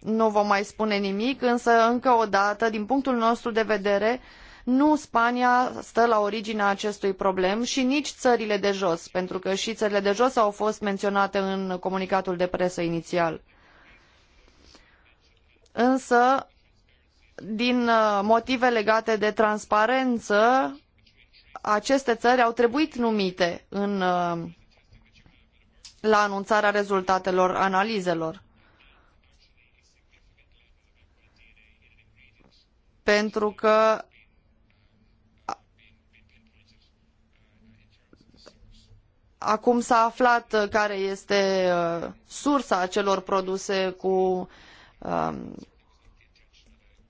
nu vom mai spune nimic, însă încă o dată, din punctul nostru de vedere, nu Spania stă la originea acestui problem și nici țările de jos, pentru că și țările de jos au fost menționate în comunicatul de presă inițial. Însă din uh, motive legate de transparență, aceste țări au trebuit numite în, uh, la anunțarea rezultatelor analizelor. Pentru că acum s-a aflat care este uh, sursa acelor produse cu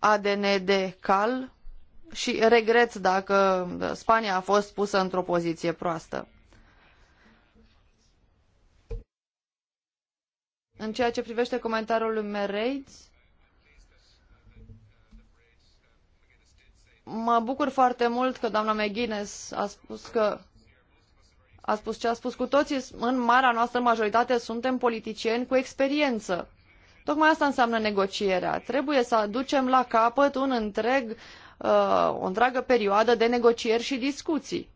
ADN de cal și regret dacă Spania a fost pusă într-o poziție proastă. În ceea ce privește comentariul lui Mereids, mă bucur foarte mult că doamna McGuinness a spus că a spus ce a spus cu toții, în marea noastră majoritate suntem politicieni cu experiență. Tocmai asta înseamnă negocierea. Trebuie să aducem la capăt un întreg, uh, o întreagă perioadă de negocieri și discuții.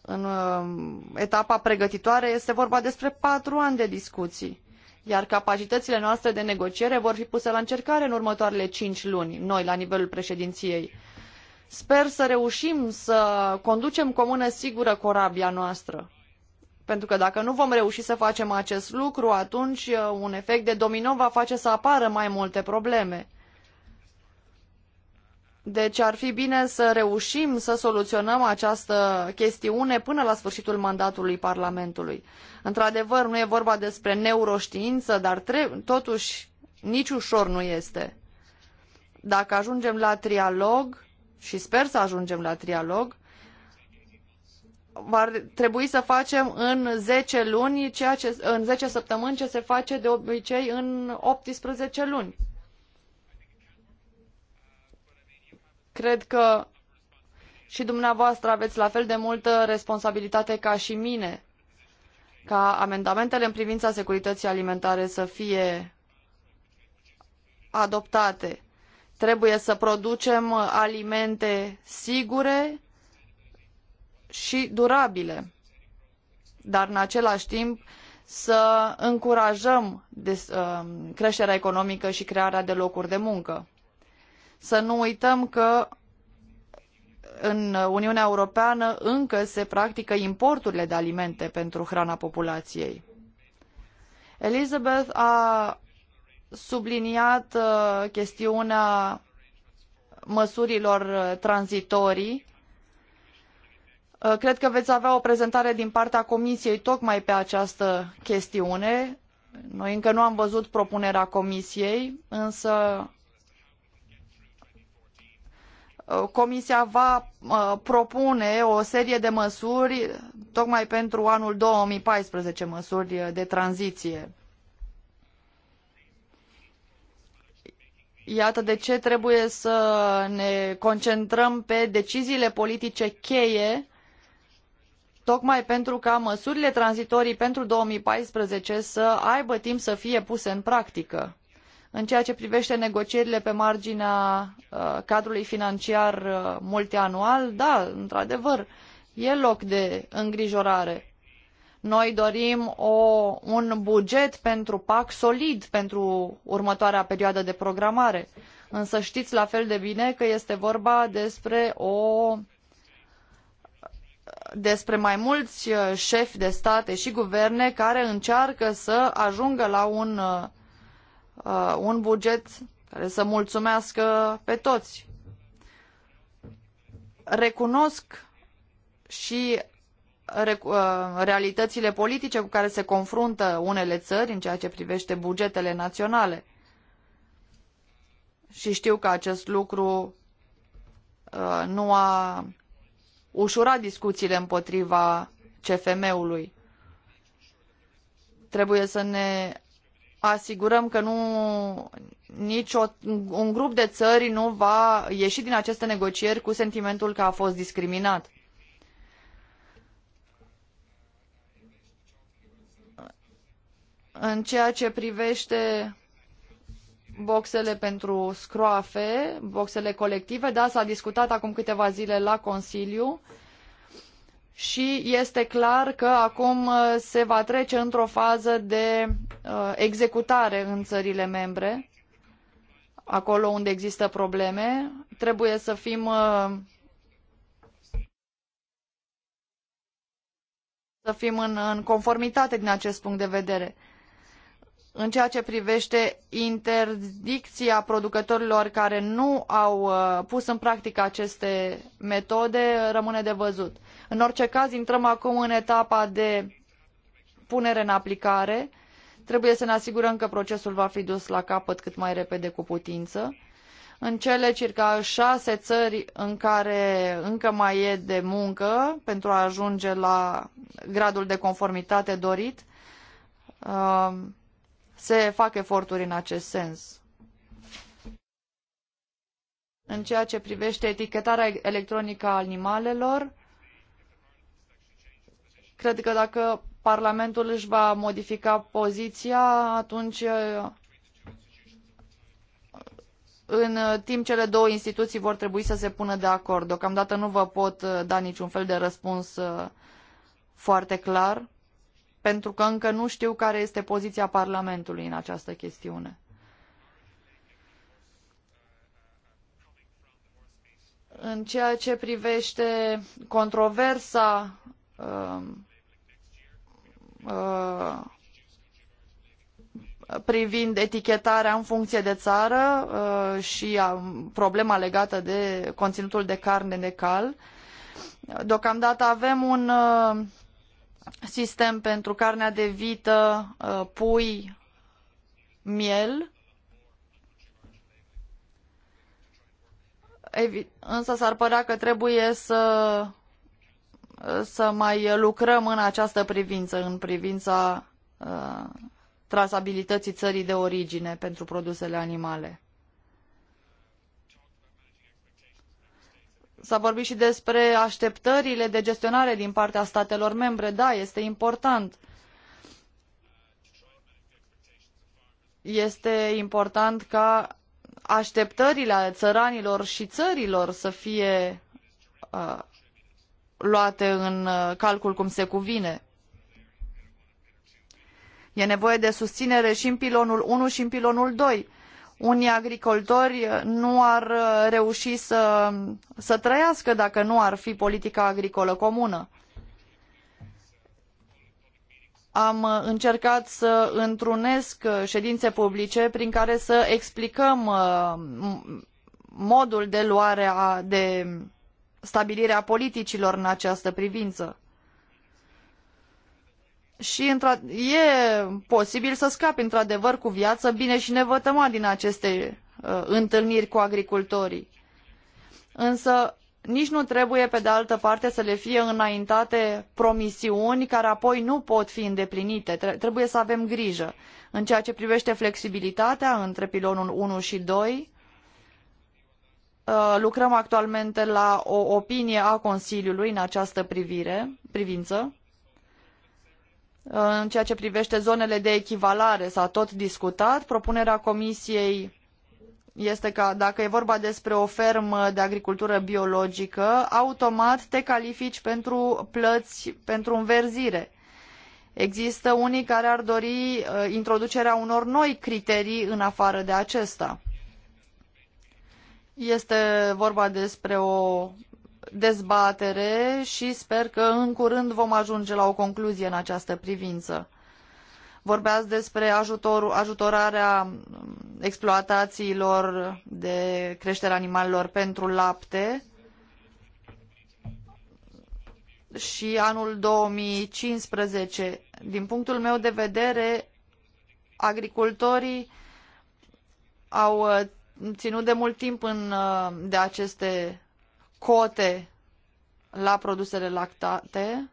În uh, etapa pregătitoare este vorba despre patru ani de discuții iar capacitățile noastre de negociere vor fi puse la încercare în următoarele cinci luni, noi, la nivelul președinției. Sper să reușim să conducem comună sigură corabia noastră. Pentru că dacă nu vom reuși să facem acest lucru, atunci uh, un efect de domino va face să apară mai multe probleme. Deci ar fi bine să reușim să soluționăm această chestiune până la sfârșitul mandatului Parlamentului. Într-adevăr, nu e vorba despre neuroștiință, dar totuși nici ușor nu este. Dacă ajungem la trialog, și sper să ajungem la trialog, va trebui să facem în 10 luni, ceea ce, în 10 săptămâni ce se face de obicei în 18 luni. Cred că și dumneavoastră aveți la fel de multă responsabilitate ca și mine ca amendamentele în privința securității alimentare să fie adoptate. Trebuie să producem alimente sigure și durabile, dar în același timp să încurajăm uh, creșterea economică și crearea de locuri de muncă. Să nu uităm că în Uniunea Europeană încă se practică importurile de alimente pentru hrana populației. Elizabeth a subliniat uh, chestiunea măsurilor tranzitorii Uh, cred că veți avea o prezentare din partea Comisiei tocmai pe această chestiune. Noi încă nu am văzut propunerea Comisiei, însă uh, Comisia va uh, propune o serie de măsuri tocmai pentru anul 2014, măsuri de tranziție. Iată de ce trebuie să ne concentrăm pe deciziile politice cheie tocmai pentru ca măsurile tranzitorii pentru 2014 să aibă timp să fie puse în practică. În ceea ce privește negocierile pe marginea uh, cadrului financiar uh, multianual, da, într-adevăr, e loc de îngrijorare. Noi dorim o, un buget pentru PAC solid pentru următoarea perioadă de programare. Însă știți la fel de bine că este vorba despre o despre mai mulți uh, șefi de state și guverne care încearcă să ajungă la un, uh, uh, un buget care să mulțumească pe toți. Recunosc și realitățile politice cu care se confruntă unele țări în ceea ce privește bugetele naționale. Și știu că acest lucru nu a ușura discuțiile împotriva CFM-ului. Trebuie să ne asigurăm că nu un grup de țări nu va ieși din aceste negocieri cu sentimentul că a fost discriminat. În ceea ce privește boxele pentru scroafe, boxele colective, da, s-a discutat acum câteva zile la Consiliu și este clar că acum uh, se va trece într-o fază de uh, executare în țările membre, acolo unde există probleme. Trebuie să fim uh, să fim în, în conformitate din acest punct de vedere în ceea ce privește interdicia producătorilor care nu au uh, pus în practică aceste metode, rămâne de văzut. În orice caz, intrăm acum în etapa de punere în aplicare. Trebuie să ne asigurăm că procesul va fi dus la capăt cât mai repede cu putință. În cele circa șase țări în care încă mai e de muncă pentru a ajunge la gradul de conformitate dorit, uh, se fac eforturi în acest sens. În ceea ce privește etichetarea electronică a animalelor, cred că dacă Parlamentul își va modifica poziția, atunci în timp cele două instituții vor trebui să se pună de acord. Deocamdată nu vă pot da niciun fel de răspuns foarte clar pentru că încă nu știu care este poziția Parlamentului în această chestiune. În ceea ce privește controversa uh, uh, privind etichetarea în funcție de țară uh, și um, problema legată de conținutul de carne de cal, deocamdată avem un uh, sistem pentru carnea de vită, uh, pui, miel. Evi însă s-ar părea că trebuie să, uh, să mai lucrăm în această privință, în privința uh, trasabilității țării de origine pentru produsele animale. S-a vorbit și despre așteptările de gestionare din partea statelor membre. Da, este important. Este important ca așteptările țăranilor și țărilor să fie uh, luate în uh, calcul cum se cuvine. E nevoie de susținere și în pilonul 1 și în pilonul 2 unii agricultori uh, nu ar uh, reuși să, să trăiască dacă nu ar fi politica agricolă comună. Am uh, încercat să întrunesc ședințe publice prin care să explicăm modul de luare a, de stabilire a politicilor în această privință și e posibil să scapi într-adevăr cu viață bine și nevătămat din aceste uh, întâlniri cu agricultorii. Însă nici nu trebuie, pe de altă parte, să le fie înaintate promisiuni care apoi nu pot fi îndeplinite. Trebuie să avem grijă. În ceea ce privește flexibilitatea între pilonul unu și doi. Uh, lucrăm actualmente la o opinie a Consiliului în această privire, privință în ceea ce privește zonele de echivalare, s-a tot discutat. Propunerea Comisiei este că dacă e vorba despre o fermă de agricultură biologică, automat te califici pentru plăți pentru înverzire. Există unii care ar dori uh, introducerea unor noi criterii în afară de acesta. Este vorba despre o dezbatere și sper că în curând vom ajunge la o concluzie în această privință. Vorbeați despre ajutor, ajutorarea exploatațiilor de creștere animalelor pentru lapte și anul 2015. Din punctul meu de vedere, agricultorii au uh, ținut de mult timp în, uh, de aceste cote la produsele lactate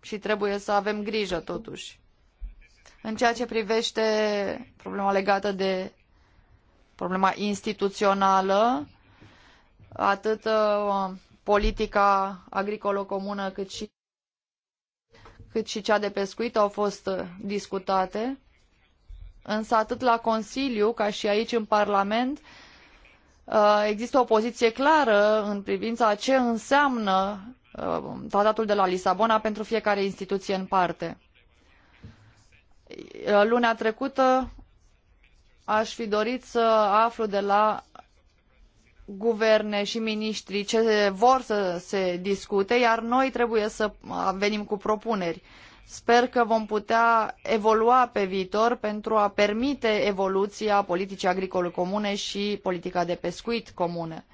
și trebuie să avem grijă totuși. În ceea ce privește problema legată de problema instituțională, atât uh, politica agricolă comună cât și, cât și cea de pescuit au fost uh, discutate, însă atât la Consiliu ca și aici în Parlament Uh, există o poziție clară în privința ce înseamnă uh, tratatul de la Lisabona pentru fiecare instituție în parte. Uh, Luna trecută aș fi dorit să aflu de la guverne și miniștri ce vor să se discute, iar noi trebuie să venim cu propuneri. Uh, Sper că vom putea evolua pe viitor pentru a permite evoluția politicii agricole comune și politica de pescuit comune.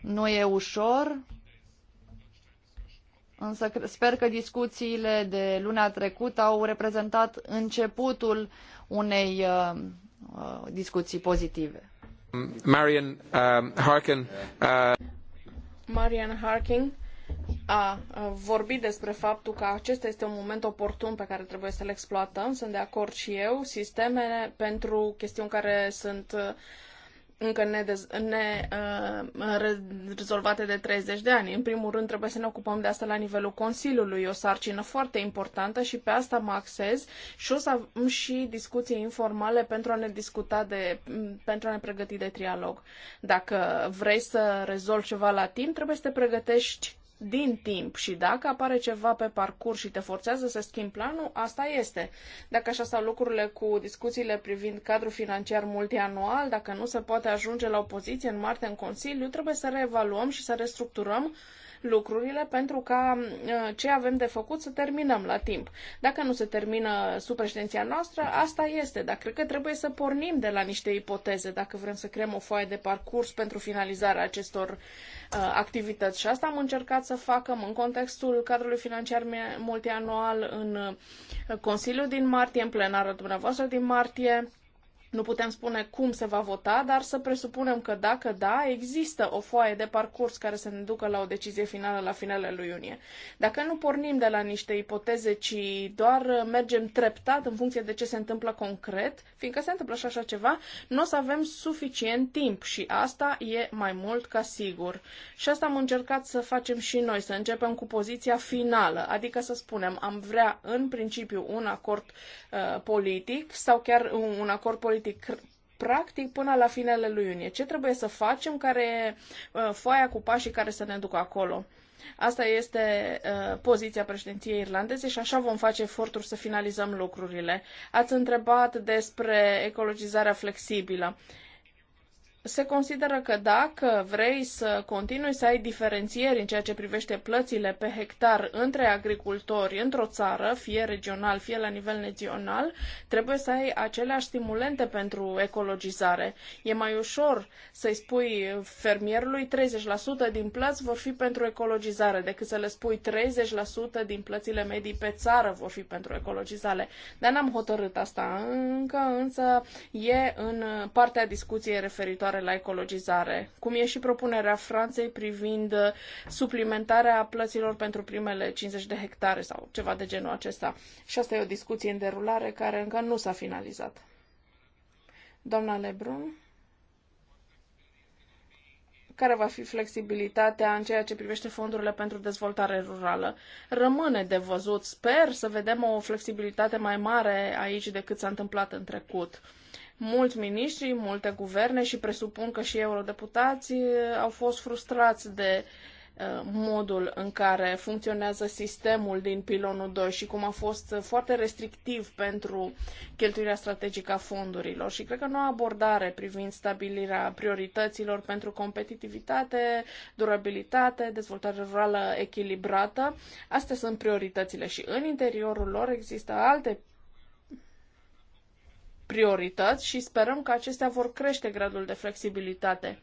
Nu e ușor, însă sper că discuțiile de luna trecută au reprezentat începutul unei uh, uh discuții pozitive. Marian uh, Harkin. Uh... Marian Harkin a vorbit despre faptul că acesta este un moment oportun pe care trebuie să-l exploatăm. Sunt de acord și eu. Sisteme pentru chestiuni care sunt uh, încă nerezolvate ne, uh, de 30 de ani. În primul rând, trebuie să ne ocupăm de asta la nivelul Consiliului, o sarcină foarte importantă și pe asta mă axez și o să avem și discuții informale pentru a ne discuta de, pentru a ne pregăti de trialog. Dacă vrei să rezolvi ceva la timp, trebuie să te pregătești din timp și dacă apare ceva pe parcurs și te forțează să schimbi planul, asta este. Dacă așa stau lucrurile cu discuțiile privind cadrul financiar multianual, dacă nu se poate ajunge la o poziție în martie în Consiliu, trebuie să reevaluăm și să restructurăm lucrurile pentru ca uh, ce avem de făcut să terminăm la timp. Dacă nu se termină sub președinția noastră, asta este, dar cred că trebuie să pornim de la niște ipoteze dacă vrem să creăm o foaie de parcurs pentru finalizarea acestor uh, activități. Și asta am încercat să facem în contextul cadrului financiar multianual în uh, Consiliul din martie, în plenară dumneavoastră din martie nu putem spune cum se va vota, dar să presupunem că dacă da, există o foaie de parcurs care să ne ducă la o decizie finală la finele lui iunie. Dacă nu pornim de la niște ipoteze, ci doar uh, mergem treptat în funcție de ce se întâmplă concret, fiindcă se întâmplă și așa ceva, nu o să avem suficient timp și asta e mai mult ca sigur. Și asta am încercat să facem și noi, să începem cu poziția finală, adică să spunem am vrea în principiu un acord uh, politic sau chiar un acord politic politic practic până la finele lui iunie. Ce trebuie să facem, care e uh, foaia cu pașii care să ne ducă acolo. Asta este uh, poziția președinției irlandeze și așa vom face eforturi să finalizăm lucrurile. Ați întrebat despre ecologizarea flexibilă se consideră că dacă vrei să continui să ai diferențieri în ceea ce privește plățile pe hectar între agricultori într-o țară, fie regional, fie la nivel național, trebuie să ai aceleași stimulente pentru ecologizare. E mai ușor să-i spui fermierului 30% din plăți vor fi pentru ecologizare, decât să le spui 30% din plățile medii pe țară vor fi pentru ecologizare. Dar n-am hotărât asta încă, însă e în partea discuției referitoare renunțare la ecologizare, cum e și propunerea Franței privind uh, suplimentarea plăților pentru primele 50 de hectare sau ceva de genul acesta. Și asta e o discuție în derulare care încă nu s-a finalizat. Doamna Lebrun? care va fi flexibilitatea în ceea ce privește fondurile pentru dezvoltare rurală. Rămâne de văzut. Sper să vedem o flexibilitate mai mare aici decât s-a întâmplat în trecut mulți miniștri, multe guverne și presupun că și eurodeputații eh, au fost frustrați de eh, modul în care funcționează sistemul din pilonul 2 și cum a fost eh, foarte restrictiv pentru cheltuirea strategică a fondurilor. Și cred că noua abordare privind stabilirea priorităților pentru competitivitate, durabilitate, dezvoltare rurală echilibrată, astea sunt prioritățile și în interiorul lor există alte priorități și sperăm că acestea vor crește gradul de flexibilitate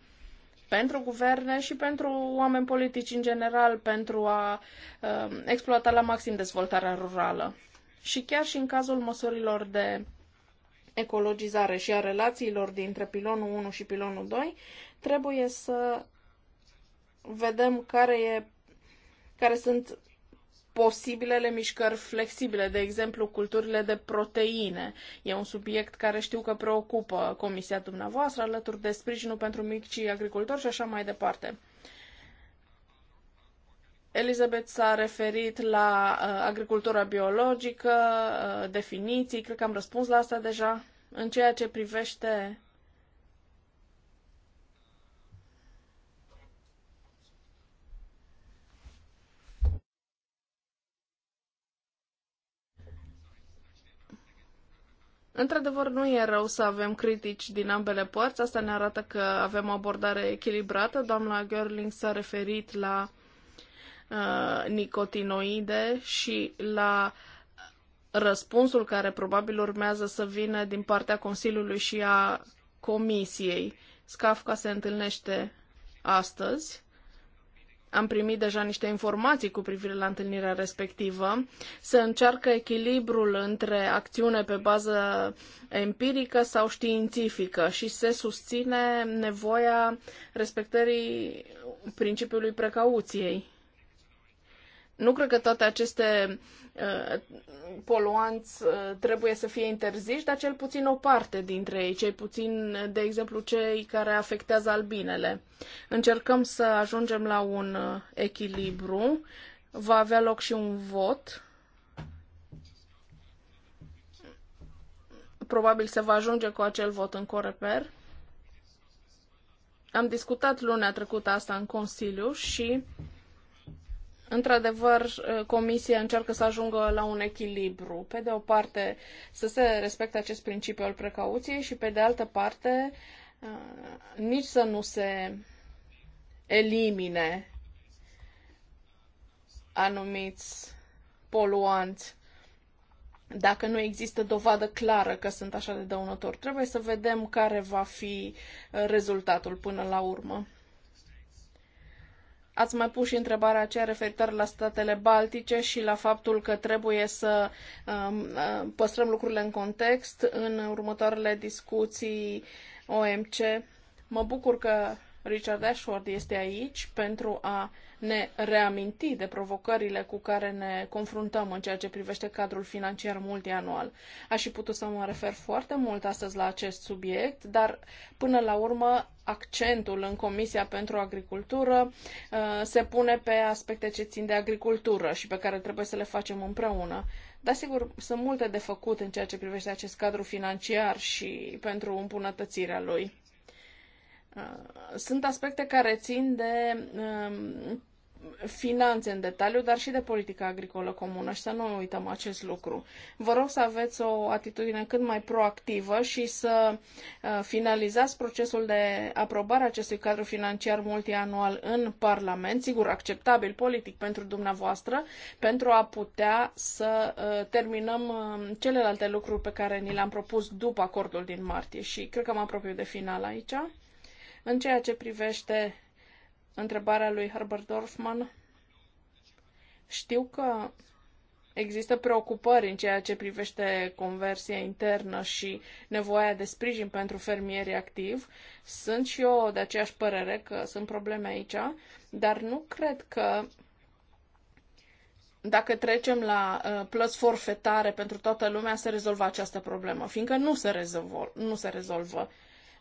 pentru guverne și pentru oameni politici în general, pentru a uh, exploata la maxim dezvoltarea rurală. Și chiar și în cazul măsurilor de ecologizare și a relațiilor dintre pilonul 1 și pilonul 2, trebuie să vedem care, e, care sunt posibilele mișcări flexibile, de exemplu culturile de proteine. E un subiect care știu că preocupă comisia dumneavoastră, alături de sprijinul pentru micii agricultori și așa mai departe. Elizabeth s-a referit la uh, agricultura biologică, uh, definiții, cred că am răspuns la asta deja. În ceea ce privește Într-adevăr, nu e rău să avem critici din ambele părți. Asta ne arată că avem o abordare echilibrată. Doamna Görling s-a referit la uh, nicotinoide și la răspunsul care probabil urmează să vină din partea Consiliului și a Comisiei. Scafca se întâlnește astăzi am primit deja niște informații cu privire la întâlnirea respectivă. Să încearcă echilibrul între acțiune pe bază empirică sau științifică și se susține nevoia respectării principiului precauției. Nu cred că toate aceste uh, poluanți uh, trebuie să fie interziși, dar cel puțin o parte dintre ei, cei puțin, de exemplu, cei care afectează albinele. Încercăm să ajungem la un uh, echilibru. Va avea loc și un vot. Probabil se va ajunge cu acel vot în Coreper. Am discutat luna trecută asta în Consiliu și Într-adevăr, uh, Comisia încearcă să ajungă la un echilibru. Pe de o parte, să se respecte acest principiu al precauției și, pe de altă parte, uh, nici să nu se elimine anumiți poluanți dacă nu există dovadă clară că sunt așa de dăunători. Trebuie să vedem care va fi rezultatul până la urmă. Ați mai pus și întrebarea aceea referitoare la statele baltice și la faptul că trebuie să um, uh, păstrăm lucrurile în context în următoarele discuții OMC. Mă bucur că Richard Ashford este aici pentru a ne reaminti de provocările cu care ne confruntăm în ceea ce privește cadrul financiar multianual. Aș fi putut să mă refer foarte mult astăzi la acest subiect, dar până la urmă accentul în Comisia pentru Agricultură uh, se pune pe aspecte ce țin de agricultură și pe care trebuie să le facem împreună. Dar sigur, sunt multe de făcut în ceea ce privește acest cadru financiar și pentru îmbunătățirea lui. Uh, sunt aspecte care țin de um, finanțe în detaliu, dar și de politica agricolă comună și să nu uităm acest lucru. Vă rog să aveți o atitudine cât mai proactivă și să uh, finalizați procesul de aprobare a acestui cadru financiar multianual în Parlament, sigur acceptabil politic pentru dumneavoastră, pentru a putea să uh, terminăm um, celelalte lucruri pe care ni le-am propus după acordul din martie și cred că mă apropiu de final aici. În ceea ce privește întrebarea lui Herbert Dorfman. Știu că există preocupări în ceea ce privește conversia internă și nevoia de sprijin pentru fermierii activ. Sunt și eu de aceeași părere că sunt probleme aici, dar nu cred că dacă trecem la uh, forfetare pentru toată lumea, se rezolvă această problemă, fiindcă nu se rezolvă. Nu se rezolvă. Uh,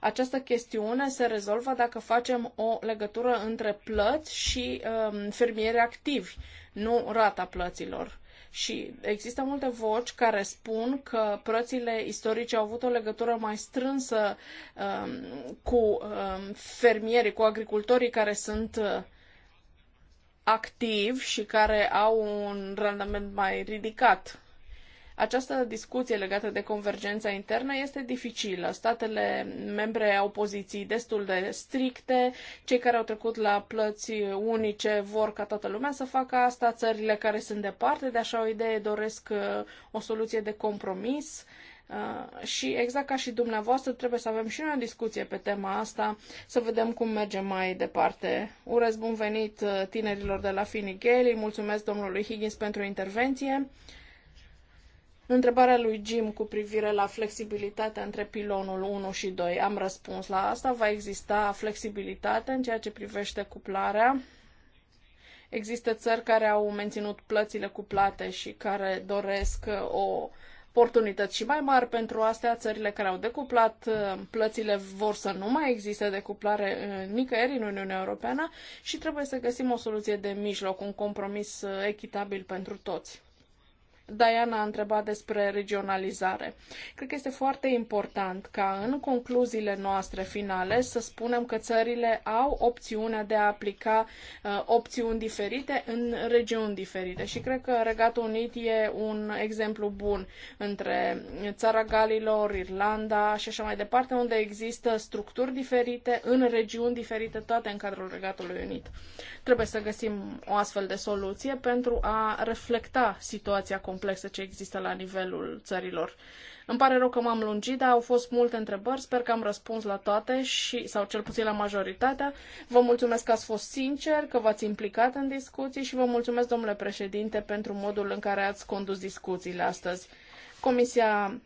această chestiune se rezolvă dacă facem o legătură între plăți și um, fermieri activi, nu rata plăților. Și există multe voci care spun că prățile istorice au avut o legătură mai strânsă um, cu um, fermierii, cu agricultorii care sunt uh, activi și care au un randament mai ridicat această discuție legată de convergența internă este dificilă. Statele membre au poziții destul de stricte, cei care au trecut la plăți unice vor ca toată lumea să facă asta, țările care sunt departe de așa o idee doresc uh, o soluție de compromis. Uh, și exact ca și dumneavoastră, trebuie să avem și noi o discuție pe tema asta, să vedem cum mergem mai departe. Urez bun venit uh, tinerilor de la Finicheli, mulțumesc domnului Higgins pentru intervenție. Întrebarea lui Jim cu privire la flexibilitatea între pilonul 1 și 2. Am răspuns la asta. Va exista flexibilitate în ceea ce privește cuplarea. Există țări care au menținut plățile cuplate și care doresc uh, o oportunități și mai mari pentru astea. Țările care au decuplat uh, plățile vor să nu mai existe decuplare uh, nicăieri în Uniunea Europeană și trebuie să găsim o soluție de mijloc, un compromis echitabil pentru toți. Diana a întrebat despre regionalizare. Cred că este foarte important ca în concluziile noastre finale să spunem că țările au opțiunea de a aplica uh, opțiuni diferite în regiuni diferite și cred că Regatul Unit e un exemplu bun între țara Galilor, Irlanda și așa mai departe, unde există structuri diferite în regiuni diferite, toate în cadrul Regatului Unit. Trebuie să găsim o astfel de soluție pentru a reflecta situația complexă complexe ce există la nivelul țărilor. Îmi pare rău că m-am lungit, dar au fost multe întrebări, sper că am răspuns la toate și, sau cel puțin la majoritatea. Vă mulțumesc că ați fost sincer, că v-ați implicat în discuții și vă mulțumesc, domnule președinte, pentru modul în care ați condus discuțiile astăzi. Comisia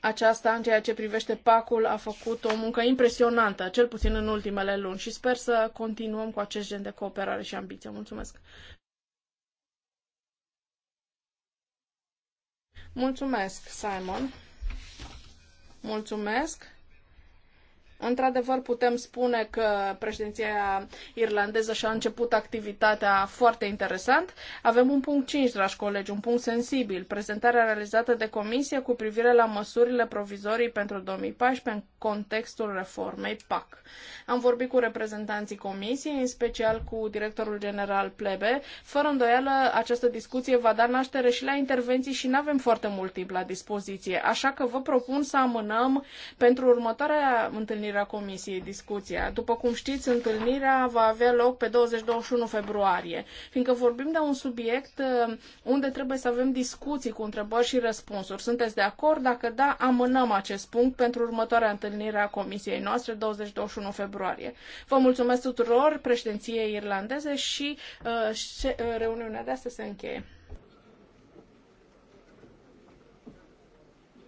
aceasta, în ceea ce privește pacul, a făcut o muncă impresionantă, cel puțin în ultimele luni, și sper să continuăm cu acest gen de cooperare și ambiție. Mulțumesc! Mulțumesc, Simon. Mulțumesc. Într-adevăr, putem spune că președinția irlandeză și-a început activitatea foarte interesant. Avem un punct 5, dragi colegi, un punct sensibil. Prezentarea realizată de comisie cu privire la măsurile provizorii pentru 2014 în contextul reformei PAC. Am vorbit cu reprezentanții comisiei, în special cu directorul general Plebe. Fără îndoială, această discuție va da naștere și la intervenții și nu avem foarte mult timp la dispoziție. Așa că vă propun să amânăm pentru următoarea întâlnire întâlnirea comisiei discuția. După cum știți, întâlnirea va avea loc pe 20-21 februarie, fiindcă vorbim de un subiect uh, unde trebuie să avem discuții cu întrebări și răspunsuri. Sunteți de acord? Dacă da, amânăm acest punct pentru următoarea întâlnire a comisiei noastre, 20-21 februarie. Vă mulțumesc tuturor, președinției irlandeze și uh, uh reuniunea de astăzi se încheie.